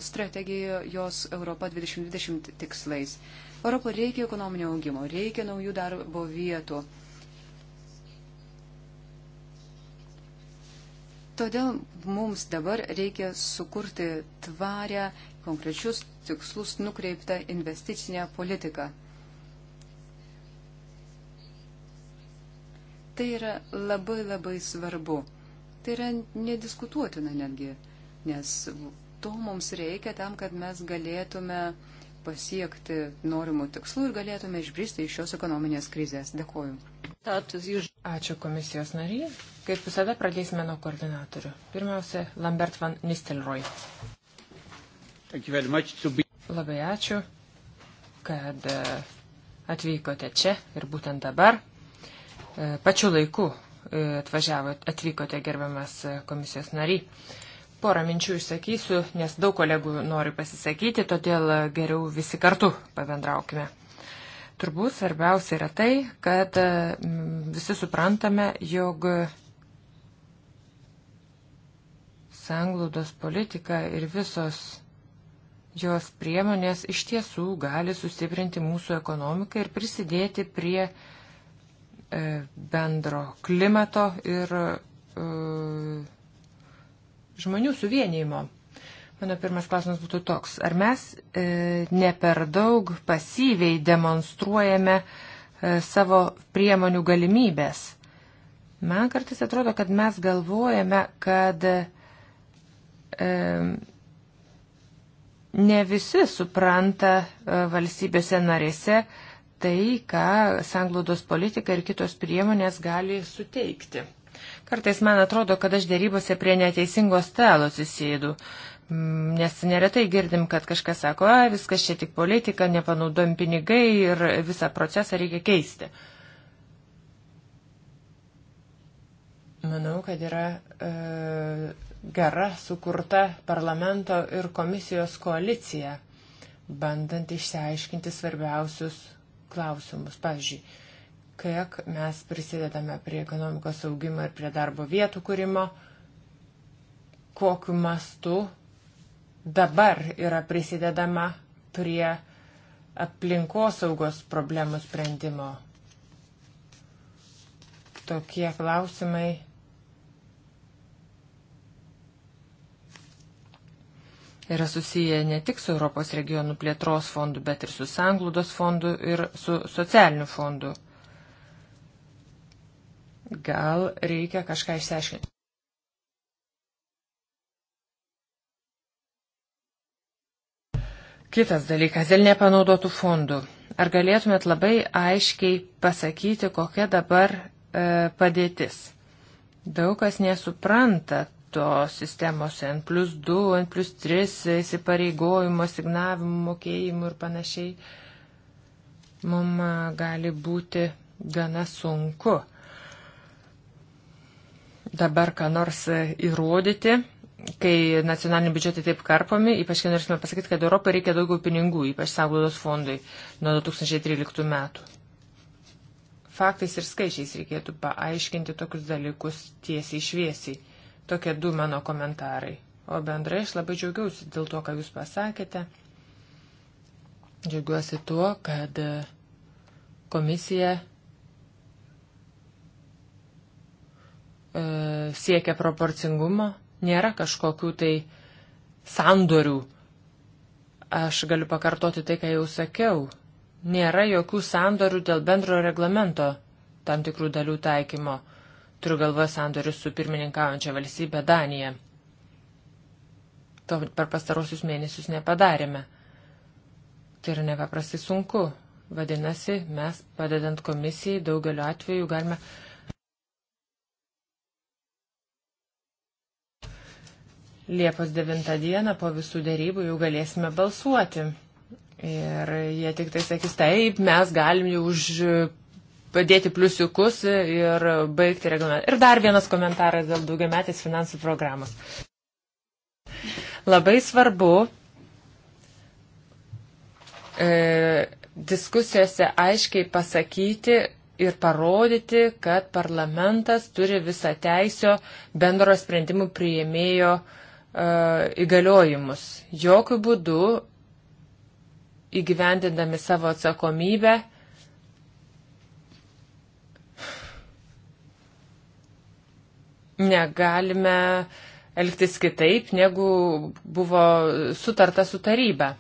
strategijos Europa 2020 tikslais. Europoje reikia ekonominio augimo, reikia naujų darbo vietų. Todėl mums dabar reikia sukurti tvarę, konkrečius tikslus nukreiptą investicinę politiką. Tai yra labai labai svarbu. Tai yra nediskutuotina netgi, nes to mums reikia tam, kad mes galėtume pasiekti norimų tikslų ir galėtume išbristi iš šios ekonominės krizės. Dėkoju. Ačiū komisijos nariai. Kaip visada pradėsime nuo koordinatorių. Pirmiausia, Lambert van Nistelrooy. Be... Labai ačiū, kad e, atvykote čia ir būtent dabar Pačiu laiku e, atvažiavo, atvykote gerbiamas e, komisijos nariai. Porą minčių išsakysiu, nes daug kolegų nori pasisakyti, todėl e, geriau visi kartu pabendraukime. Turbūt svarbiausia yra tai, kad visi suprantame, jog sanglaudos politika ir visos jos priemonės iš tiesų gali sustiprinti mūsų ekonomiką ir prisidėti prie uh, E, bendro klimato ir e, žmonių suvienijimo. Mano pirmas klausimas būtų toks. Ar mes e, ne per daug pasyviai demonstruojame savo priemonių galimybės? Man kartais atrodo, kad mes galvojame, kad ne visi supranta valstybėse narėse, tai, ką sanglaudos politika ir kitos priemonės gali suteikti. Kartais man atrodo, kad aš dėrybose prie neteisingos telos įsėdu, mm, nes neretai girdim, kad kažkas sako, a, viskas čia tik politika, nepanaudojam pinigai ir visą procesą reikia keisti. Manau, kad yra e, gera sukurta parlamento ir komisijos koalicija, bandant išsiaiškinti svarbiausius klausimus. Pavyzdžiui, kiek mes prisidedame prie ekonomikos augimo ir prie darbo vietų kūrimo, kokiu mastu dabar yra prisidedama prie aplinkosaugos problemų sprendimo. Tokie klausimai yra susiję ne tik su Europos regionų plėtros fondu, bet ir su sanglūdos fondu ir su socialiniu fondu. Gal reikia kažką išsiaiškinti. Kitas dalykas, dėl nepanaudotų fondų. Ar galėtumėt labai aiškiai pasakyti, kokia dabar e, padėtis? Daug kas nesupranta kredito sistemose, N plus 2, N plus 3 įsipareigojimo, signavimo, mokėjimų ir panašiai, mums gali būti gana sunku dabar ką nors e, įrodyti, kai nacionaliniai biudžetai taip karpomi, ypač kai norime pasakyti, kad Europai reikia daugiau pinigų, ypač saugodos fondui nuo 2013 metų faktais ir skaičiais reikėtų paaiškinti tokius dalykus tiesiai šviesiai. Tokie du mano komentarai. O bendrai aš labai džiaugiausi dėl to, ką Jūs pasakėte. Džiaugiuosi tuo, kad e, komisija e, siekia proporcingumo, nėra kažkokių tai sandorių. Aš galiu pakartoti tai, ką jau sakiau. Nėra jokių sandorių dėl bendro reglamento tam tikrų dalių taikymo. Turiu galvoje sandorius su pirmininkaujančia valstybė Danija. To per pastarosius mėnesius nepadarėme. Tai yra nepaprastai sunku. Vadinasi, mes, padedant komisijai, daugeliu atveju galime Liepos 9 dieną po visų dėrybų jau galėsime balsuoti. Ir jie tik tai sakys, taip, mes galim jau už padėti pliusiukus ir baigti reglamentą. Ir dar vienas komentaras dėl daugiametės finansų programos. Labai svarbu e, diskusijose aiškiai pasakyti ir parodyti, kad parlamentas turi visą teisę bendro sprendimų prieimėjo e, įgaliojimus. Jokių būdų įgyvendindami savo atsakomybę negalime elgtis kitaip, negu buvo sutarta su taryba.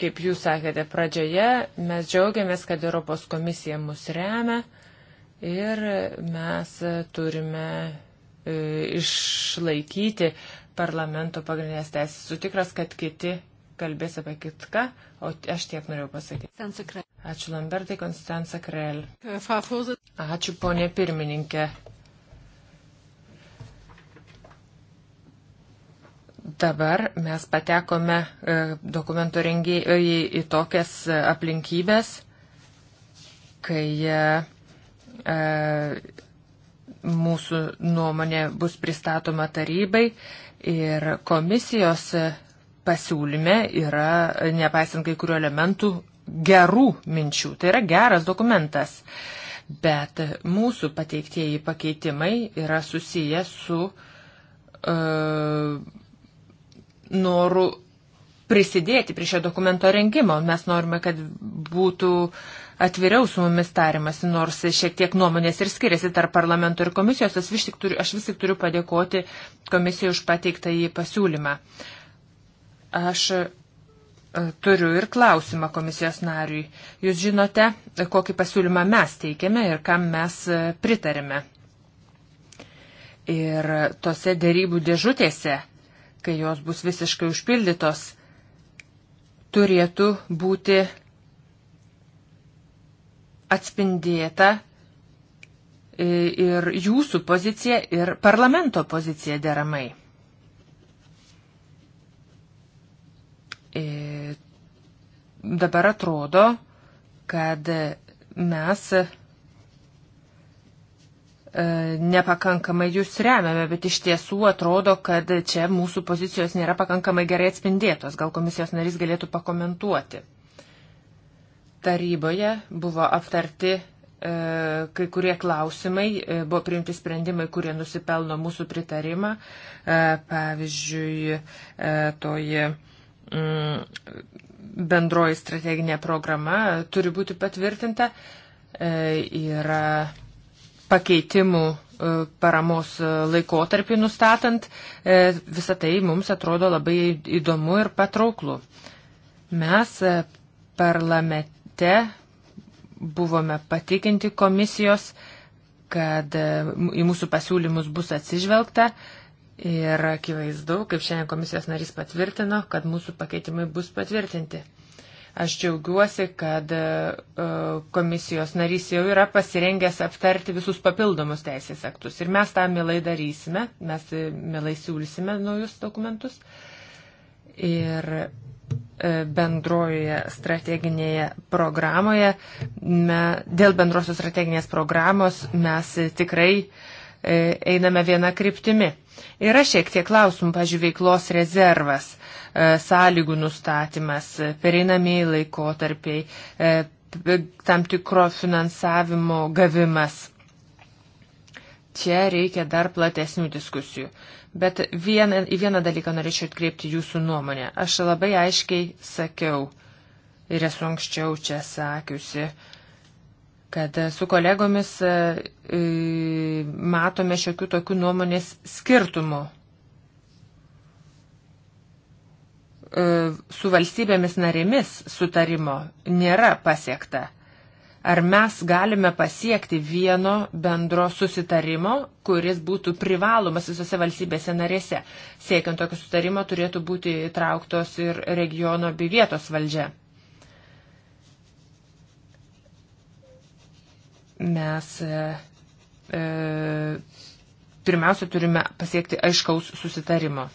Kaip jūs sakėte pradžioje, mes džiaugiamės, kad Europos komisija mus remia ir mes turime e, išlaikyti parlamento pagrindinės teisės. Sutikras, kad kiti kalbės apie kitką, o aš tiek norėjau pasakyti. Ačiū Lambertai, Konstanca Krell. Ačiū ponė pirmininkė. Dabar mes patekome e, dokumento rengėjai e, į tokias aplinkybės, kai e, mūsų nuomonė bus pristatoma tarybai ir komisijos pasiūlyme yra, nepaisant kai kurių elementų, gerų minčių. Tai yra geras dokumentas. Bet mūsų pateiktieji pakeitimai yra susiję su uh, norų prisidėti prie šio dokumento rengimo. Mes norime, kad būtų atviriau su mumis tariamasi, nors šiek tiek nuomonės ir skiriasi tarp parlamento ir komisijos. Aš vis tik turiu, aš vis tik turiu padėkoti komisijai už pateiktą į pasiūlymą. Aš e, turiu ir klausimą komisijos nariui. Jūs žinote, kokį pasiūlymą mes teikiame ir kam mes e, pritarime. Ir tose dėrybų dėžutėse kai jos bus visiškai užpildytos, turėtų būti atspindėta e, ir jūsų pozicija, ir parlamento pozicija deramai. Ir e, dabar atrodo, kad mes E, nepakankamai jūs remiame, bet iš tiesų atrodo, kad čia mūsų pozicijos nėra pakankamai gerai atspindėtos. Gal komisijos narys galėtų pakomentuoti. Taryboje buvo aptarti e, kai kurie klausimai, e, buvo priimti sprendimai, kurie nusipelno mūsų pritarimą. E, pavyzdžiui, e, toji mm, bendroji strateginė programa turi būti patvirtinta. E, yra pakeitimų e, paramos e, laikotarpį nustatant, e, visa tai mums atrodo labai įdomu ir patrauklu. Mes parlamente buvome patikinti komisijos, kad į mūsų pasiūlymus bus atsižvelgta ir akivaizdu, kaip šiandien komisijos narys patvirtino, kad mūsų pakeitimai bus patvirtinti. Aš džiaugiuosi, kad e, komisijos narys jau yra pasirengęs aptarti visus papildomus teisės aktus. Ir mes tą mielai darysime, mes e, mielai siūlysime naujus dokumentus. Ir e, bendrojoje strateginėje programoje, me, dėl bendrosios strateginės programos mes tikrai einame vieną kryptimį. Yra šiek tiek klausimų, pažiūrėjau, veiklos rezervas, e, sąlygų nustatymas, e, pereinamieji laikotarpiai, e, tam tikro finansavimo gavimas. Čia reikia dar platesnių diskusijų. Bet vieną, į vieną dalyką norėčiau atkreipti jūsų nuomonę. Aš labai aiškiai sakiau ir esu anksčiau čia sakiusi, uh, kad e, su kolegomis e, e, matome šiokių tokių nuomonės skirtumų. Su valstybėmis narėmis sutarimo nėra pasiekta. Ar mes galime pasiekti vieno bendro susitarimo, kuris būtų privalomas visose valstybėse narėse? Siekiant tokio sutarimo turėtų būti įtrauktos ir regiono bei vietos valdžia. mes e, e, pirmiausia turime pasiekti aiškaus susitarimo.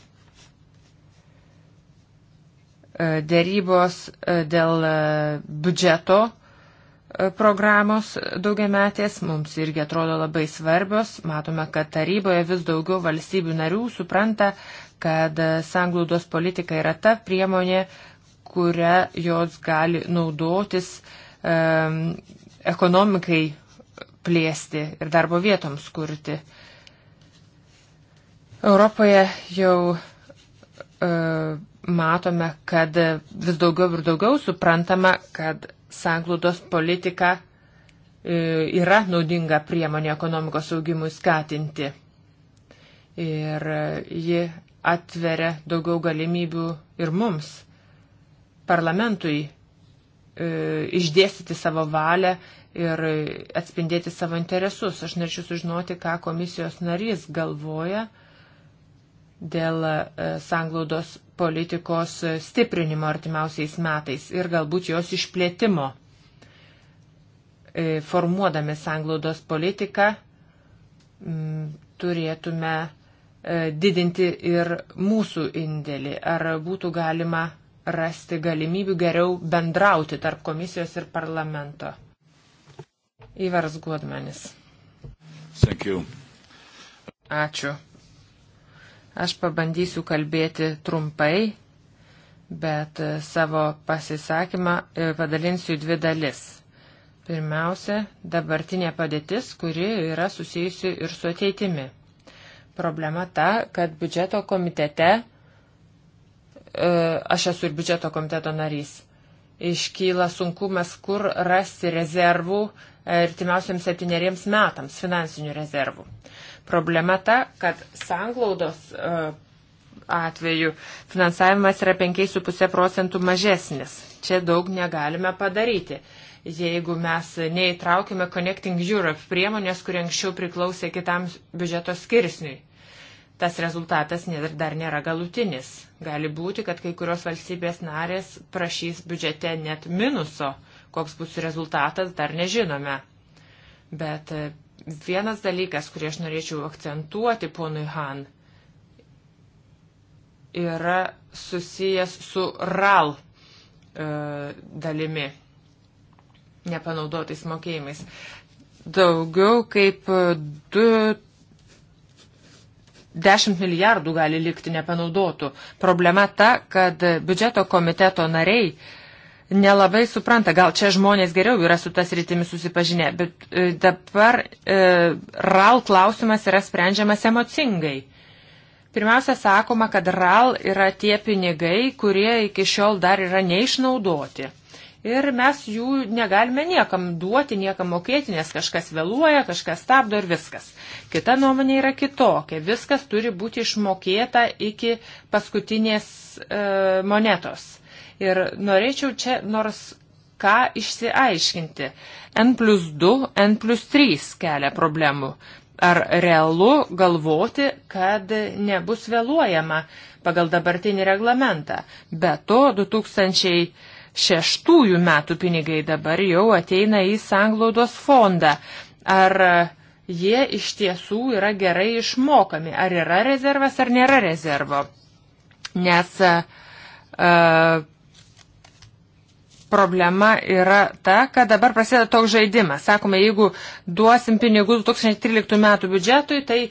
E, dėrybos dėl biudžeto programos daugiametės mums irgi atrodo labai svarbios. Matome, kad taryboje vis daugiau valstybių narių supranta, kad sanglaudos politika yra ta priemonė, kurią jos gali naudotis um, ekonomikai plėsti ir darbo vietoms kurti. Europoje jau e, matome, kad vis daugiau ir daugiau suprantama, kad sanglūdos politika e, yra naudinga priemonė ekonomikos augimui skatinti. Ir ji atveria daugiau galimybių ir mums, parlamentui, e, išdėstyti savo valią ir atspindėti savo interesus. Aš norėčiau sužinoti, ką komisijos narys galvoja dėl e, sanglaudos politikos stiprinimo artimiausiais metais ir galbūt jos išplėtimo. E, formuodami sanglaudos politiką turėtume e, didinti ir mūsų indėlį. Ar būtų galima rasti galimybių geriau bendrauti tarp komisijos ir parlamento? Įvaras Guodmenis. Ačiū. Aš pabandysiu kalbėti trumpai, bet e, savo pasisakymą e, padalinsiu į dvi dalis. Pirmiausia, dabartinė padėtis, kuri yra susijusi ir su ateitimi. Problema ta, kad biudžeto komitete, e, aš esu ir biudžeto komiteto narys, iškyla sunkumas, kur rasti rezervų artimiausiams septyneriems metams finansinių rezervų. Problema ta, kad sanglaudos e, atveju finansavimas yra 5,5 procentų mažesnis. Čia daug negalime padaryti. Jeigu mes neįtraukime Connecting Europe priemonės, kuri anksčiau priklausė kitam biudžeto skirsniui, tas rezultatas dar nėra galutinis. Gali būti, kad kai kurios valstybės narės prašys biudžete net minuso uh, Koks bus rezultatas, dar nežinome. Bet e, vienas dalykas, kurį aš norėčiau akcentuoti ponui Han, yra susijęs su RAL e, dalimi, nepanaudotais mokėjimais. Daugiau kaip 10 milijardų gali likti nepanaudotų. Problema ta, kad biudžeto komiteto nariai nelabai supranta, gal čia žmonės geriau yra su tas rytimi susipažinę, bet e, dabar e, RAL klausimas yra sprendžiamas emocingai. Pirmiausia, sakoma, kad RAL yra tie pinigai, kurie iki šiol dar yra neišnaudoti. Ir mes jų negalime niekam duoti, niekam mokėti, nes kažkas vėluoja, kažkas stabdo ir viskas. Kita nuomonė yra kitokia. Viskas turi būti išmokėta iki paskutinės e, monetos. Ir norėčiau čia nors ką išsiaiškinti. N plus 2, N plus 3 kelia problemų. Ar realu galvoti, kad nebus vėluojama pagal dabartinį reglamentą? Be to, 2000 šeštųjų metų pinigai dabar jau ateina į sanglaudos fondą. Ar jie iš tiesų yra gerai išmokami? Ar yra rezervas, ar nėra rezervo? Nes uh, problema yra ta, kad dabar prasideda toks žaidimas. Sakome, jeigu duosim pinigų 2013 metų biudžetui, tai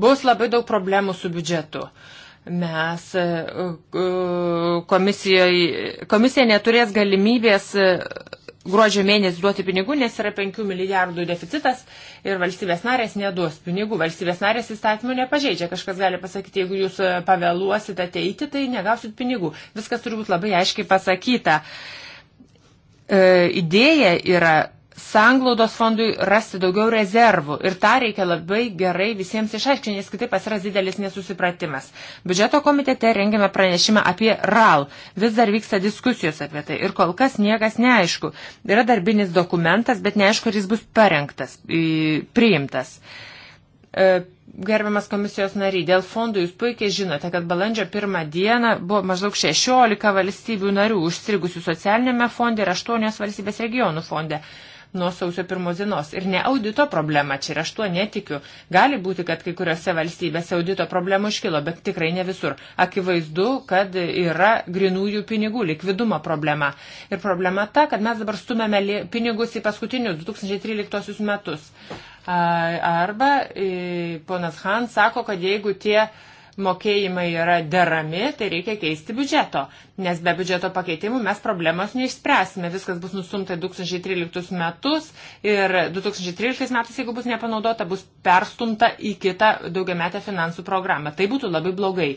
bus labai daug problemų su biudžetu. Mes e, e, komisija neturės galimybės e, gruodžio mėnesį duoti pinigų, nes yra 5 milijardų deficitas ir valstybės narės neduos pinigų. Valstybės narės įstatymų nepažeidžia. Kažkas gali pasakyti, jeigu jūs pavėluosit ateiti, tai negausit pinigų. Viskas turi būti labai aiškiai pasakyta. Uh, E, idėja yra sanglaudos fondui rasti daugiau rezervų. Ir tą reikia labai gerai visiems išaiškinti, nes kitaip pasiras didelis nesusipratimas. Biudžeto komitete rengiame pranešimą apie RAL. Vis dar vyksta diskusijos apie tai ir kol kas niekas neaišku. Yra darbinis dokumentas, bet neaišku, ar jis bus parengtas, priimtas. E, Gerbiamas komisijos nariai, dėl fondų jūs puikiai žinote, kad balandžio pirmą dieną buvo maždaug 16 valstybių narių užstrigusių socialinėme fonde ir 8 valstybės regionų fonde nuo sausio pirmos dienos. Ir ne audito problema, čia ir aš tuo netikiu. Gali būti, kad kai kuriuose valstybėse audito problemų iškilo, bet tikrai ne visur. Akivaizdu, kad yra grinųjų pinigų likvidumo problema. Ir problema ta, kad mes dabar stumėme pinigus į paskutinius 2013 metus. Arba ponas Han sako, kad jeigu tie mokėjimai yra derami, tai reikia keisti biudžeto, nes be biudžeto pakeitimų mes problemos neišspręsime. Viskas bus nusumta 2013 metus ir 2013 metais, jeigu bus nepanaudota, bus perstumta į kitą daugiametę finansų programą. Tai būtų labai blogai.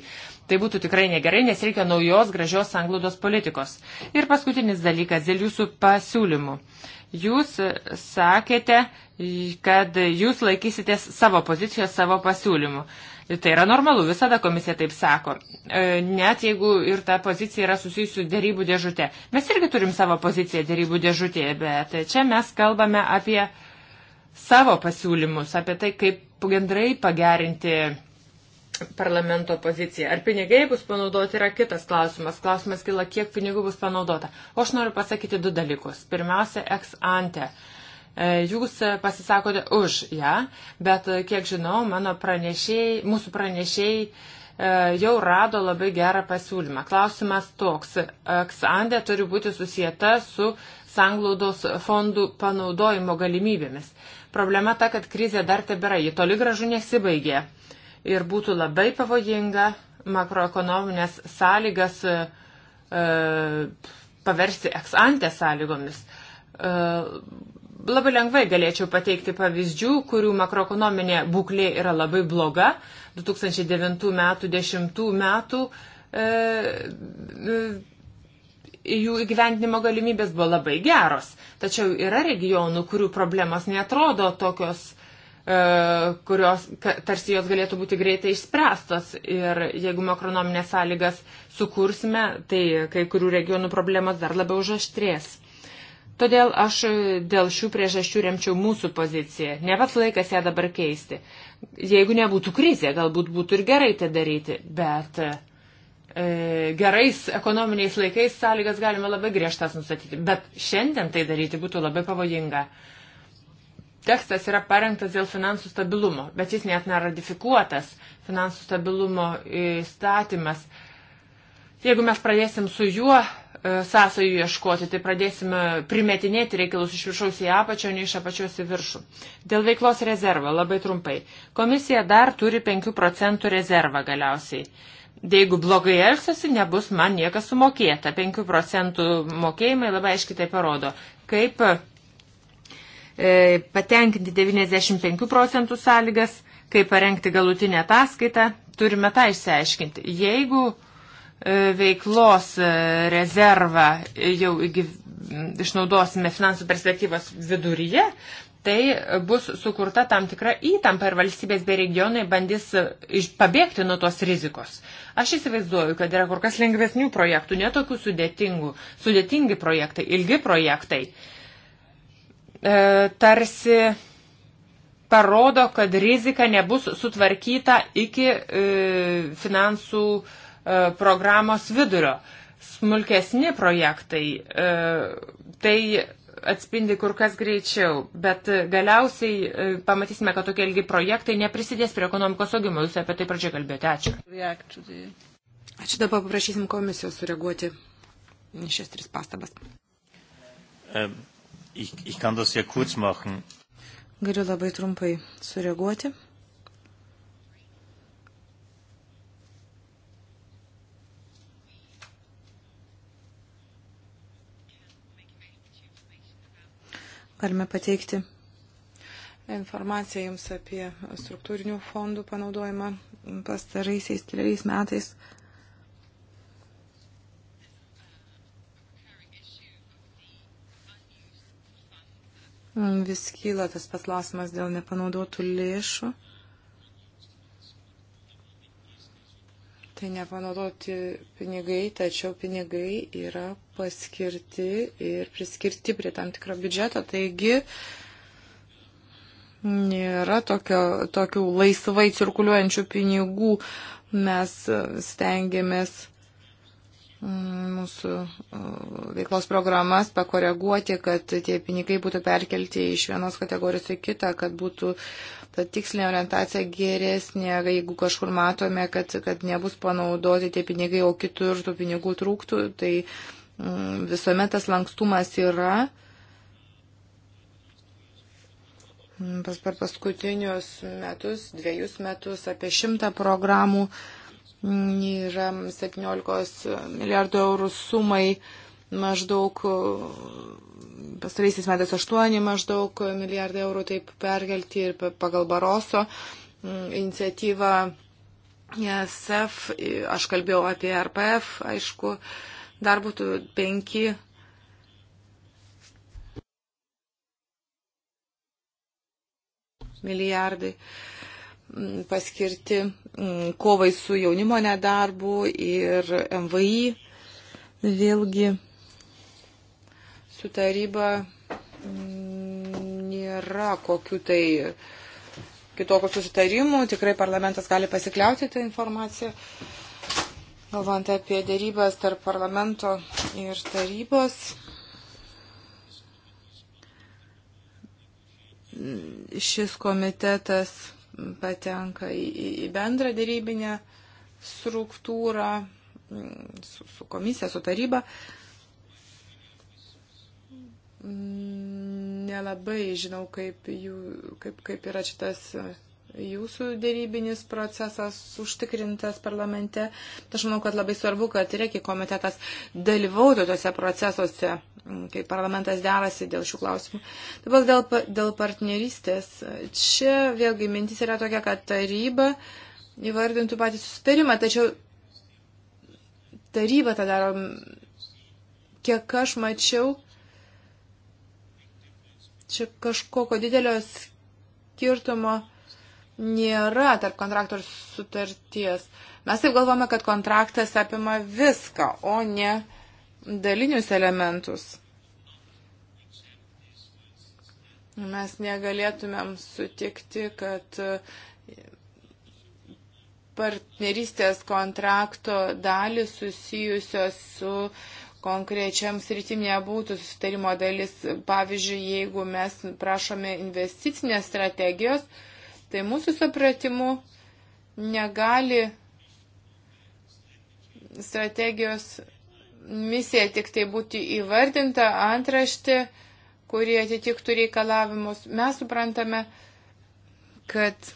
Tai būtų tikrai negerai, nes reikia naujos gražios sanglaudos politikos. Ir paskutinis dalykas dėl jūsų pasiūlymų. Uh, Jūs sakėte, kad jūs laikysitės savo pozicijos, savo pasiūlymų. Tai yra normalu, visada komisija taip sako. E, net jeigu ir ta pozicija yra susijusi su dėrybų dėžutė. Mes irgi turim savo poziciją dėrybų dėžutėje, bet čia mes kalbame apie savo pasiūlymus, apie tai, kaip bendrai pagerinti parlamento poziciją. Ar pinigai bus panaudoti yra kitas klausimas. Klausimas kyla, kiek pinigų bus panaudota. O aš noriu pasakyti du dalykus. Pirmiausia, ex ante. E, jūs pasisakote už ją, ja, bet e, kiek žinau, mano pranešėjai, mūsų pranešėjai e, jau rado labai gerą pasiūlymą. Klausimas toks. Ksandė turi būti susijęta su sanglaudos fondų panaudojimo galimybėmis. Problema ta, kad krizė dar tebėra, ji toli gražu nesibaigė ir būtų labai pavojinga makroekonominės sąlygas e, paversti eksantę sąlygomis. E, labai lengvai galėčiau pateikti pavyzdžių, kurių makroekonominė būklė yra labai bloga. 2009 metų, 10 metų e, e, jų įgyvendinimo galimybės buvo labai geros. Tačiau yra regionų, kurių problemos netrodo tokios E, kurios tarsi jos galėtų būti greitai išspręstos. Ir jeigu makronominės sąlygas sukursime, tai kai kurių regionų problemas dar labiau užaštrės. Todėl aš dėl šių priežasčių remčiau mūsų poziciją. Ne pats laikas ją dabar keisti. Jeigu nebūtų krizė, galbūt būtų ir gerai tai daryti, bet e, gerais ekonominiais laikais sąlygas galima labai griežtas nustatyti. Bet šiandien tai daryti būtų labai pavojinga. E, tekstas yra parengtas dėl finansų stabilumo, bet jis net neratifikuotas finansų stabilumo įstatymas. Jeigu mes pradėsim su juo e, sąsajų ieškoti, tai pradėsime primetinėti reikalus iš viršaus į apačią, ne iš apačios į viršų. Dėl veiklos rezervo, labai trumpai. Komisija dar turi 5 procentų rezervą galiausiai. Jeigu blogai elgsiuosi, nebus man niekas sumokėta. 5 procentų mokėjimai labai aiškiai tai parodo, kaip E, patenkinti 95 procentų sąlygas, kaip parengti galutinę ataskaitą, turime tą išsiaiškinti. Jeigu e, veiklos e, rezervą jau išnaudosime finansų perspektyvos viduryje, tai bus sukurta tam tikra įtampa ir valstybės bei regionai bandys pabėgti nuo tos rizikos. Aš įsivaizduoju, kad yra kur kas lengvesnių projektų, netokių sudėtingų, sudėtingi projektai, ilgi projektai. Uh, E, tarsi parodo, kad rizika nebus sutvarkyta iki e, finansų e, programos vidurio. Smulkesni projektai tai atspindi kur kas greičiau, bet galiausiai pamatysime, kad tokie ilgi projektai neprisidės prie ekonomikos augimo. Jūs apie tai pradžioje kalbėjote. Ačiū. Ačiū dabar paprašysim komisijos sureaguoti į šias tris pastabas. Um, ich, ich kann das sehr kurz machen. Galiu labai trumpai sureaguoti. Galime pateikti informaciją jums apie struktūrinių fondų panaudojimą pastaraisiais keliais metais. Mm, vis kyla tas pats klausimas dėl nepanaudotų lėšų. Tai nepanaudoti pinigai, tačiau pinigai yra paskirti ir priskirti prie tam tikro biudžeto. Taigi nėra tokio, tokių laisvai cirkuliuojančių pinigų. Mes stengiamės mūsų veiklos programas pakoreguoti, kad tie pinigai būtų perkelti iš vienos kategorijos į kitą, kad būtų ta tikslinė orientacija geresnė, jeigu kažkur matome, kad, kad nebus panaudoti tie pinigai, o kitur tų pinigų trūktų, tai mm, visuomet tas lankstumas yra. Mm, pas per paskutinius metus, dviejus metus apie šimtą programų uh, yra 17 milijardų eurų sumai maždaug pastaraisiais metais 8 maždaug milijardai eurų taip perkelti ir pagal Baroso mm, iniciatyvą ESF, aš kalbėjau apie RPF, aišku, dar būtų 5 milijardai. Uh, paskirti kovai su jaunimo nedarbu ir MVI. Vėlgi su taryba nėra kokių tai kitokių susitarimų. Tikrai parlamentas gali pasikliauti tą informaciją. Galvant apie dėrybas tarp parlamento ir tarybos, šis komitetas patenka į, į bendrą dėrybinę struktūrą mm, su, su komisija, su taryba. Mm, nelabai žinau, kaip, jų, kaip, kaip yra šitas jūsų dėrybinis procesas užtikrintas parlamente. Aš manau, kad labai svarbu, kad reikia komitetas dalyvautų tose procesuose, kai parlamentas derasi dėl šių klausimų. Dabar dėl, dėl partnerystės. Čia vėlgi mintis yra tokia, kad taryba įvardintų patį susitarimą, tačiau taryba tą daro, kiek aš mačiau, čia kažkokio didelio skirtumo nėra tarp kontrakto ir sutarties. Mes taip galvome, kad kontraktas apima viską, o ne dalinius elementus. Mes negalėtumėm sutikti, kad partnerystės kontrakto dalį susijusios su konkrečiam sritim nebūtų sustarimo dalis. Pavyzdžiui, jeigu mes prašome investicinės strategijos, tai mūsų supratimu negali strategijos misija tik tai būti įvardinta antraštė, kurie atitiktų reikalavimus. Mes suprantame, kad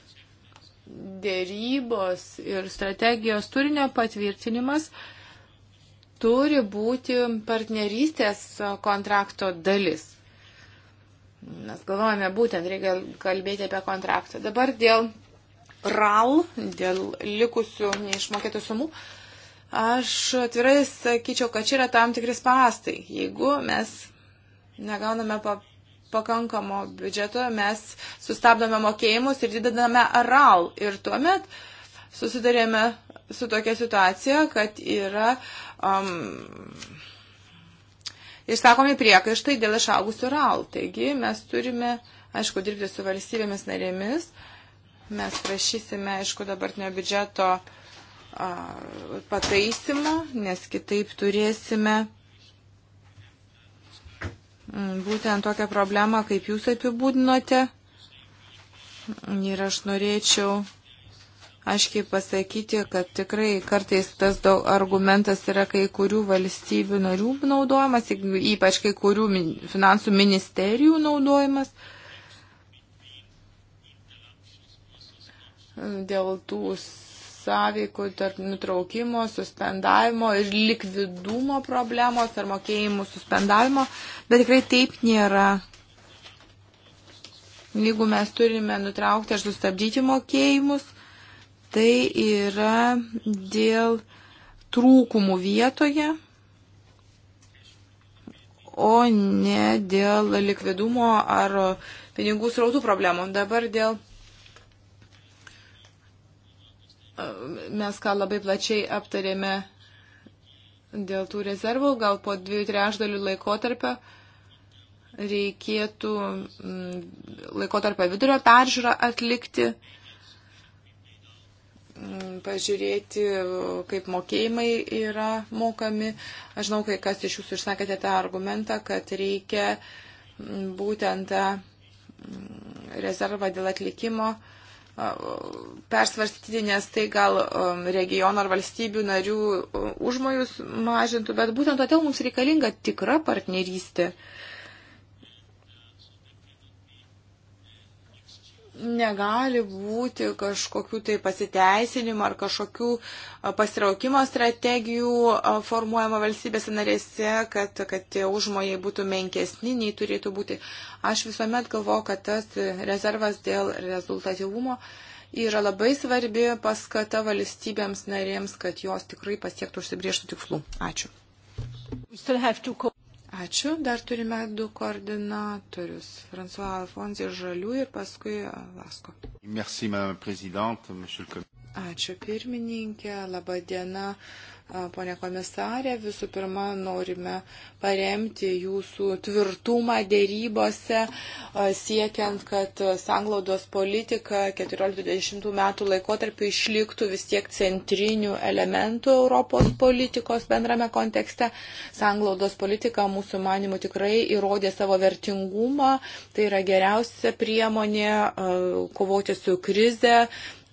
dėrybos ir strategijos turinio patvirtinimas turi būti partnerystės kontrakto dalis. Mes galvojame būtent, reikia kalbėti apie kontraktą. Dabar dėl RAL, dėl likusių neišmokėtų sumų, aš atvirai sakyčiau, kad čia yra tam tikris pastai. Jeigu mes negauname pakankamo biudžeto, mes sustabdome mokėjimus ir didiname RAL. Ir tuomet susidarėme su tokia situacija, kad yra um, išsakomi priekaištai dėl išaugusių RAL. Taigi mes turime, aišku, dirbti su valstybėmis narėmis. Mes prašysime, aišku, dabartinio biudžeto pataisimo, nes kitaip turėsime būtent tokią problemą, kaip jūs apibūdinote. Ir aš norėčiau aiškiai pasakyti, kad tikrai kartais tas argumentas yra kai kurių valstybių narių naudojamas, ypač kai kurių finansų ministerijų naudojamas. Dėl tų sąveikų tarp nutraukimo, suspendavimo ir likvidumo problemos ar mokėjimų suspendavimo, bet tikrai taip nėra. Jeigu mes turime nutraukti ar sustabdyti mokėjimus, tai yra dėl trūkumų vietoje, o ne dėl likvidumo ar pinigų srautų problemų. Dabar dėl mes ką labai plačiai aptarėme dėl tų rezervų, gal po dviejų trešdalių laikotarpio reikėtų mm, laikotarpio vidurio peržiūrą atlikti Mm, pažiūrėti, kaip mokėjimai yra mokami. Aš žinau, kai kas iš jūsų išsakėte tą argumentą, kad reikia mm, būtent tą mm, rezervą dėl atlikimo persvarstyti, nes tai gal regiono ar valstybių narių užmojus mažintų, bet būtent todėl mums reikalinga tikra partnerystė. Uh, negali būti kažkokių tai pasiteisinimų ar kažkokių pasiraukimo strategijų formuojama valstybėse narėse, kad, kad tie užmojai būtų menkesni, nei turėtų būti. Aš visuomet galvoju, kad tas rezervas dėl rezultatyvumo yra labai svarbi paskata valstybėms narėms, kad jos tikrai pasiektų užsibrieštų tikslų. Ačiū. Ačiū. Dar turime du koordinatorius. François Alfonsė Žalių ir paskui Lasko. Merci, Ačiū pirmininkė. Labą dieną, Pone komisarė, visų pirma, norime paremti jūsų tvirtumą dėrybose, siekiant, kad sanglaudos politika 14-20 metų laikotarpiu išliktų vis tiek centrinių elementų Europos politikos bendrame kontekste. Sanglaudos politika mūsų manimų tikrai įrodė savo vertingumą, tai yra geriausia priemonė kovoti su krize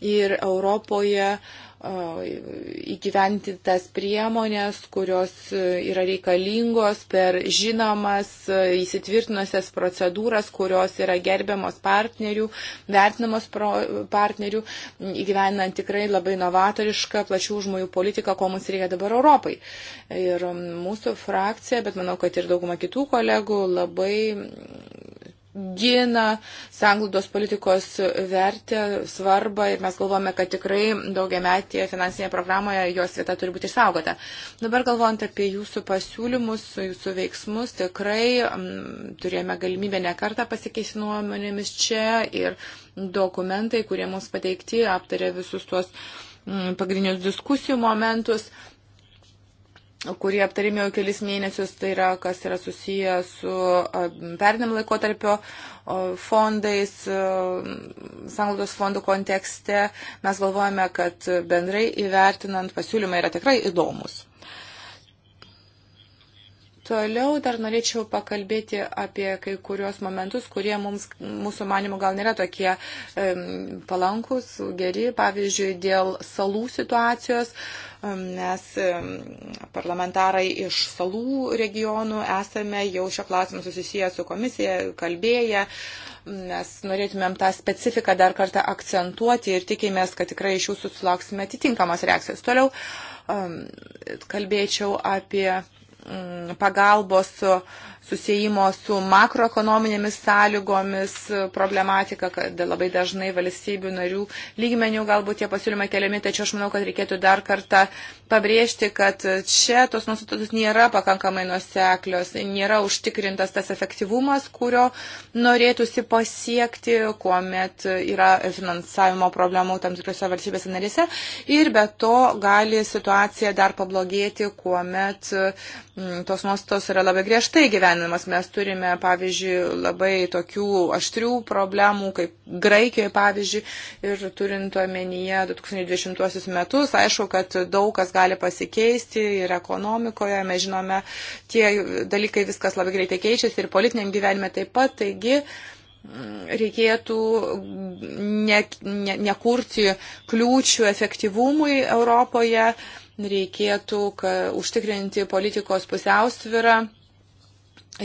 ir Europoje uh, įgyventintas priemonės, kurios e, yra reikalingos per žinomas e, įsitvirtinusias procedūras, kurios yra gerbiamos partnerių, vertinamos partnerių, įgyvenant tikrai labai novatorišką plačių žmonių politiką, ko mums reikia dabar Europai. Ir mūsų frakcija, bet manau, kad ir dauguma kitų kolegų labai gina sanglaudos politikos vertę, svarbą ir mes galvojame, kad tikrai daugiametėje finansinėje programoje jos vieta turi būti išsaugota. Dabar galvojant apie jūsų pasiūlymus, jūsų veiksmus, tikrai m, mm, turėjome galimybę nekartą pasikeisti nuomonėmis čia ir dokumentai, kurie mums pateikti, aptarė visus tuos mm, pagrindinius diskusijų momentus kurį aptarėme jau kelis mėnesius, tai yra, kas yra susiję su pernėm laikotarpio fondais, sanglaudos fondų kontekste. Mes galvojame, kad bendrai įvertinant pasiūlymai yra tikrai įdomus. Toliau dar norėčiau pakalbėti apie kai kurios momentus, kurie mums, mūsų manimų gal nėra tokie um, palankus, geri. Pavyzdžiui, dėl salų situacijos mes parlamentarai iš salų regionų esame jau šio klausimu susisiję su komisija, kalbėję. Mes norėtumėm tą specifiką dar kartą akcentuoti ir tikėjomės, kad tikrai iš jūsų sulauksime atitinkamos reakcijos. Toliau um, kalbėčiau apie pagalbos susijimo su makroekonominėmis sąlygomis e, problematika, kad labai dažnai valstybių narių lygmenių galbūt tie pasiūlymai keliami, tačiau aš manau, kad reikėtų dar kartą pabrėžti, kad čia tos nuostatos nėra pakankamai nuseklios, nėra užtikrintas tas efektyvumas, kurio norėtųsi pasiekti, kuomet yra finansavimo problemų tam tikrose valstybėse narėse ir be to gali situacija dar pablogėti, kuomet m, tos nuostatos yra labai griežtai gyvenimas įgyvenimas. Mes turime, pavyzdžiui, labai tokių aštrių problemų, kaip Graikijoje, pavyzdžiui, ir turint omenyje 2020 metus, aišku, kad daug kas gali pasikeisti ir ekonomikoje, mes žinome, tie dalykai viskas labai greitai keičiasi ir politiniam gyvenime taip pat. Taigi, reikėtų ne, ne, nekurti kliūčių efektyvumui Europoje, reikėtų ka, užtikrinti politikos pusiausvyrą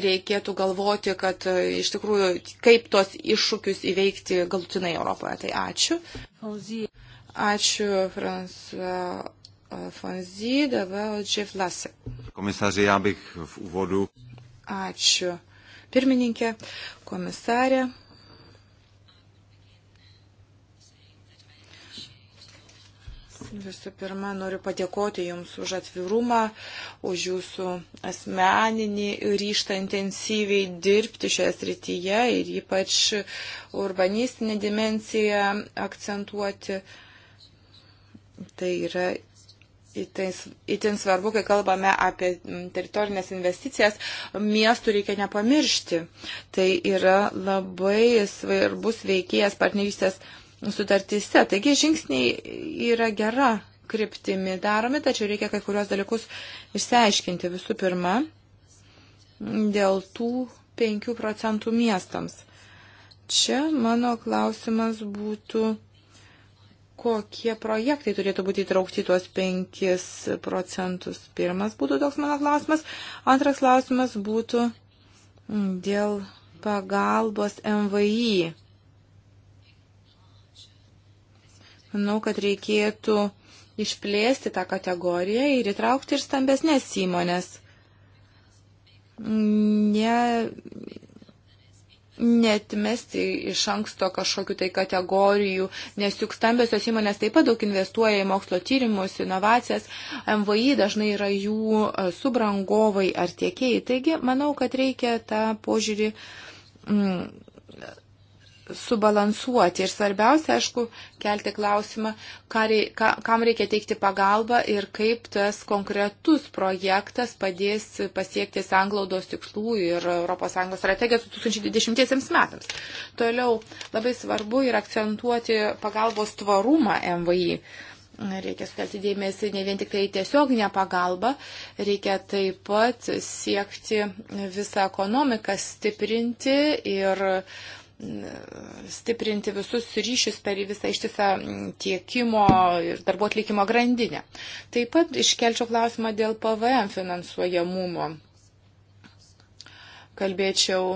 reikėtų galvoti, kad e, iš tikrųjų kaip tos iššūkius įveikti galutinai Europoje. Tai ačiū. Ačiū, François e, Fonzi, dabar Jeff Lasse. Komisarė, abych v úvodu. Ačiū. Pirmininkė, komisarė. Visų pirma, noriu padėkoti Jums už atvirumą, už Jūsų asmeninį ryštą intensyviai dirbti šioje srityje ir ypač urbanistinę dimenciją akcentuoti. Tai yra itin svarbu, kai kalbame apie teritorinės investicijas, miestų reikia nepamiršti. Tai yra labai svarbus veikėjas partnerystės sutartyse. Taigi žingsniai yra gera kryptimi daromi, tačiau reikia kai kurios dalykus išsiaiškinti. Visų pirma, dėl tų 5 procentų miestams. Čia mano klausimas būtų, kokie projektai turėtų būti įtraukti tuos 5 procentus. Pirmas būtų toks mano klausimas. Antras klausimas būtų dėl pagalbos MVI Manau, kad reikėtų išplėsti tą kategoriją ir įtraukti ir stambesnės įmonės. Ne, netmesti iš anksto kažkokių tai kategorijų, nes juk stambiosios įmonės taip pat daug investuoja į mokslo tyrimus, inovacijas, MVI dažnai yra jų e, subrangovai ar tiekėjai. Taigi, manau, kad reikia tą požiūrį mm, subalansuoti. Ir svarbiausia, aišku, kelti klausimą, rei, ka, kam reikia teikti pagalbą ir kaip tas konkretus projektas padės pasiekti sanglaudos tikslų ir ES strategijos 2020 metams. Toliau labai svarbu ir akcentuoti pagalbos tvarumą MVI. Reikia sutelti dėmesį ne vien tik tai tiesioginę pagalbą, reikia taip pat siekti visą ekonomiką stiprinti ir uh, stiprinti visus ryšius per visą ištisą tiekimo ir darbo atlikimo grandinę. Taip pat iškelčiau klausimą dėl PVM finansuojamumo. Kalbėčiau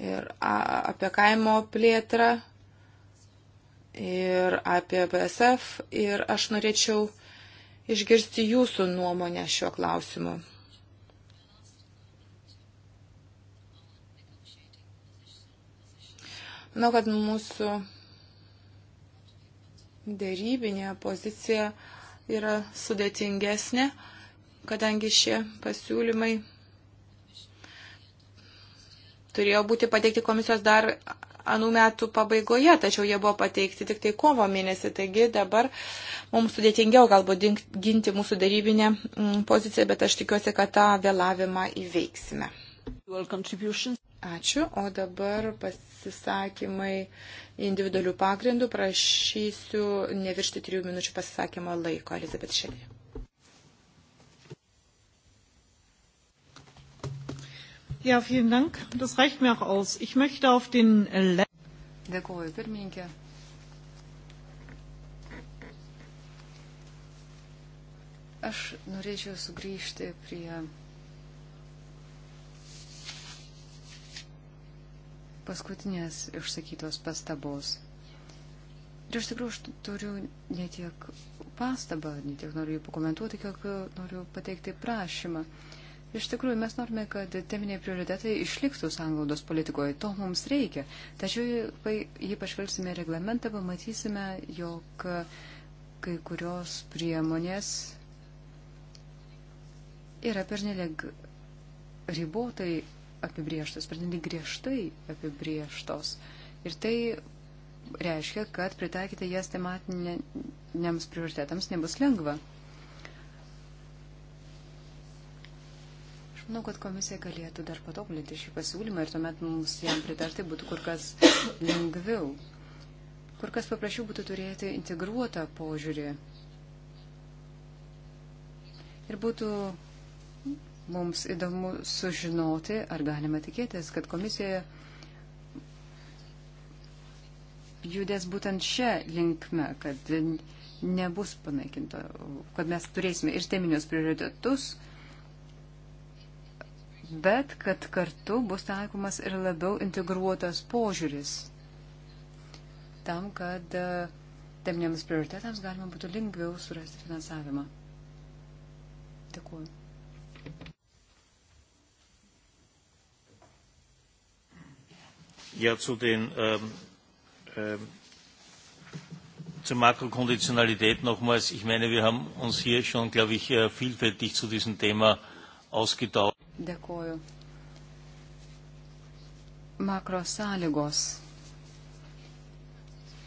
ir apie kaimo plėtrą, ir apie BSF, ir aš norėčiau išgirsti jūsų nuomonę šiuo klausimu. Manau, kad mūsų dėrybinė pozicija yra sudėtingesnė, kadangi šie pasiūlymai turėjo būti pateikti komisijos dar anų metų pabaigoje, tačiau jie buvo pateikti tik tai kovo mėnesį. Taigi dabar mums sudėtingiau galbūt ginti mūsų darybinę mm, poziciją, bet aš tikiuosi, kad tą vėlavimą įveiksime. Ačiū, o dabar pasisakymai individualių pagrindų prašysiu neviršti trijų minučių pasisakymo laiko. Elizabet Šelė. Ja, vielen Dank. Das reicht mir auch aus. Ich möchte auf den äh, Dėkuoju, pirmininkė. Aš norėčiau sugrįžti prie paskutinės išsakytos pastabos. Ir iš tikrųjų, aš turiu ne tiek pastabą, ne tiek noriu jų pakomentuoti, kiek noriu pateikti prašymą. Iš tikrųjų, mes norime, kad teminiai prioritetai išliktų sąnglaudos politikoje, to mums reikia. Tačiau, jei pažvelgsime reglamentą, pamatysime, jog kai kurios priemonės yra pernelyg ribotai apibrieštos, pernelyg griežtai apibrieštos. Ir tai reiškia, kad pritaikyti jas tematiniams prioritetams nebus lengva. Aš manau, kad komisija galėtų dar patobulinti šį pasiūlymą ir tuomet mums jam pritarti būtų kur kas lengviau. Kur kas paprašiau būtų turėti integruotą požiūrį. Ir būtų Mums įdomu sužinoti, ar galima tikėtis, kad komisija judės būtent šią linkmę, kad nebus panaikinta, kad mes turėsime ir teminius prioritetus, bet kad kartu bus taikomas ir labiau integruotas požiūris tam, kad e, teminiams prioritetams galima būtų lengviau surasti finansavimą. Dėkuoju. ja zu den ähm, ähm, zur Makrokonditionalität nochmals. Ich meine, wir haben uns hier schon, glaube ich, äh, vielfältig zu diesem Thema ausgetauscht. Dėkoju. Makrosąlygos.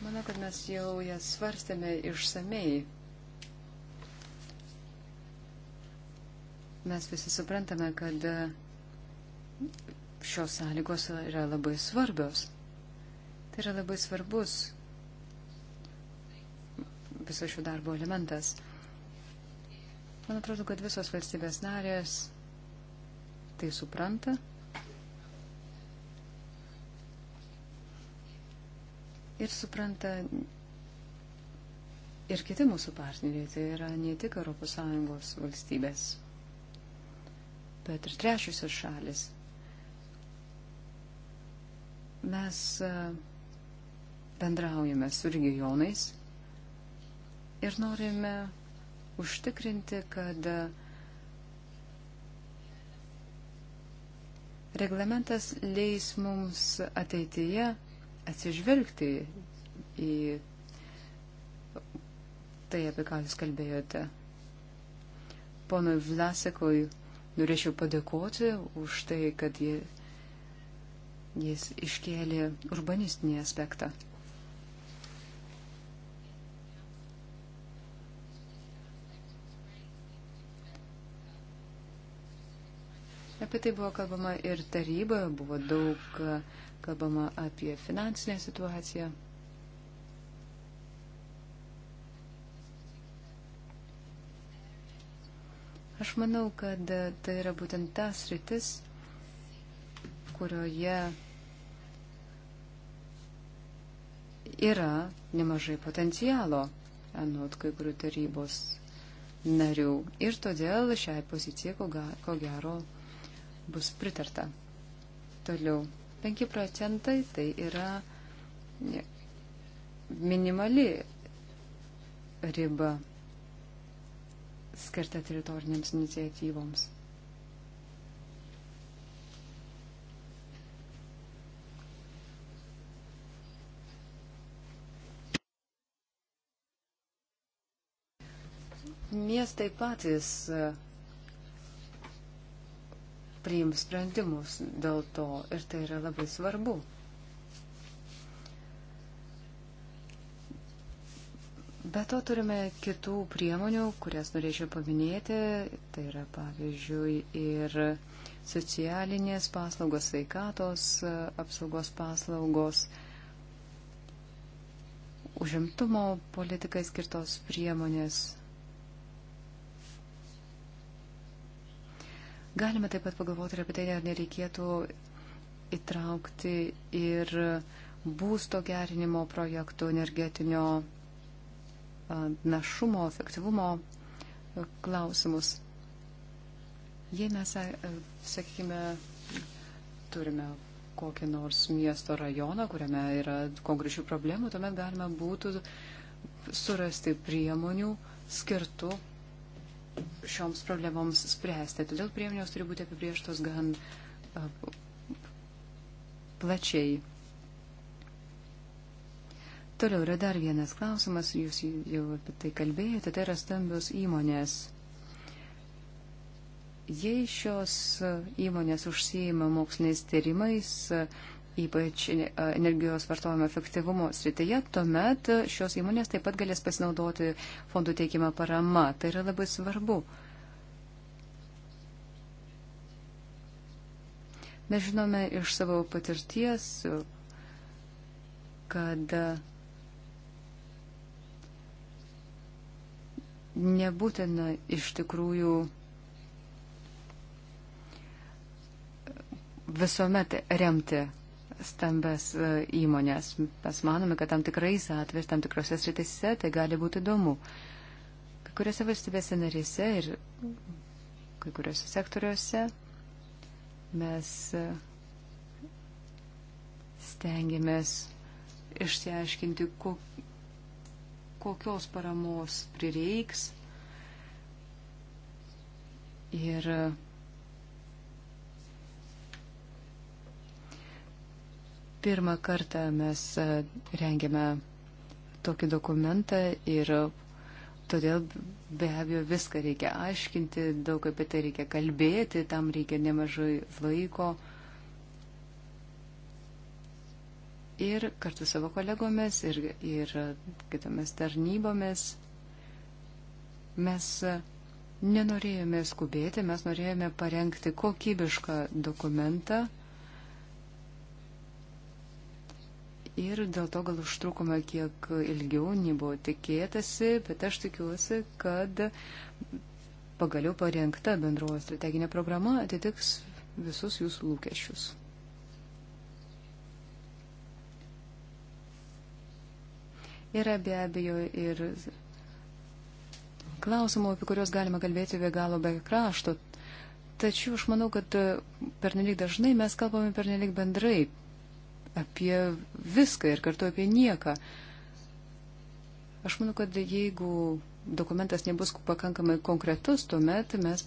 Manau, kad mes jau jas svarstėme išsamei. Mes visi suprantame, kad šios sąlygos yra labai svarbios. Tai yra labai svarbus viso šių darbo elementas. Man atrodo, kad visos valstybės narės tai supranta. Ir supranta ir kiti mūsų partneriai, tai yra ne tik ES valstybės, bet ir trečiosios šalis. Mes e, bendraujame su regionais ir norime užtikrinti, kad e, reglamentas leis mums ateityje atsižvelgti į tai, apie ką jūs kalbėjote. Ponui Vlasekui norėčiau padėkoti už tai, kad jie Jis iškėlė urbanistinį aspektą. Apie tai buvo kalbama ir taryboje, buvo daug kalbama apie finansinę situaciją. Aš manau, kad tai yra būtent tas rytis, kurioje yra nemažai potencialo, anot kai kurių tarybos narių. Ir todėl šiai pozicijai, ko gero, bus pritarta. Toliau. 5 procentai tai yra minimali riba skirta teritorinėms iniciatyvoms. miestai patys e, priims sprendimus dėl to ir tai yra labai svarbu. Be to turime kitų priemonių, kurias norėčiau paminėti. Tai yra, pavyzdžiui, ir socialinės paslaugos, sveikatos e, apsaugos paslaugos, užimtumo politikai skirtos priemonės. Galime taip pat pagalvoti ir apie tai, ar nereikėtų įtraukti ir būsto gerinimo projektų, energetinio našumo, efektyvumo klausimus. Jei mes, sakykime, turime kokį nors miesto rajoną, kuriame yra konkrečių problemų, tuomet galima būtų surasti priemonių skirtų šioms problemoms spręsti. Todėl priemonės turi būti apibrieštos gan plačiai. Toliau yra dar vienas klausimas, jūs jau apie tai kalbėjote, tai yra stambios įmonės. Jei šios įmonės užsijima moksliniais tyrimais, ypač e, energijos vartojimo efektyvumo srityje, tuomet šios įmonės taip pat galės pasinaudoti fondų teikimą parama. Tai yra labai svarbu. Mes žinome iš savo patirties, kad nebūtina iš tikrųjų visuomet remti stambes e, įmonės. Mes manome, kad tam tikrais atvejais, tam tikrose sritise tai gali būti įdomu. Kai kuriuose valstybėse narėse ir kai kuriuose sektoriuose mes e, stengiamės išsiaiškinti, kokios paramos prireiks ir Pirmą kartą mes e, rengiame tokį dokumentą ir todėl be abejo viską reikia aiškinti, daug apie tai reikia kalbėti, tam reikia nemažai laiko. Ir kartu savo kolegomis ir, ir kitomis tarnybomis mes e, nenorėjome skubėti, mes norėjome parengti kokybišką dokumentą Ir dėl to gal užtrukome kiek ilgiau, nei buvo tikėtasi, bet aš tikiuosi, kad pagaliau parengta bendrojo strateginė programa atitiks visus jūsų lūkesčius. Yra be abejo ir klausimų, apie kuriuos galima kalbėti be galo be krašto. Tačiau aš manau, kad pernelyg dažnai mes kalbame pernelyg bendrai apie viską ir kartu apie nieką. Aš manau, kad jeigu dokumentas nebus pakankamai konkretus, tuomet mes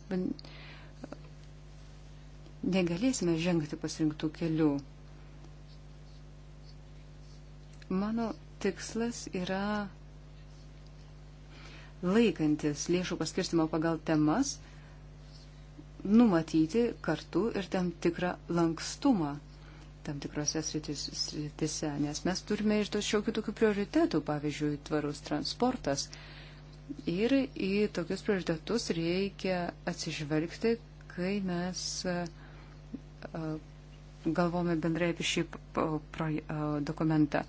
negalėsime žengti pasirinktų kelių. Mano tikslas yra laikantis lėšų paskirstimo pagal temas, numatyti kartu ir tam tikrą lankstumą tam tikrose sritise, nes mes turime ir tos šiokių tokių prioritetų, pavyzdžiui, tvarus transportas. Ir į tokius prioritetus reikia atsižvelgti, kai mes galvome bendrai apie šį dokumentą.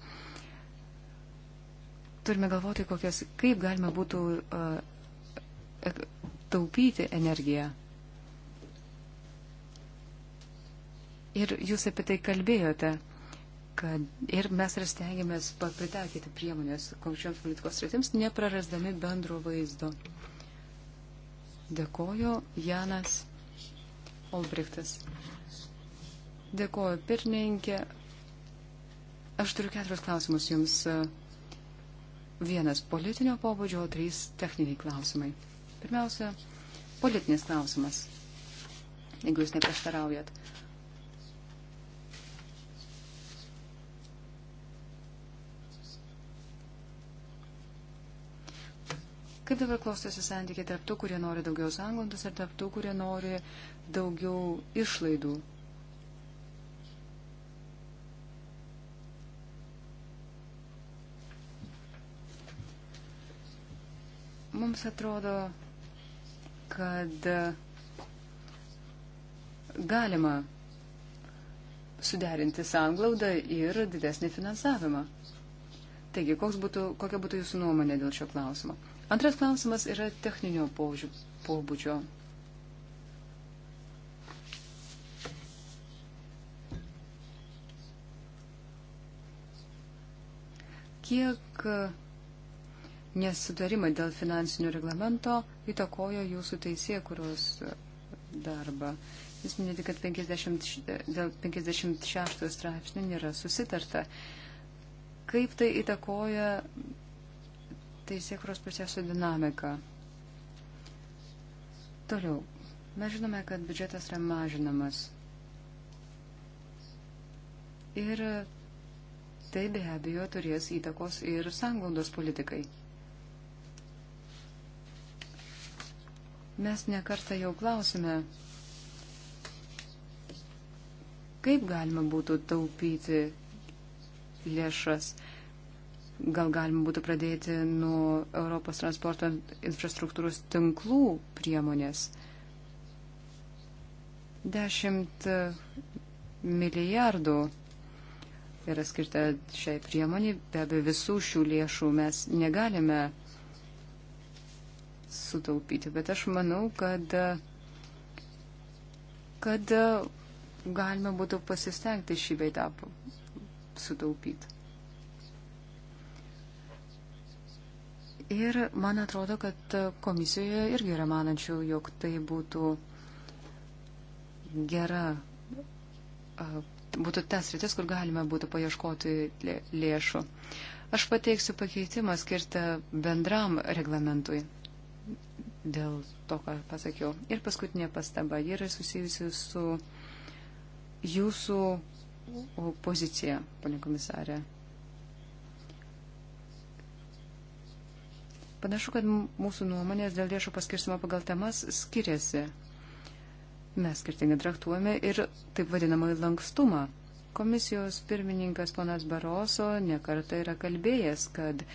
Turime galvoti, kokias, kaip galima būtų e, taupyti energiją Ir jūs apie tai kalbėjote. Kad, ir mes ir stengiamės pritaikyti priemonės konkrečioms politikos sritims, neprarasdami bendro vaizdo. Dėkoju Janas Olbrichtas. Dėkoju pirmininkė. Aš turiu keturis klausimus jums. Vienas politinio pobūdžio, o trys techniniai klausimai. Pirmiausia, politinis klausimas, jeigu jūs neprieštaraujat. Uh, Kaip dabar klostosi santykiai tarp tų, kurie nori daugiau sąnglaudos ir tarp tų, kurie nori daugiau išlaidų? Mums atrodo, kad galima suderinti sąnglaudą ir didesnį finansavimą. Taigi, būtų, kokia būtų jūsų nuomonė dėl šio klausimo? Antras klausimas yra techninio pobūdžio. Kiek nesutarimai dėl finansinio reglamento įtakojo jūsų teisė, kurios darbą. Jūs minėjote, kad 50, dėl 56 straipsnių nėra susitarta. Kaip tai įtakoja teisėkros proceso dinamiką. Toliau. Mes žinome, kad biudžetas yra mažinamas. Ir tai be abejo turės įtakos ir sanglaudos politikai. Mes nekartą jau klausime, kaip galima būtų taupyti lėšas. Gal galima būtų pradėti nuo Europos transporto infrastruktūros tinklų priemonės. 10 milijardų yra skirta šiai priemonė, be abejo visų šių lėšų mes negalime sutaupyti, bet aš manau, kad, kad galima būtų pasistengti šį beitą sutaupyti. Ir man atrodo, kad komisijoje irgi yra manančių, jog tai būtų gera, būtų tas rytis, kur galima būtų paieškoti lėšų. Aš pateiksiu pakeitimą skirtą bendram reglamentui dėl to, ką pasakiau. Ir paskutinė pastaba yra susijusi su jūsų pozicija, ponė komisarė. Panašu, kad mūsų nuomonės dėl lėšų paskirstimo pagal temas skiriasi. Mes skirtingai traktuojame ir taip vadinamą lankstumą. Komisijos pirmininkas ponas Baroso nekarta yra kalbėjęs, kad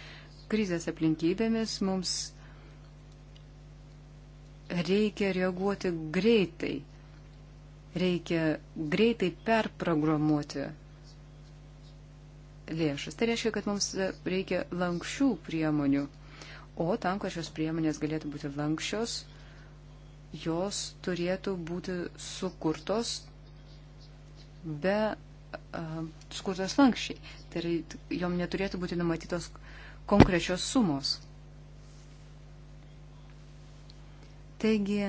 krizės aplinkybėmis mums reikia reaguoti greitai. Reikia greitai perprogramuoti lėšas. Tai reiškia, kad mums reikia lankščių priemonių. O tam, kad šios priemonės galėtų būti lankščios, jos turėtų būti sukurtos be uh, skurtos lankščiai. Tai yra, jom neturėtų būti numatytos konkrečios sumos. Taigi,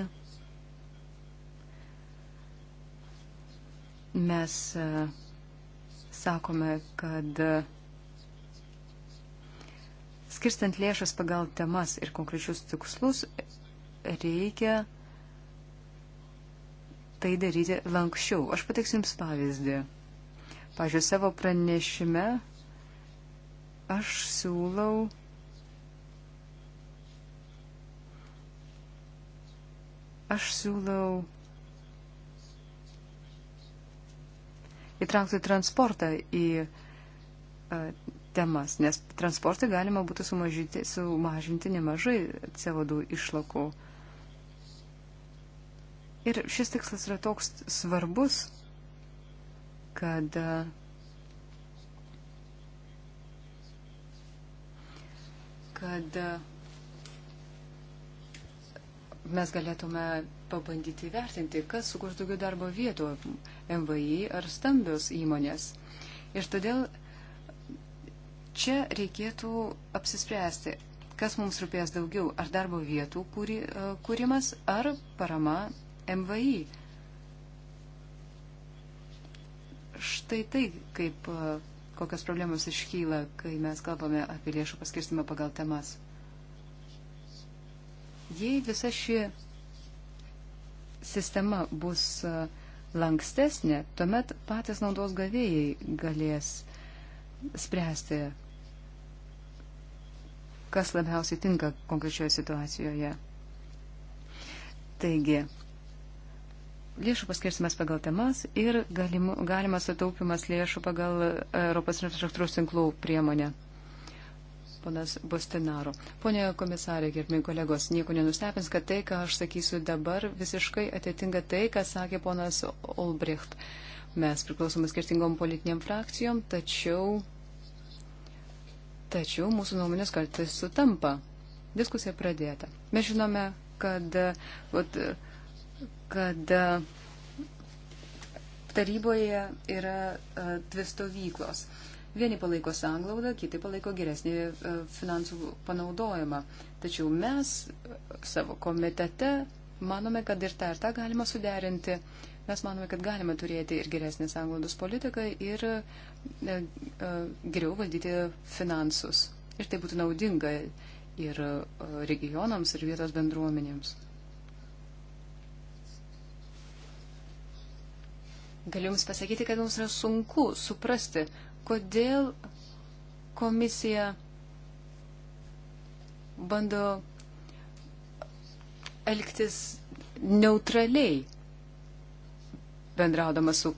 mes sakome, kad skirstant lėšas pagal temas ir konkrečius tikslus, reikia tai daryti lankščiau. Aš pateiksiu Jums pavyzdį. Pavyzdžiui, savo pranešime aš siūlau aš siūlau įtraukti transportą į sistemas, nes transportui galima būtų sumažinti, sumažinti nemažai CO2 išlakų. Ir šis tikslas yra toks svarbus, kad kad mes galėtume pabandyti įvertinti, kas sukurs daugiau darbo vietų, MVI ar stambios įmonės. Ir todėl Čia reikėtų apsispręsti, kas mums rūpės daugiau, ar darbo vietų kūri, e, kūrimas, ar parama MVI. Štai tai, kaip e, kokios problemos iškyla, kai mes kalbame apie lėšų paskirstimą pagal temas. Jei visa ši sistema bus e, lankstesnė, tuomet patys naudos gavėjai galės spręsti kas labiausiai tinka konkrečioje situacijoje. Taigi, lėšų paskirstimas pagal temas ir galim, galimas sutaupimas lėšų pagal Europos infrastruktūros tinklų priemonę. Ponas Bostinaru. Pone komisarė, gerbimi kolegos, nieko nenustebins, kad tai, ką aš sakysiu dabar, visiškai atitinka tai, ką sakė ponas Olbricht. Mes priklausome skirtingom politiniam frakcijom, tačiau Tačiau mūsų nuomonės kartais sutampa. Diskusija pradėta. Mes žinome, kad, vat, kad taryboje yra e, dvi stovyklos. Vieni palaiko sanglaudą, kiti palaiko geresnį e, finansų panaudojimą. Tačiau mes e, savo komitete manome, kad ir tą ir tą galima suderinti. Mes manome, kad galima turėti ir geresnį sanglaudos politiką, ir uh, E, geriau valdyti finansus. Ir tai būtų naudinga ir e, regionams, ir vietos bendruomenėms. Galiu Jums pasakyti, kad mums yra sunku suprasti, kodėl komisija bando elgtis neutraliai bendraudama su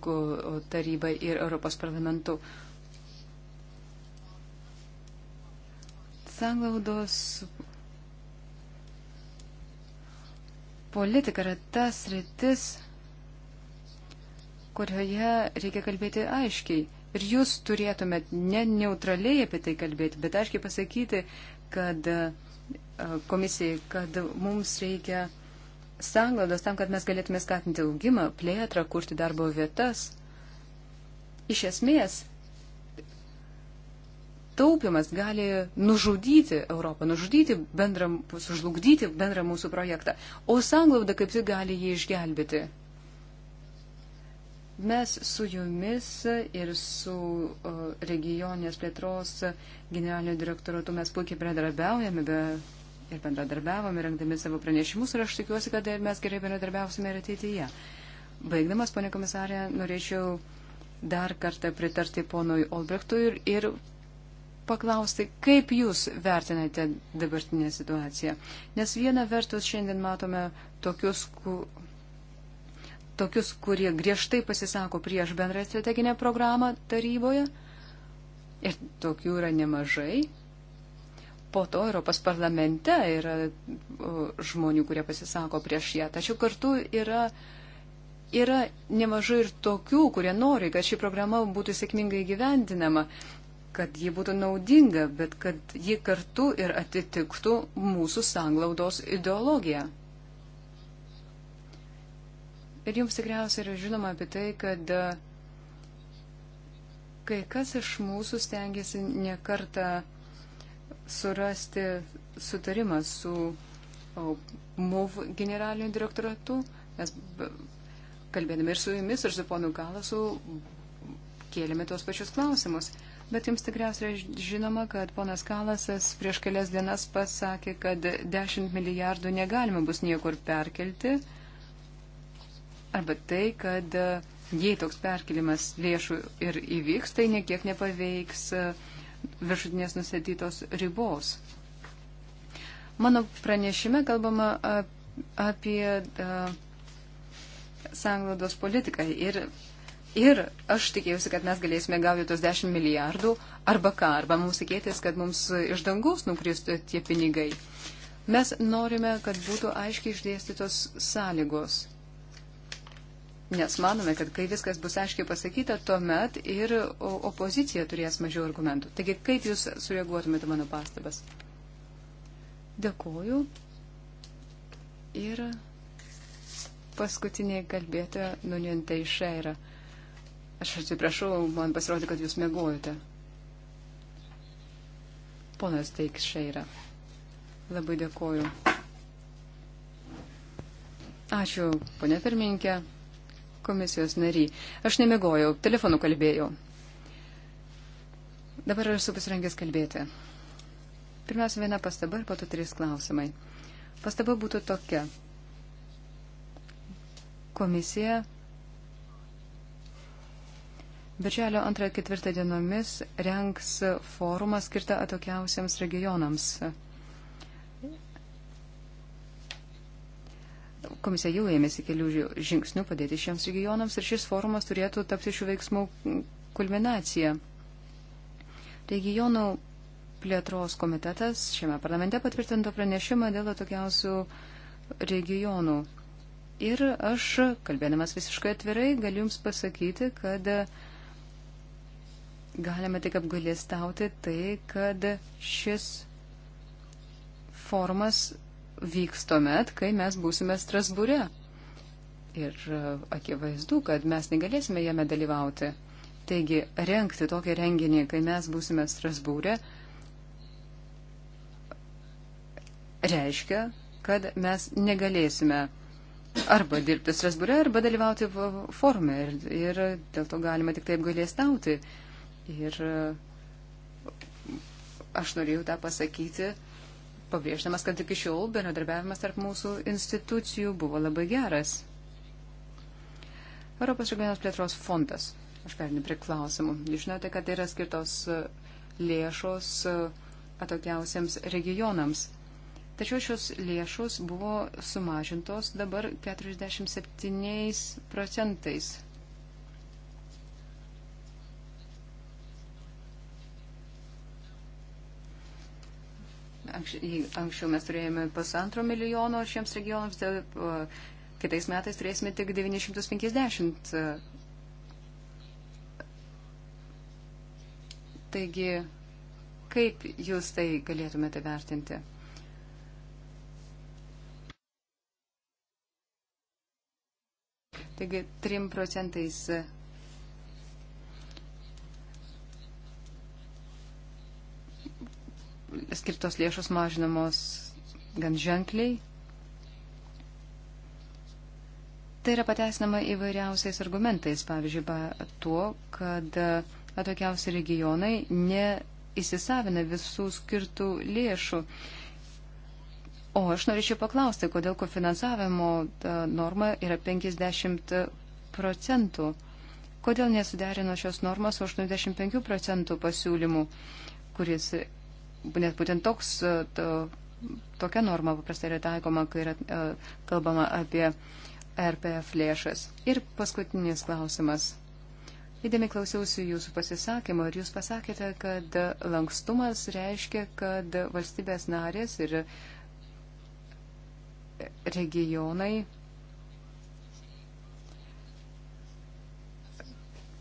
taryba ir Europos parlamentu. Sanglaudos politika yra tas rytis, kurioje reikia kalbėti aiškiai. Ir jūs turėtumėt ne neutraliai apie tai kalbėti, bet aiškiai pasakyti, kad komisijai, kad mums reikia sanglaudos tam, kad mes galėtume skatinti augimą, plėtrą, kurti darbo vietas, iš esmės taupimas gali nužudyti Europą, nužudyti bendrą, sužlugdyti bendrą mūsų projektą, o sanglauda kaip tik gali jį išgelbėti. Mes su jumis ir su uh, regionės plėtros generalinio direktoratu mes puikiai bendradarbiaujame, be ir bendradarbiavome, rengdami savo pranešimus ir aš tikiuosi, kad mes gerai bendradarbiausime ir ateityje. Baigdamas, ponė komisarė, norėčiau dar kartą pritarti ponui Olbrechtui ir, ir paklausti, kaip jūs vertinate dabartinę situaciją. Nes viena vertus šiandien matome tokius, ku, tokius kurie griežtai pasisako prieš bendrąją strateginę programą taryboje. Ir tokių yra nemažai po to Europos parlamente yra žmonių, kurie pasisako prieš ją. Tačiau kartu yra, yra nemažai ir tokių, kurie nori, kad ši programa būtų sėkmingai gyvendinama, kad ji būtų naudinga, bet kad ji kartu ir atitiktų mūsų sanglaudos ideologiją. Ir jums tikriausiai yra žinoma apie tai, kad e, kai kas iš mūsų stengiasi nekartą surasti sutarimą su MUV generaliniu direktoratu, nes kalbėdami ir su jumis, ir su ponu Galasu, kėlėme tos pačius klausimus. Bet jums tikriausiai žinoma, kad ponas Kalasas prieš kelias dienas pasakė, kad 10 milijardų negalima bus niekur perkelti. Arba tai, kad e, jei toks perkelimas lėšų ir įvyks, tai niekiek nepaveiks uh, viršutinės nustatytos ribos. Mano pranešime kalbama apie sanglados politiką ir, ir aš tikėjausi, kad mes galėsime gauti tos 10 milijardų arba ką, arba mums tikėtis, kad mums iš dangaus nukristų tie pinigai. Mes norime, kad būtų aiškiai išdėstytos sąlygos nes manome, kad kai viskas bus aiškiai pasakyta, tuomet ir opozicija turės mažiau argumentų. Taigi, kaip Jūs sureaguotumėte mano pastabas? Dėkuoju. Ir paskutinė kalbėtoja Nunienta Išaira. Aš atsiprašau, man pasirodė, kad Jūs mėgojate. Ponas Teikšaira. Labai dėkuoju. Ačiū, ponė pirmininkė komisijos nary. Aš nemegojau, telefonu kalbėjau. Dabar esu pasirengęs kalbėti. Pirmiausia, viena pastaba ir po to trys klausimai. Pastaba būtų tokia. Komisija Birželio 2-4 dienomis renks forumą skirtą atokiausiams regionams komisija jau ėmėsi kelių žingsnių padėti šiems regionams ir šis forumas turėtų tapti šių veiksmų kulminacija. Regionų plėtros komitetas šiame parlamente patvirtinto pranešimą dėl atokiausių regionų. Ir aš, kalbėdamas visiškai atvirai, galiu Jums pasakyti, kad galime tik apgailėstauti tai, kad šis formas vyks tuomet, kai mes būsime Strasbūre. Ir e, akivaizdu, kad mes negalėsime jame dalyvauti. Taigi, renkti tokį renginį, kai mes būsime Strasbūre, reiškia, kad mes negalėsime arba dirbti Strasbūre, arba dalyvauti forume. Ir, ir dėl to galima tik taip galėstauti. Ir e, aš norėjau tą pasakyti pabrėždamas, kad iki šiol bendradarbiavimas tarp mūsų institucijų buvo labai geras. Europos regionos plėtros fondas. Aš perinu prie klausimų. Jūs žinote, kad tai yra skirtos e, lėšos e, atokiausiams regionams. Tačiau šios lėšos buvo sumažintos dabar 47 procentais Anksčiau mes turėjome pusantro milijono šiems regionams, kitais metais turėsime tik 950. Taigi, kaip jūs tai galėtumėte vertinti? Taigi, 3 procentais skirtos lėšos mažinamos gan ženkliai. Tai yra pateisinama įvairiausiais argumentais, pavyzdžiui, ba, tuo, kad e, atokiausi regionai neįsisavina visų skirtų lėšų. O aš norėčiau paklausti, kodėl kofinansavimo e, norma yra 50 procentų. Kodėl nesuderino šios normos 85 procentų pasiūlymų, kuris nes būtent toks, e, to, tokia norma paprastai yra taikoma, kai yra e, kalbama apie RPF lėšas. Ir paskutinis klausimas. Įdėmiai klausiausi jūsų pasisakymo ir jūs pasakėte, kad lankstumas reiškia, kad valstybės narės ir regionai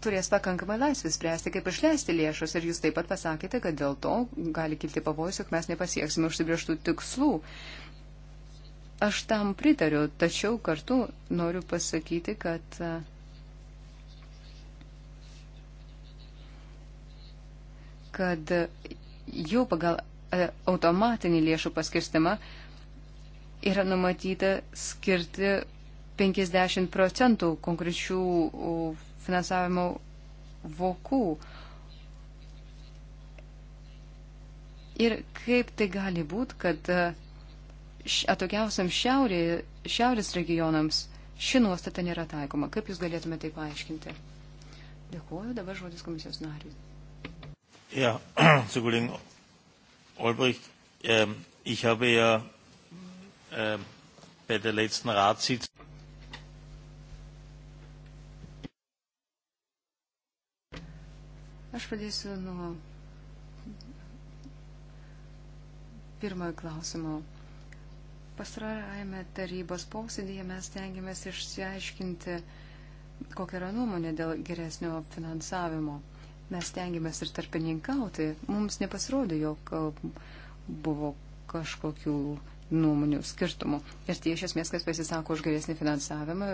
turės pakankamai laisvės spręsti, kaip išleisti lėšus. Ir jūs taip pat pasakėte, kad dėl to gali kilti pavojus, jog mes nepasieksime užsibrieštų tikslų. Aš tam pritariu, tačiau kartu noriu pasakyti, kad kad jau pagal e, automatinį lėšų paskirstimą yra numatyta skirti 50 procentų konkrečių finansavimo vokų. Ir kaip tai gali būti, kad e, atokiausiam šiaurė, šiaurės regionams ši nuostata nėra taikoma? Kaip Jūs galėtumėte tai paaiškinti? Dėkuoju, dabar žodis komisijos nariui. Ja, zu Kollegen Olbricht, ähm, ich habe ja ähm, bei der letzten Ratssitzung Aš pradėsiu nuo pirmojo klausimo. Pastarajame tarybos posėdėje mes tengiamės išsiaiškinti, kokia yra nuomonė dėl geresnio finansavimo. Mes tengiamės ir tarpininkauti. Mums nepasirodė, jog buvo kažkokių nuomonių skirtumų. Ir tie iš esmės, kas pasisako už geresnį finansavimą,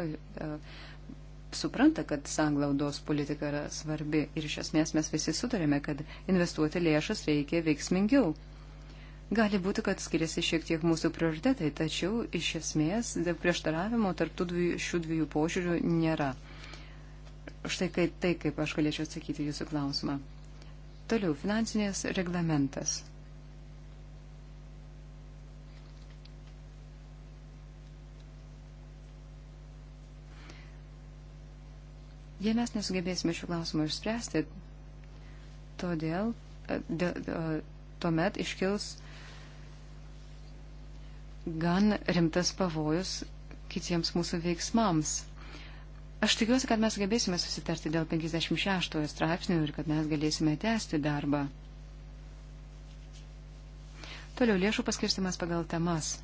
supranta, kad sanglaudos politika yra svarbi ir iš esmės mes visi sutarėme, kad investuoti lėšas reikia veiksmingiau. Gali būti, kad skiriasi šiek tiek mūsų prioritetai, tačiau iš esmės prieštaravimo tarptų dviejų, šių dviejų požiūrių nėra. Štai kai, tai, kaip aš galėčiau atsakyti jūsų klausimą. Toliau, finansinės reglamentas. Jei mes nesugebėsime šių klausimų išspręsti, todėl e, dė, dė, e, tuomet iškils gan rimtas pavojus kitiems mūsų veiksmams. Aš tikiuosi, kad mes sugebėsime susitarti dėl 56 straipsnių ir kad mes galėsime tęsti darbą. Toliau lėšų paskirstimas pagal temas.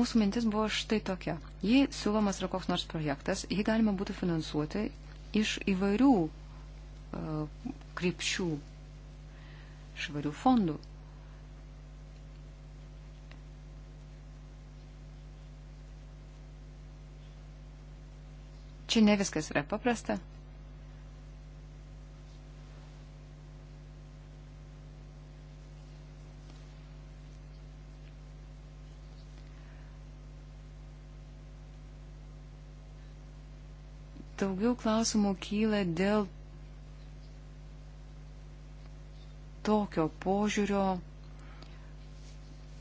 mūsų mintis buvo štai tokia. Jei siūlomas yra koks nors projektas, jį galima būtų finansuoti iš įvairių uh, krypčių, iš įvairių fondų. Čia ne viskas yra paprasta. daugiau klausimų kyla dėl tokio požiūrio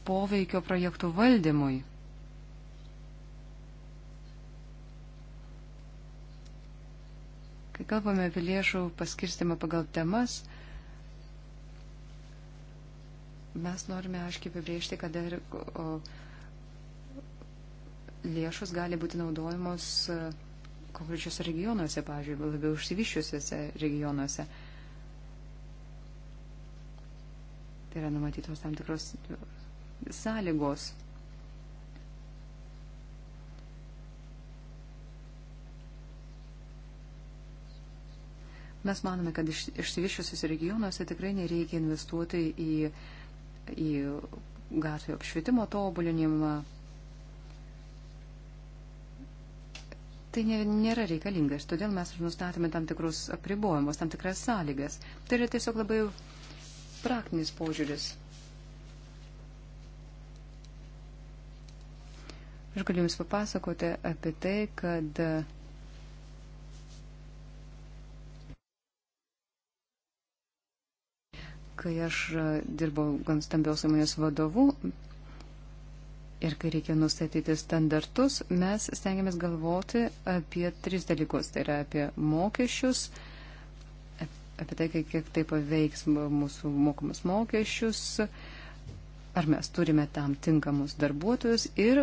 poveikio projektų valdymui. Kai kalbame apie lėšų paskirstimą pagal temas, mes norime aiškiai apibriežti, kad dar lėšus gali būti naudojamos o, konkrečiose regionuose, pavyzdžiui, labiau užsivyščiusiuose regionuose. Tai yra numatytos tam tikros sąlygos. Mes manome, kad iš, išsivyščiusiuose regionuose tikrai nereikia investuoti į, į gatvių apšvietimo tobulinimą, tai nėra reikalingas, todėl mes nustatome tam tikrus apribojimus, tam tikras sąlygas. Tai yra tiesiog labai praktinis požiūris. Aš galiu Jums papasakoti apie tai, kad kai aš dirbau gan stambios įmonės vadovu, Ir kai reikia nustatyti standartus, mes stengiamės galvoti apie tris dalykus. Tai yra apie mokesčius, apie tai, kiek tai paveiks mūsų mokamus mokesčius, ar mes turime tam tinkamus darbuotojus ir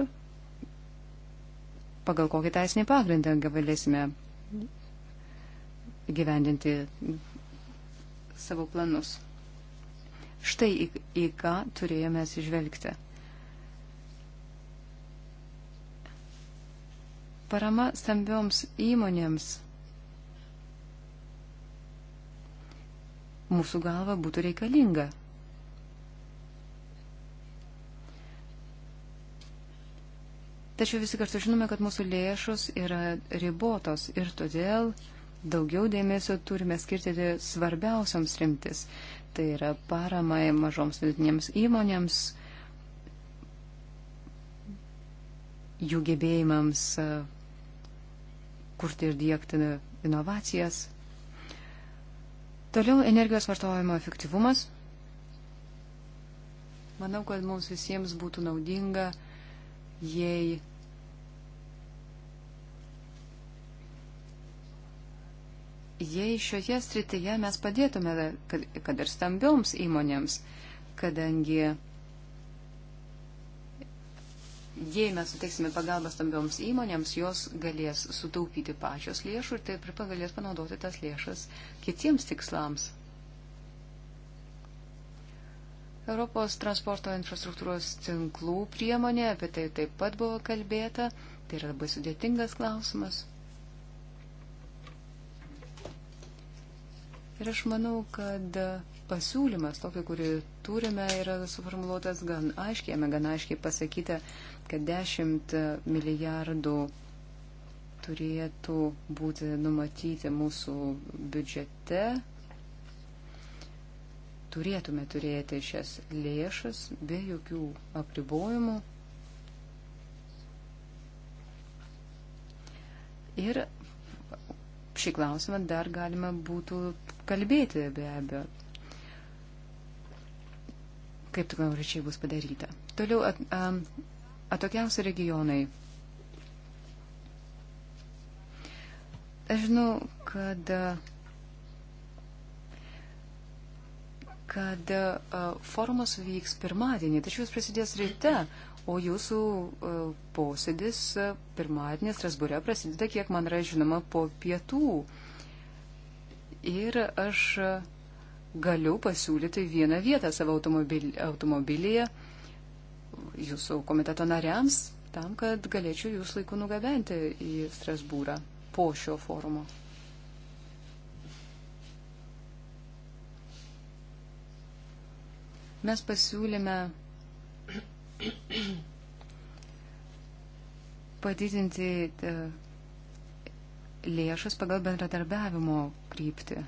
pagal kokį teisinį pagrindą galėsime gyvendinti savo planus. Štai į, į ką turėjome atsižvelgti. Parama stambioms įmonėms mūsų galva būtų reikalinga. Tačiau visi kartu žinome, kad mūsų lėšos yra ribotos ir todėl daugiau dėmesio turime skirti svarbiausiams rimtis. Tai yra paramai mažoms vidutinėms įmonėms, jų gebėjimams kurti ir dėkti inovacijas. Toliau energijos vartojimo efektyvumas. Manau, kad mums visiems būtų naudinga, jei jei šioje srityje mes padėtume, kad, kad ir stambioms įmonėms, kadangi jei mes suteiksime pagalbą stambioms įmonėms, jos galės sutaupyti pačios lėšų ir taip ir galės panaudoti tas lėšas kitiems tikslams. Europos transporto infrastruktūros tinklų priemonė, apie tai taip pat buvo kalbėta, tai yra labai sudėtingas klausimas. Ir aš manau, kad pasiūlymas, tokį, kurį turime, yra suformuoluotas gan aiškiai, jame gan aiškiai pasakyta, kad 10 milijardų turėtų būti numatyti mūsų biudžete. Turėtume turėti šias lėšas be jokių apribojimų. Ir šį klausimą dar galima būtų kalbėti be abejo, kaip tu konkrečiai bus padaryta. Toliau at, um, atokiausi regionai. Aš žinau, kad, kad forumas vyks pirmadienį, tačiau jis prasidės ryte, o jūsų posėdis pirmadienį Strasbūre prasideda, kiek man yra žinoma, po pietų. Ir aš galiu pasiūlyti vieną vietą savo automobil, automobilyje. automobilyje jūsų komiteto nariams, tam, kad galėčiau jūs laiku nugabenti į Strasbūrą po šio forumo. Mes pasiūlėme padidinti e, lėšas pagal bendradarbiavimo kryptį.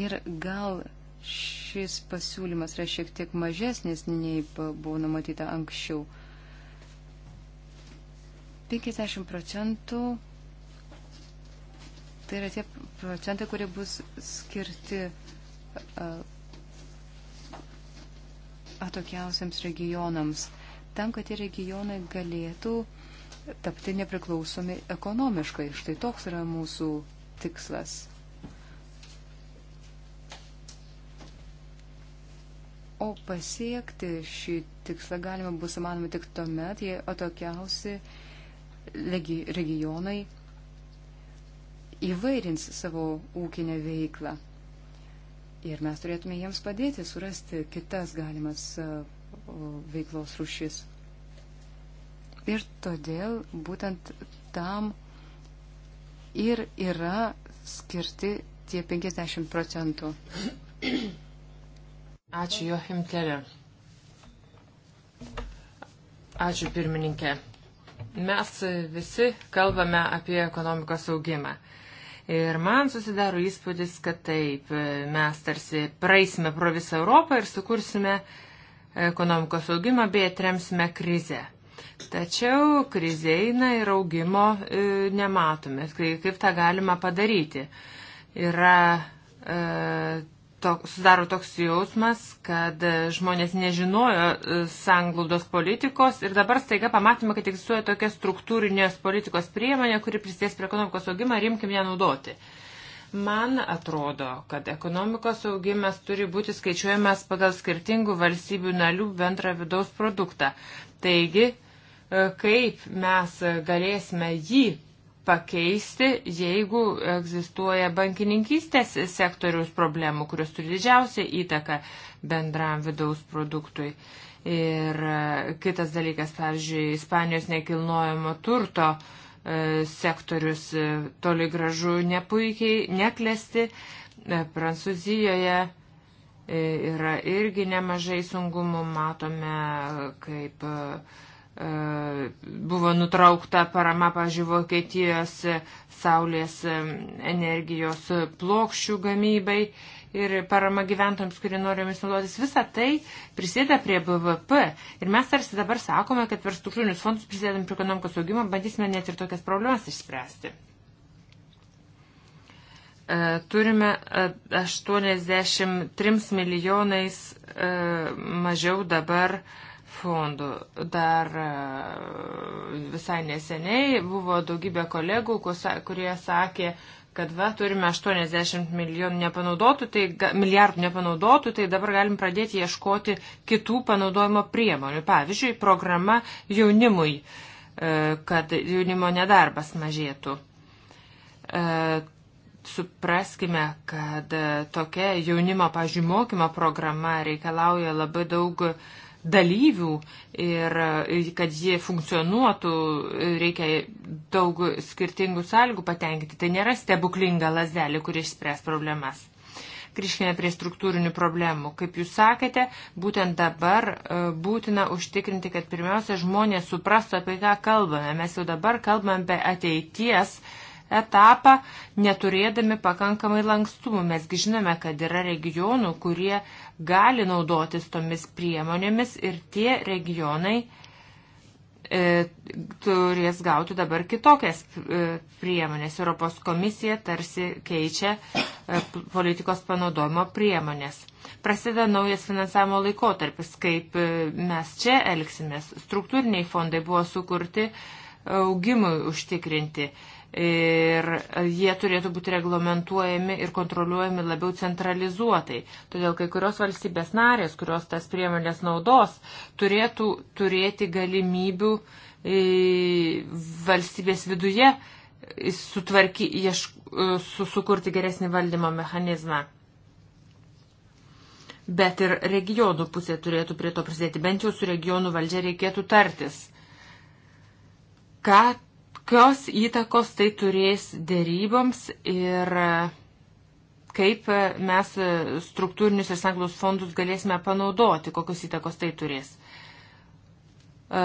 Ir gal šis pasiūlymas yra šiek tiek mažesnis nei buvo numatyta anksčiau. 50 procentų tai yra tie procentai, kurie bus skirti atokiausiams regionams, tam, kad tie regionai galėtų tapti nepriklausomi ekonomiškai. Štai toks yra mūsų tikslas. O pasiekti šį tikslą galima bus įmanoma tik tuomet, jei atokiausi regionai įvairins savo ūkinę veiklą. Ir mes turėtume jiems padėti surasti kitas galimas veiklos rušis. Ir todėl būtent tam ir yra skirti tie 50 procentų. Ačiū Johim Keller. Ačiū pirmininkė. Mes visi kalbame apie ekonomikos augimą. Ir man susidaro įspūdis, kad taip, mes tarsi praeisime pro visą Europą ir sukursime ekonomikos augimą bei atremsime krizę. Tačiau krizė eina ir augimo e, nematome. Kaip tą galima padaryti? Yra e, to, sudaro toks jausmas, kad e, žmonės nežinojo e, sanglaudos politikos ir dabar staiga pamatome, kad egzistuoja tokia struktūrinės politikos priemonė, kuri prisidės prie ekonomikos augimą ir imkim ją naudoti. Man atrodo, kad ekonomikos augimas turi būti skaičiuojamas pagal skirtingų valstybių narių bendrą vidaus produktą. Taigi, e, kaip mes galėsime jį pakeisti, jeigu egzistuoja bankininkystės sektoriaus problemų, kurios turi didžiausią įtaką bendram vidaus produktui. Ir e, kitas dalykas, pavyzdžiui, Ispanijos nekilnojamo turto e, sektorius e, toli gražu nepuikiai, neklesti. Prancūzijoje yra irgi nemažai sungumų, matome, kaip uh, E, buvo nutraukta parama, pažiūrėjau, Vokietijos saulės e, energijos plokščių gamybai ir parama gyventojams, kurie nori jomis naudotis. Visa tai prisėda prie BVP. Ir mes tarsi dabar sakome, kad per struktūrinius fondus prisėdam prie ekonomikos augimo, bandysime net ir tokias problemas išspręsti. E, turime 83 milijonais mažiau dabar uh, fondų. Dar e, visai neseniai buvo daugybė kolegų, kurie sakė, kad va, turime 80 milijonų nepanaudotų, tai milijardų nepanaudotų, tai dabar galim pradėti ieškoti kitų panaudojimo priemonių. Pavyzdžiui, programa jaunimui, e, kad jaunimo nedarbas mažėtų. E, supraskime, kad tokia jaunimo, pažiūrėjau, mokymo programa reikalauja labai daug dalyvių ir e, kad jie funkcionuotų, e, reikia daug skirtingų sąlygų patenkinti. Tai nėra stebuklinga lasdelė, kuri išspręs problemas. Grįžkime prie struktūrinių problemų. Kaip jūs sakėte, būtent dabar e, būtina užtikrinti, kad pirmiausia žmonės suprastų, apie ką kalbame. Mes jau dabar kalbame apie ateities etapą, neturėdami pakankamai lankstumų. Mesgi žinome, kad yra regionų, kurie gali naudotis tomis priemonėmis ir tie regionai e, turės gauti dabar kitokias e, priemonės. Europos komisija tarsi keičia e, politikos panaudojimo priemonės. Prasideda naujas finansavimo laikotarpis, kaip e, mes čia elgsimės. Struktūriniai fondai buvo sukurti e, augimui užtikrinti. E, ir jie turėtų būti reglamentuojami ir kontroliuojami labiau centralizuotai. Todėl kai kurios valstybės narės, kurios tas priemonės naudos, turėtų turėti galimybių e, valstybės viduje sutvarky, ieš, e, su, sukurti geresnį valdymo mechanizmą. Bet ir regionų pusė turėtų prie to prisidėti. Bent jau su regionų valdžia reikėtų tartis. Ką kokios įtakos tai turės dėryboms ir kaip mes struktūrinius ir sanglus fondus galėsime panaudoti, kokios įtakos tai turės. E,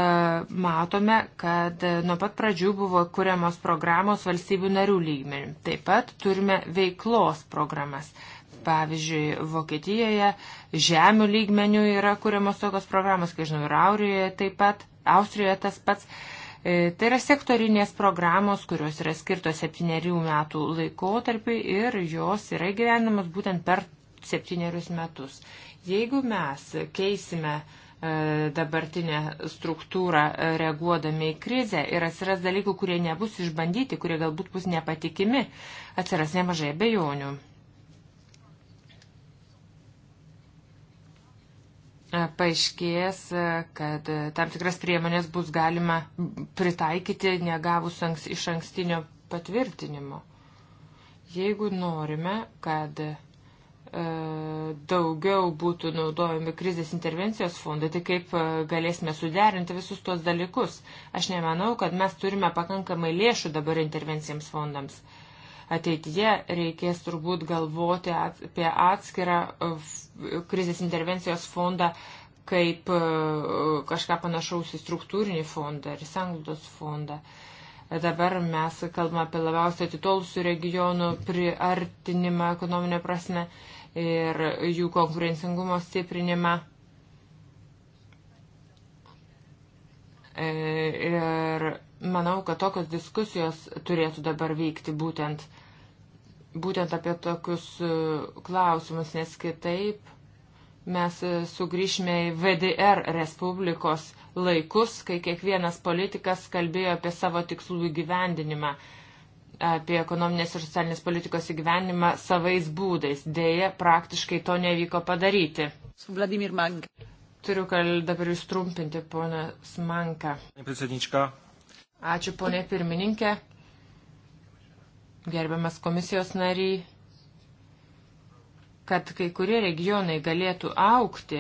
matome, kad nuo pat pradžių buvo kuriamos programos valstybių narių lygmenių. Taip pat turime veiklos programas. Pavyzdžiui, Vokietijoje žemių lygmenių yra kuriamos tokios programos, kai žinau, ir Aurijoje taip pat, Austrijoje tas pats. Uh, E, tai yra sektorinės programos, kurios yra skirtos septyniarių metų laikotarpiai ir jos yra gyvenamas būtent per septyniarius metus. Jeigu mes keisime e, dabartinę struktūrą e, reaguodami į krizę ir atsiras dalykų, kurie nebus išbandyti, kurie galbūt bus nepatikimi, atsiras nemažai bejonių. E, paaiškės, e, kad e, tam tikras priemonės bus galima pritaikyti negavus anks, iš ankstinio patvirtinimo. Jeigu norime, kad e, daugiau būtų naudojami krizės intervencijos fondai, tai kaip galėsime suderinti visus tuos dalykus. Aš nemanau, kad mes turime pakankamai lėšų dabar intervencijams fondams. E, Ateityje reikės turbūt galvoti apie atskirą e, krizės intervencijos fondą kaip e, kažką panašaus į struktūrinį fondą ir sanglaudos fondą. E, dabar mes kalbame apie labiausiai atitolusių regionų priartinimą ekonominę prasme ir jų konkurencingumo stiprinimą. Ir manau, kad tokios diskusijos turėtų dabar vykti būtent, būtent apie tokius e, klausimus, nes kitaip mes e, sugrįžime į VDR Respublikos laikus, kai kiekvienas politikas kalbėjo apie savo tikslų įgyvendinimą, apie ekonominės ir socialinės politikos įgyvendinimą savais būdais. Deja, praktiškai to nevyko padaryti. Su Vladimir Mank. Turiu dabar jūs trumpinti, ponas Manka. Prisėdnička, Ačiū, ponė pirmininkė. Gerbiamas komisijos nariai, kad kai kurie regionai galėtų aukti,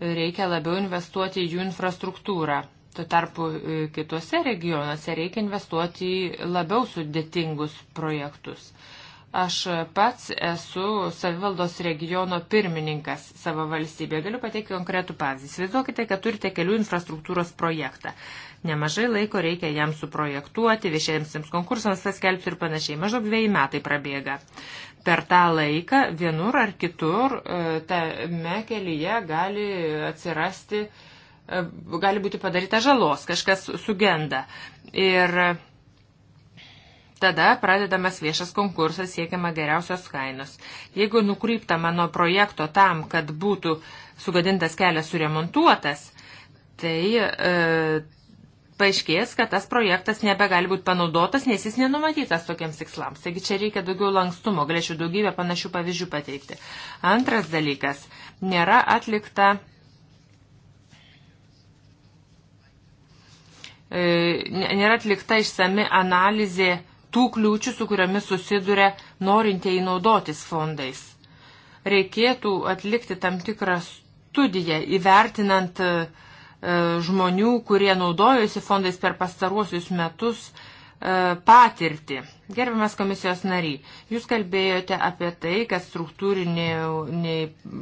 reikia labiau investuoti į jų infrastruktūrą. Tuo tarpu e, kitose regionuose reikia investuoti į labiau sudėtingus projektus. Aš pats esu savivaldos regiono pirmininkas savo valstybėje. Galiu pateikti konkretų pavyzdį. Įsivaizduokite, kad turite kelių infrastruktūros projektą. Nemažai laiko reikia jam suprojektuoti, viešiemsiems konkursams paskelbti ir panašiai. Maždaug dviejai metai prabėga. Per tą laiką vienur ar kitur e, tame kelyje gali atsirasti, e, gali būti padaryta žalos, kažkas sugenda. Ir Tada pradedamas viešas konkursas siekiama geriausios kainos. Jeigu nukrypta mano projekto tam, kad būtų sugadintas kelias suremontuotas, tai e, paaiškės, kad tas projektas nebegali būti panaudotas, nes jis nenumatytas tokiems tikslams. Taigi čia reikia daugiau lankstumo, galėčiau daugybę panašių pavyzdžių pateikti. Antras dalykas, nėra atlikta e, nėra atlikta išsami analizė tų kliūčių, su kuriomis susiduria norintieji naudotis fondais. Reikėtų atlikti tam tikrą studiją įvertinant uh, E, žmonių, kurie naudojosi fondais per pastaruosius metus e, patirtį. Gerbiamas komisijos nariai, jūs kalbėjote apie tai, kad struktūriniai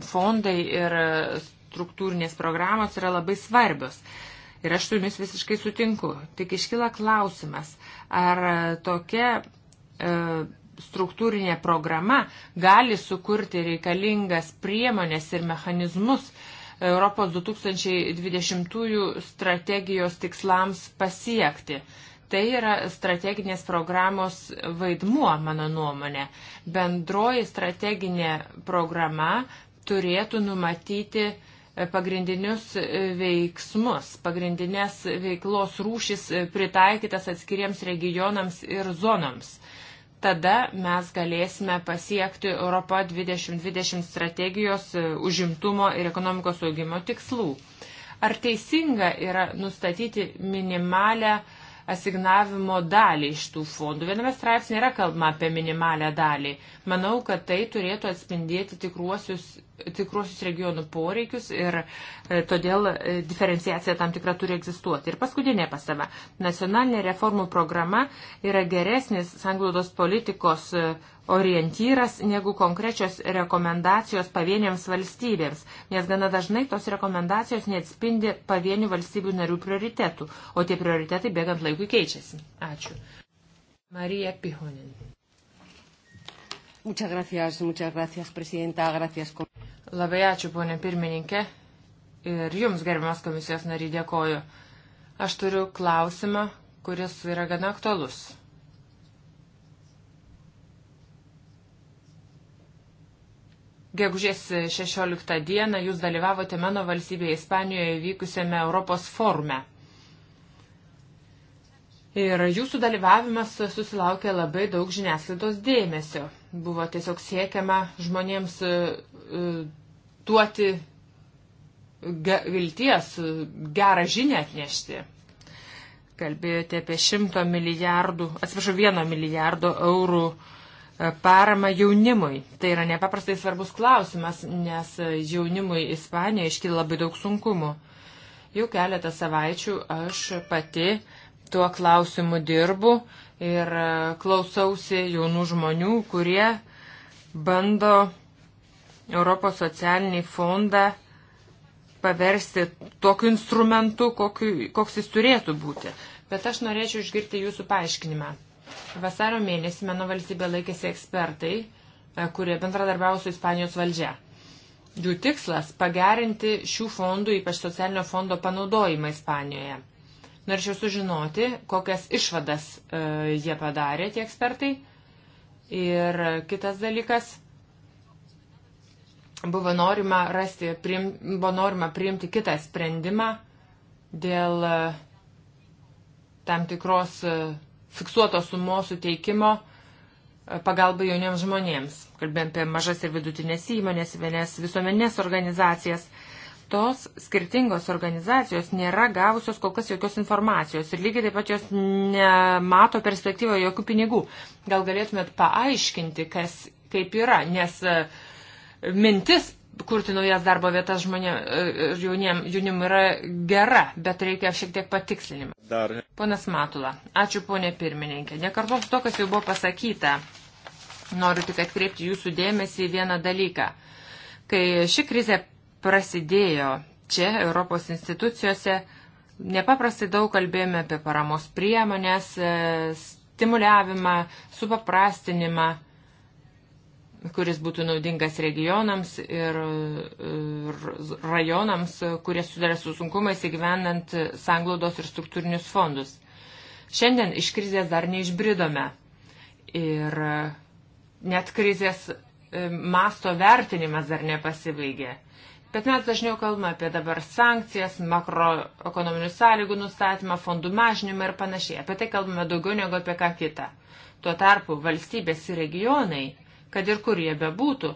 fondai ir struktūrinės programos yra labai svarbios. Ir aš su jumis visiškai sutinku. Tik iškyla klausimas, ar tokia e, struktūrinė programa gali sukurti reikalingas priemonės ir mechanizmus, Europos 2020 strategijos tikslams pasiekti. Tai yra strateginės programos vaidmuo, mano nuomonė. Bendroji strateginė programa turėtų numatyti e, pagrindinius e, veiksmus, pagrindinės veiklos rūšis e, pritaikytas atskiriems regionams ir zonoms tada mes galėsime pasiekti Europo 2020 strategijos e, užimtumo ir ekonomikos augimo tikslų. Ar teisinga yra nustatyti minimalę uh, asignavimo dalį iš tų fondų. Viename straipsnėje yra kalbama apie minimalę dalį. Manau, kad tai turėtų atspindėti tikruosius, tikruosius regionų poreikius ir e, todėl e, diferenciacija tam tikra turi egzistuoti. Ir paskutinė pasaba. Nacionalinė reformų programa yra geresnis sanglaudos politikos e, orientyras negu konkrečios rekomendacijos pavieniams valstybėms, nes gana dažnai tos rekomendacijos neatspindi pavienių valstybių narių prioritetų, o tie prioritetai bėgant laikui keičiasi. Ačiū. Marija Pihonin. Muchas gracias, muchas gracias, presidenta, gracias. Labai ačiū, ponė pirmininkė. Ir jums, gerbiamas komisijos nariai, dėkoju. Aš turiu klausimą, kuris yra gana aktualus. Gegužės 16 dieną jūs dalyvavote mano valstybėje Ispanijoje vykusiame Europos forume. Ir jūsų dalyvavimas susilaukė labai daug žiniasklaidos dėmesio. Buvo tiesiog siekiama žmonėms e, e, duoti ge vilties, gerą žinią atnešti. Kalbėjote apie 100 milijardų, atsiprašau, 1 milijardo eurų uh, paramą jaunimui. Tai yra nepaprastai svarbus klausimas, nes jaunimui Ispanijoje iškyla labai daug sunkumų. Jau keletą savaičių aš pati tuo klausimu dirbu ir klausausi jaunų žmonių, kurie bando Europos socialinį fondą paversti tokiu instrumentu, kokiu, koks jis turėtų būti. Bet aš norėčiau išgirti jūsų paaiškinimą. Vasario mėnesį mano valstybė laikėsi ekspertai, e, kurie bendradarbiavo su Ispanijos valdžia. Jų tikslas - pagerinti šių fondų, ypač socialinio fondo panaudojimą Ispanijoje. Norėčiau sužinoti, kokias išvadas e, jie padarė, tie ekspertai. Ir kitas dalykas - buvo norima, rasti, priim, buvo norima priimti kitą sprendimą dėl e, tam tikros e, fiksuotos sumos suteikimo e, pagalba jauniems žmonėms. Kalbėjom apie mažas ir vidutinės įmonės, vienes visuomenės organizacijas. Tos skirtingos organizacijos nėra gavusios kol kas jokios informacijos ir lygiai taip pat jos nemato perspektyvoje jokių pinigų. Gal galėtumėt paaiškinti, kas kaip yra, nes e, mintis kurti naujas darbo vietas žmonėm, e, e, jauniem, jaunimui yra gera, bet reikia šiek tiek patikslinimą. Dar. Ponas Matula, ačiū ponė pirmininkė. Nekartos to, kas jau buvo pasakyta. Noriu tik atkreipti jūsų dėmesį į vieną dalyką. Kai ši krizė prasidėjo čia, Europos institucijose, nepaprastai daug kalbėjome apie paramos priemonės, e, stimuliavimą, supaprastinimą kuris būtų naudingas regionams ir, ir rajonams, kurie sudarė su sunkumais įgyvenant sanglaudos ir struktūrinius fondus. Šiandien iš krizės dar neišbridome ir net krizės e, masto vertinimas dar nepasibaigė. Bet mes dažniau kalbame apie dabar sankcijas, makroekonominių sąlygų nustatymą, fondų mažinimą ir panašiai. Apie tai kalbame daugiau negu apie ką kitą. Tuo tarpu valstybės ir regionai kad ir kur jie bebūtų,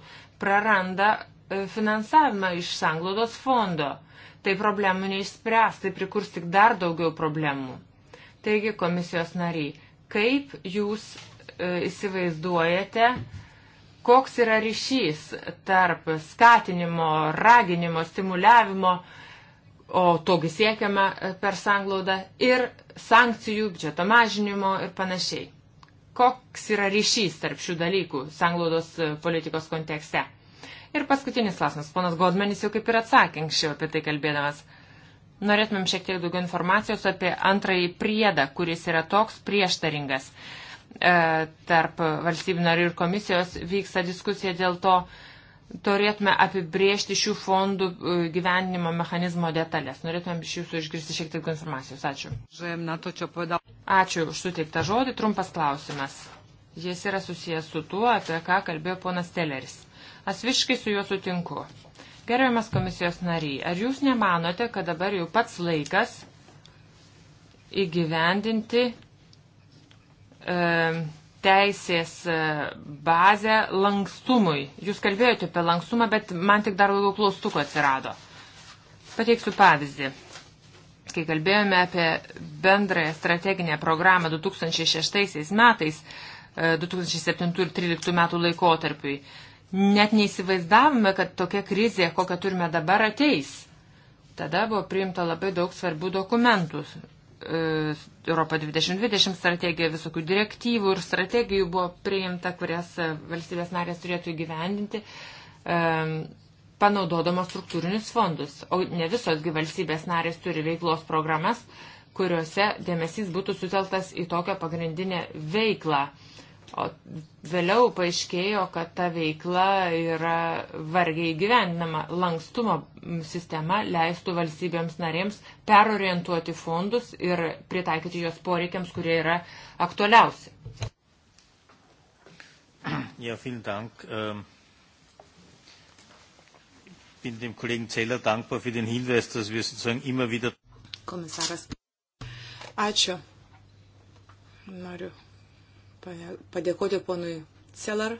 praranda e, finansavimą iš sanglaudos fondo. Tai problemų neišspręs, tai prikurs tik dar daugiau problemų. Taigi, komisijos nariai, kaip jūs e, įsivaizduojate, koks yra ryšys tarp skatinimo, raginimo, stimuliavimo, o togi siekiama e, per sanglaudą, ir sankcijų, biudžeto mažinimo ir panašiai? koks yra ryšys tarp šių dalykų sanglaudos e, politikos kontekste. Ir paskutinis klausimas. Ponas Godmenis jau kaip ir atsakė anksčiau apie tai kalbėdamas. Norėtumėm šiek tiek daugiau informacijos apie antrąjį priedą, kuris yra toks prieštaringas. E, tarp valstybių narių ir komisijos vyksta diskusija dėl to, turėtume apibriežti šių fondų e, gyvenimo mechanizmo detalės. Norėtumėm iš jūsų išgirsti šiek tiek informacijos. Ačiū. Ačiū už suteiktą žodį. Trumpas klausimas. Jis yra susijęs su tuo, apie ką kalbėjo ponas Telleris. Aš visiškai su juo sutinku. Gerbiamas komisijos nariai, ar jūs nemanote, kad dabar jau pats laikas įgyvendinti e, teisės e, bazę lankstumui. Jūs kalbėjote apie lankstumą, bet man tik dar daugiau klaustukų atsirado. Pateiksiu pavyzdį. Kai kalbėjome apie bendrąją strateginę programą 2006 metais, 2007 e, ir 2013 metų laikotarpiui, net neįsivaizdavome, kad tokia krizė, kokią turime dabar, ateis. Tada buvo priimta labai daug svarbių dokumentų. E, Europa 2020 strategija, visokių direktyvų ir strategijų buvo priimta, kurias e, valstybės narės turėtų įgyvendinti, e, panaudodamos struktūrinius fondus. O ne visosgi valstybės narės turi veiklos programas, kuriuose dėmesys būtų suteltas į tokią pagrindinę veiklą O vėliau paaiškėjo, kad ta veikla yra vargiai gyvendinama. Lankstumo sistema leistų valstybėms narėms perorientuoti fondus ir pritaikyti juos poreikiams, kurie yra aktualiausi. Ja, vielen Dank. Ähm bin dem Kollegen Zeller dankbar für den Hinweis, dass wir sozusagen immer wieder. Komisaras. Ačiū. Noriu padėkoti ponui Celar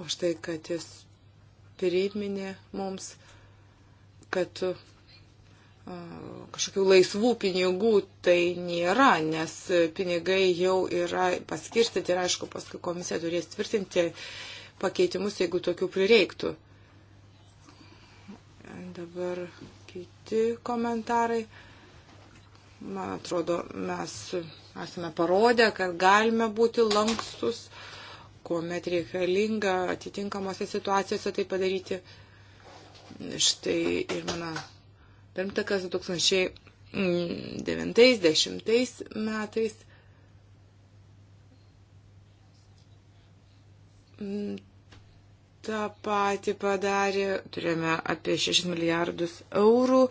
už tai, kad jis priminė mums, kad uh, kažkokių laisvų pinigų tai nėra, nes pinigai jau yra paskirstyti ir aišku, paskui komisija turės tvirtinti pakeitimus, jeigu tokių prireiktų. Dabar kiti komentarai. Man atrodo, mes esame parodę, kad galime būti lankstus, kuomet reikalinga atitinkamose situacijose tai padaryti. Štai ir mano pirmtakas 2009-2010 metais tą patį padarė, turėjome apie 6 milijardus eurų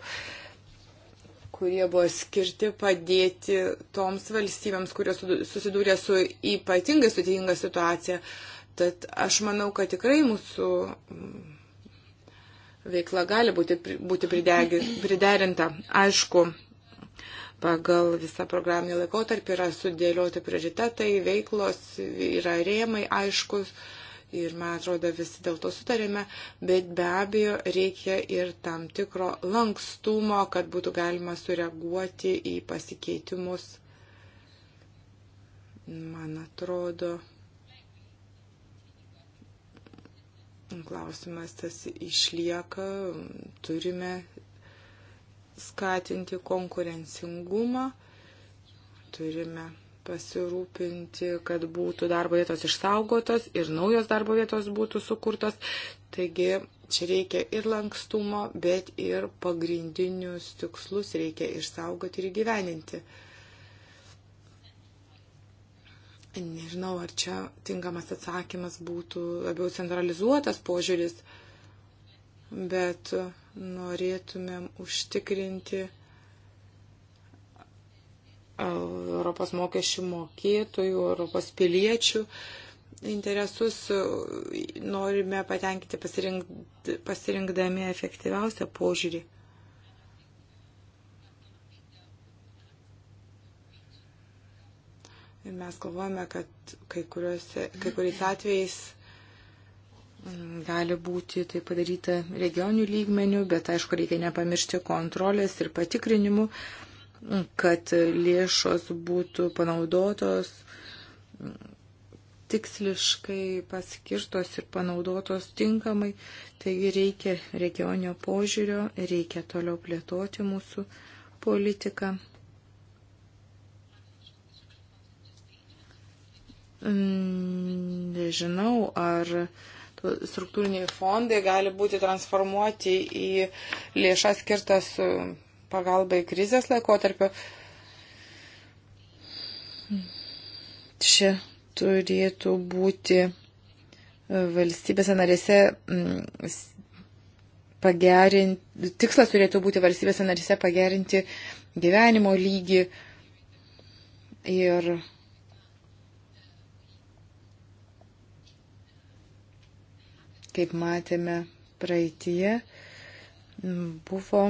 kurie buvo skirti padėti toms valstybėms, kurios susidūrė su ypatingai sudėtinga situacija. Tad aš manau, kad tikrai mūsų mm, veikla gali būti, būti pridegi, priderinta. Aišku, pagal visą programinį laikotarpį yra sudėlioti prioritetai, veiklos, yra rėmai aiškus ir, man atrodo, visi dėl to sutarėme, bet be abejo reikia ir tam tikro lankstumo, kad būtų galima sureaguoti į pasikeitimus. Man atrodo. Klausimas tas išlieka, turime skatinti konkurencingumą, turime pasirūpinti, kad būtų darbo vietos išsaugotos ir naujos darbo vietos būtų sukurtos. Taigi čia reikia ir lankstumo, bet ir pagrindinius tikslus reikia išsaugoti ir gyveninti. Nežinau, ar čia tinkamas atsakymas būtų labiau centralizuotas požiūris, bet norėtumėm užtikrinti Europos mokesčių mokėtojų, Europos piliečių interesus norime patenkinti pasirinkdami efektyviausią požiūrį. Ir mes galvojame, kad kai, kuriuose, kai kuriais atvejais mm, gali būti tai padaryta regionių lygmenių, bet aišku, reikia nepamiršti kontrolės ir patikrinimų. Uh, kad lėšos būtų panaudotos tiksliškai paskirtos ir panaudotos tinkamai. Taigi reikia regioninio požiūrio, reikia toliau plėtoti mūsų politiką. Nežinau, ar struktūriniai fondai gali būti transformuoti į lėšas skirtas pagalbai krizės laikotarpiu. Čia turėtų būti e, valstybėse narėse mm, pagerinti, tikslas turėtų būti valstybėse narėse pagerinti gyvenimo lygį ir kaip matėme praeitie, buvo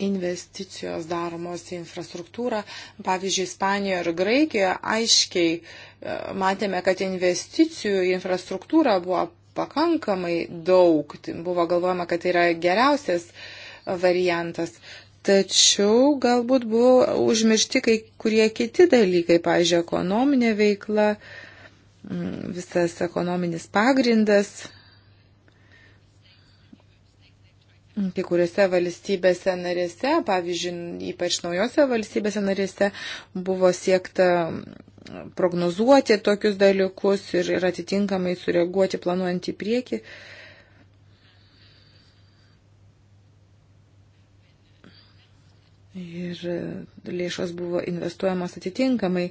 investicijos daromos į infrastruktūrą. Pavyzdžiui, Ispanijoje ir Graikijoje aiškiai e, matėme, kad investicijų į infrastruktūrą buvo pakankamai daug. Buvo galvojama, kad tai yra geriausias variantas. Tačiau galbūt buvo užmiršti kai kurie kiti dalykai, pavyzdžiui, ekonominė veikla, visas ekonominis pagrindas Kai kuriuose valstybėse narėse, pavyzdžiui, ypač naujose valstybėse narėse, buvo siekta prognozuoti tokius dalykus ir, ir atitinkamai sureaguoti planuojant į priekį. Ir lėšos buvo investuojamos atitinkamai.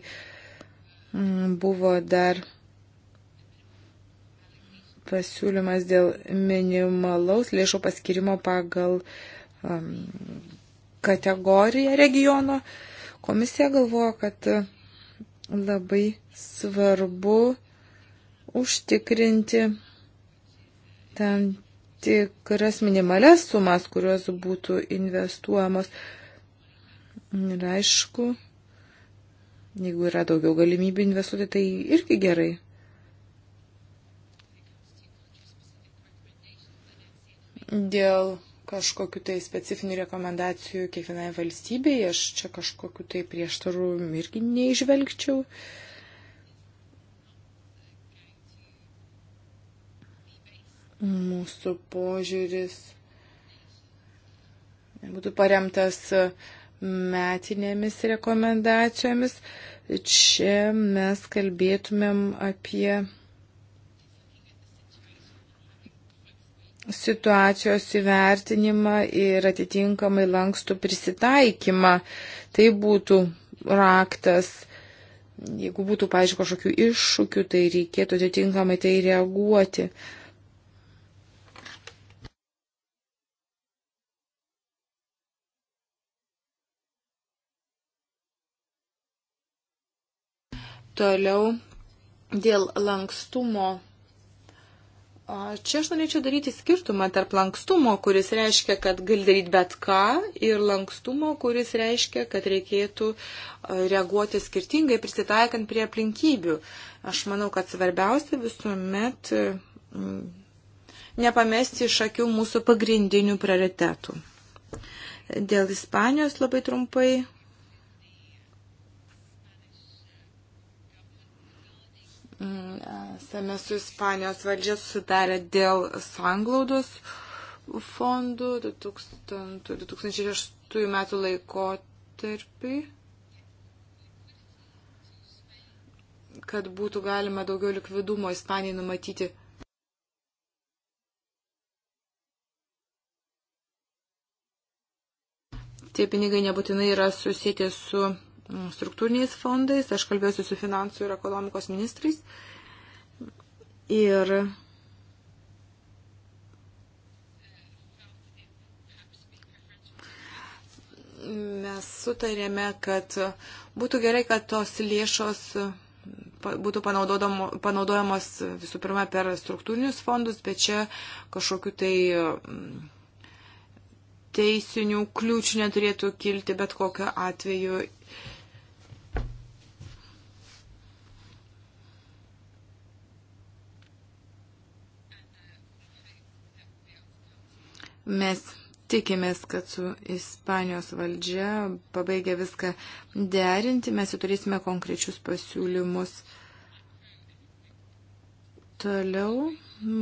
Mm, buvo dar pasiūlymas dėl minimalaus lėšų paskirimo pagal um, kategoriją regiono. Komisija galvoja, kad uh, labai svarbu užtikrinti tam tikras minimales sumas, kurios būtų investuojamos. Ir aišku, jeigu yra daugiau galimybių investuoti, tai irgi gerai. dėl kažkokiu tai specifinių rekomendacijų kiekvienai valstybei, aš čia kažkokiu tai prieštarų irgi neižvelgčiau. Mūsų požiūris būtų paremtas metinėmis rekomendacijomis. Čia mes kalbėtumėm apie situacijos įvertinimą ir atitinkamai lankstų prisitaikymą. Tai būtų raktas. Jeigu būtų, pažiūrėjau, kažkokių iššūkių, tai reikėtų atitinkamai tai reaguoti. Toliau dėl lankstumo Čia aš norėčiau daryti skirtumą tarp lankstumo, kuris reiškia, kad gali daryti bet ką, ir lankstumo, kuris reiškia, kad reikėtų reaguoti skirtingai, prisitaikant prie aplinkybių. Aš manau, kad svarbiausia visuomet nepamesti iš akių mūsų pagrindinių prioritetų. Dėl Ispanijos labai trumpai Mm, esame su Ispanijos valdžia sudarę dėl sanglaudos fondų 2006 metų laikotarpį, kad būtų galima daugiau likvidumo Ispanijai numatyti. Tie pinigai nebūtinai yra susijęti su struktūriniais fondais, aš kalbėsiu su finansų ir ekonomikos ministrais. Ir mes sutarėme, kad būtų gerai, kad tos lėšos būtų panaudojamos visų pirma per struktūrinius fondus, bet čia kažkokiu tai mm, teisinių kliūčių neturėtų kilti bet kokiu atveju. Mes tikimės, kad su Ispanijos valdžia pabaigę viską derinti, mes jau turėsime konkrečius pasiūlymus. Toliau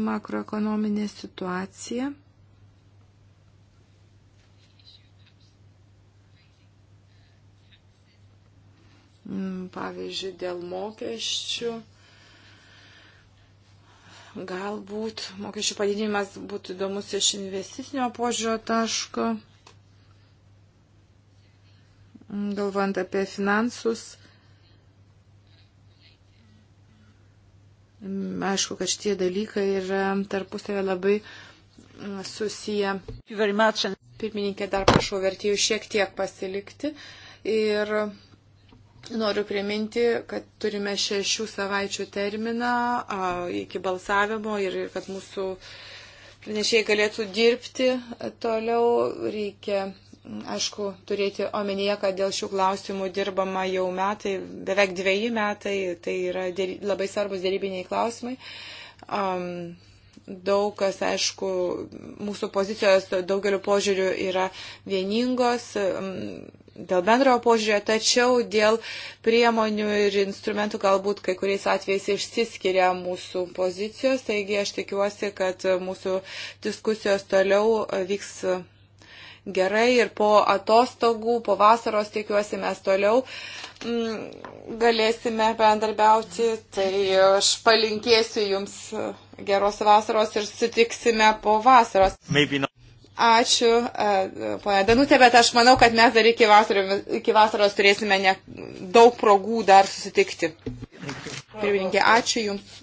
makroekonominė situacija. Mm, pavyzdžiui, dėl mokesčių. Galbūt mokesčių padidinimas būtų įdomus iš investicinio požiūrio taško, galvojant apie finansus. Aišku, kad šitie dalykai yra tarpusavė labai susiję. Pirmininkė dar prašau vertėjų šiek tiek pasilikti. Ir Noriu priminti, kad turime šešių savaičių terminą iki balsavimo ir kad mūsų pranešėjai galėtų dirbti toliau. Reikia, aišku, turėti omenyje, kad dėl šių klausimų dirbama jau metai, beveik dviejai metai, tai yra dėry, labai svarbus dėrybiniai klausimai. Um, daug kas, aišku, mūsų pozicijos daugeliu požiūrių yra vieningos. Um, dėl bendrojo požiūrio, tačiau dėl priemonių ir instrumentų galbūt kai kuriais atvejais išsiskiria mūsų pozicijos. Taigi aš tikiuosi, kad mūsų diskusijos toliau vyks gerai ir po atostogų, po vasaros tikiuosi mes toliau mm, galėsime bendarbiauti. Tai aš palinkėsiu Jums geros vasaros ir sutiksime po vasaros. Maybe not. Ačiū, e, e, ponia Danutė, bet aš manau, kad mes dar iki vasaros, iki vasaros turėsime ne, daug progų dar susitikti. Pirmininkė, ačiū Jums.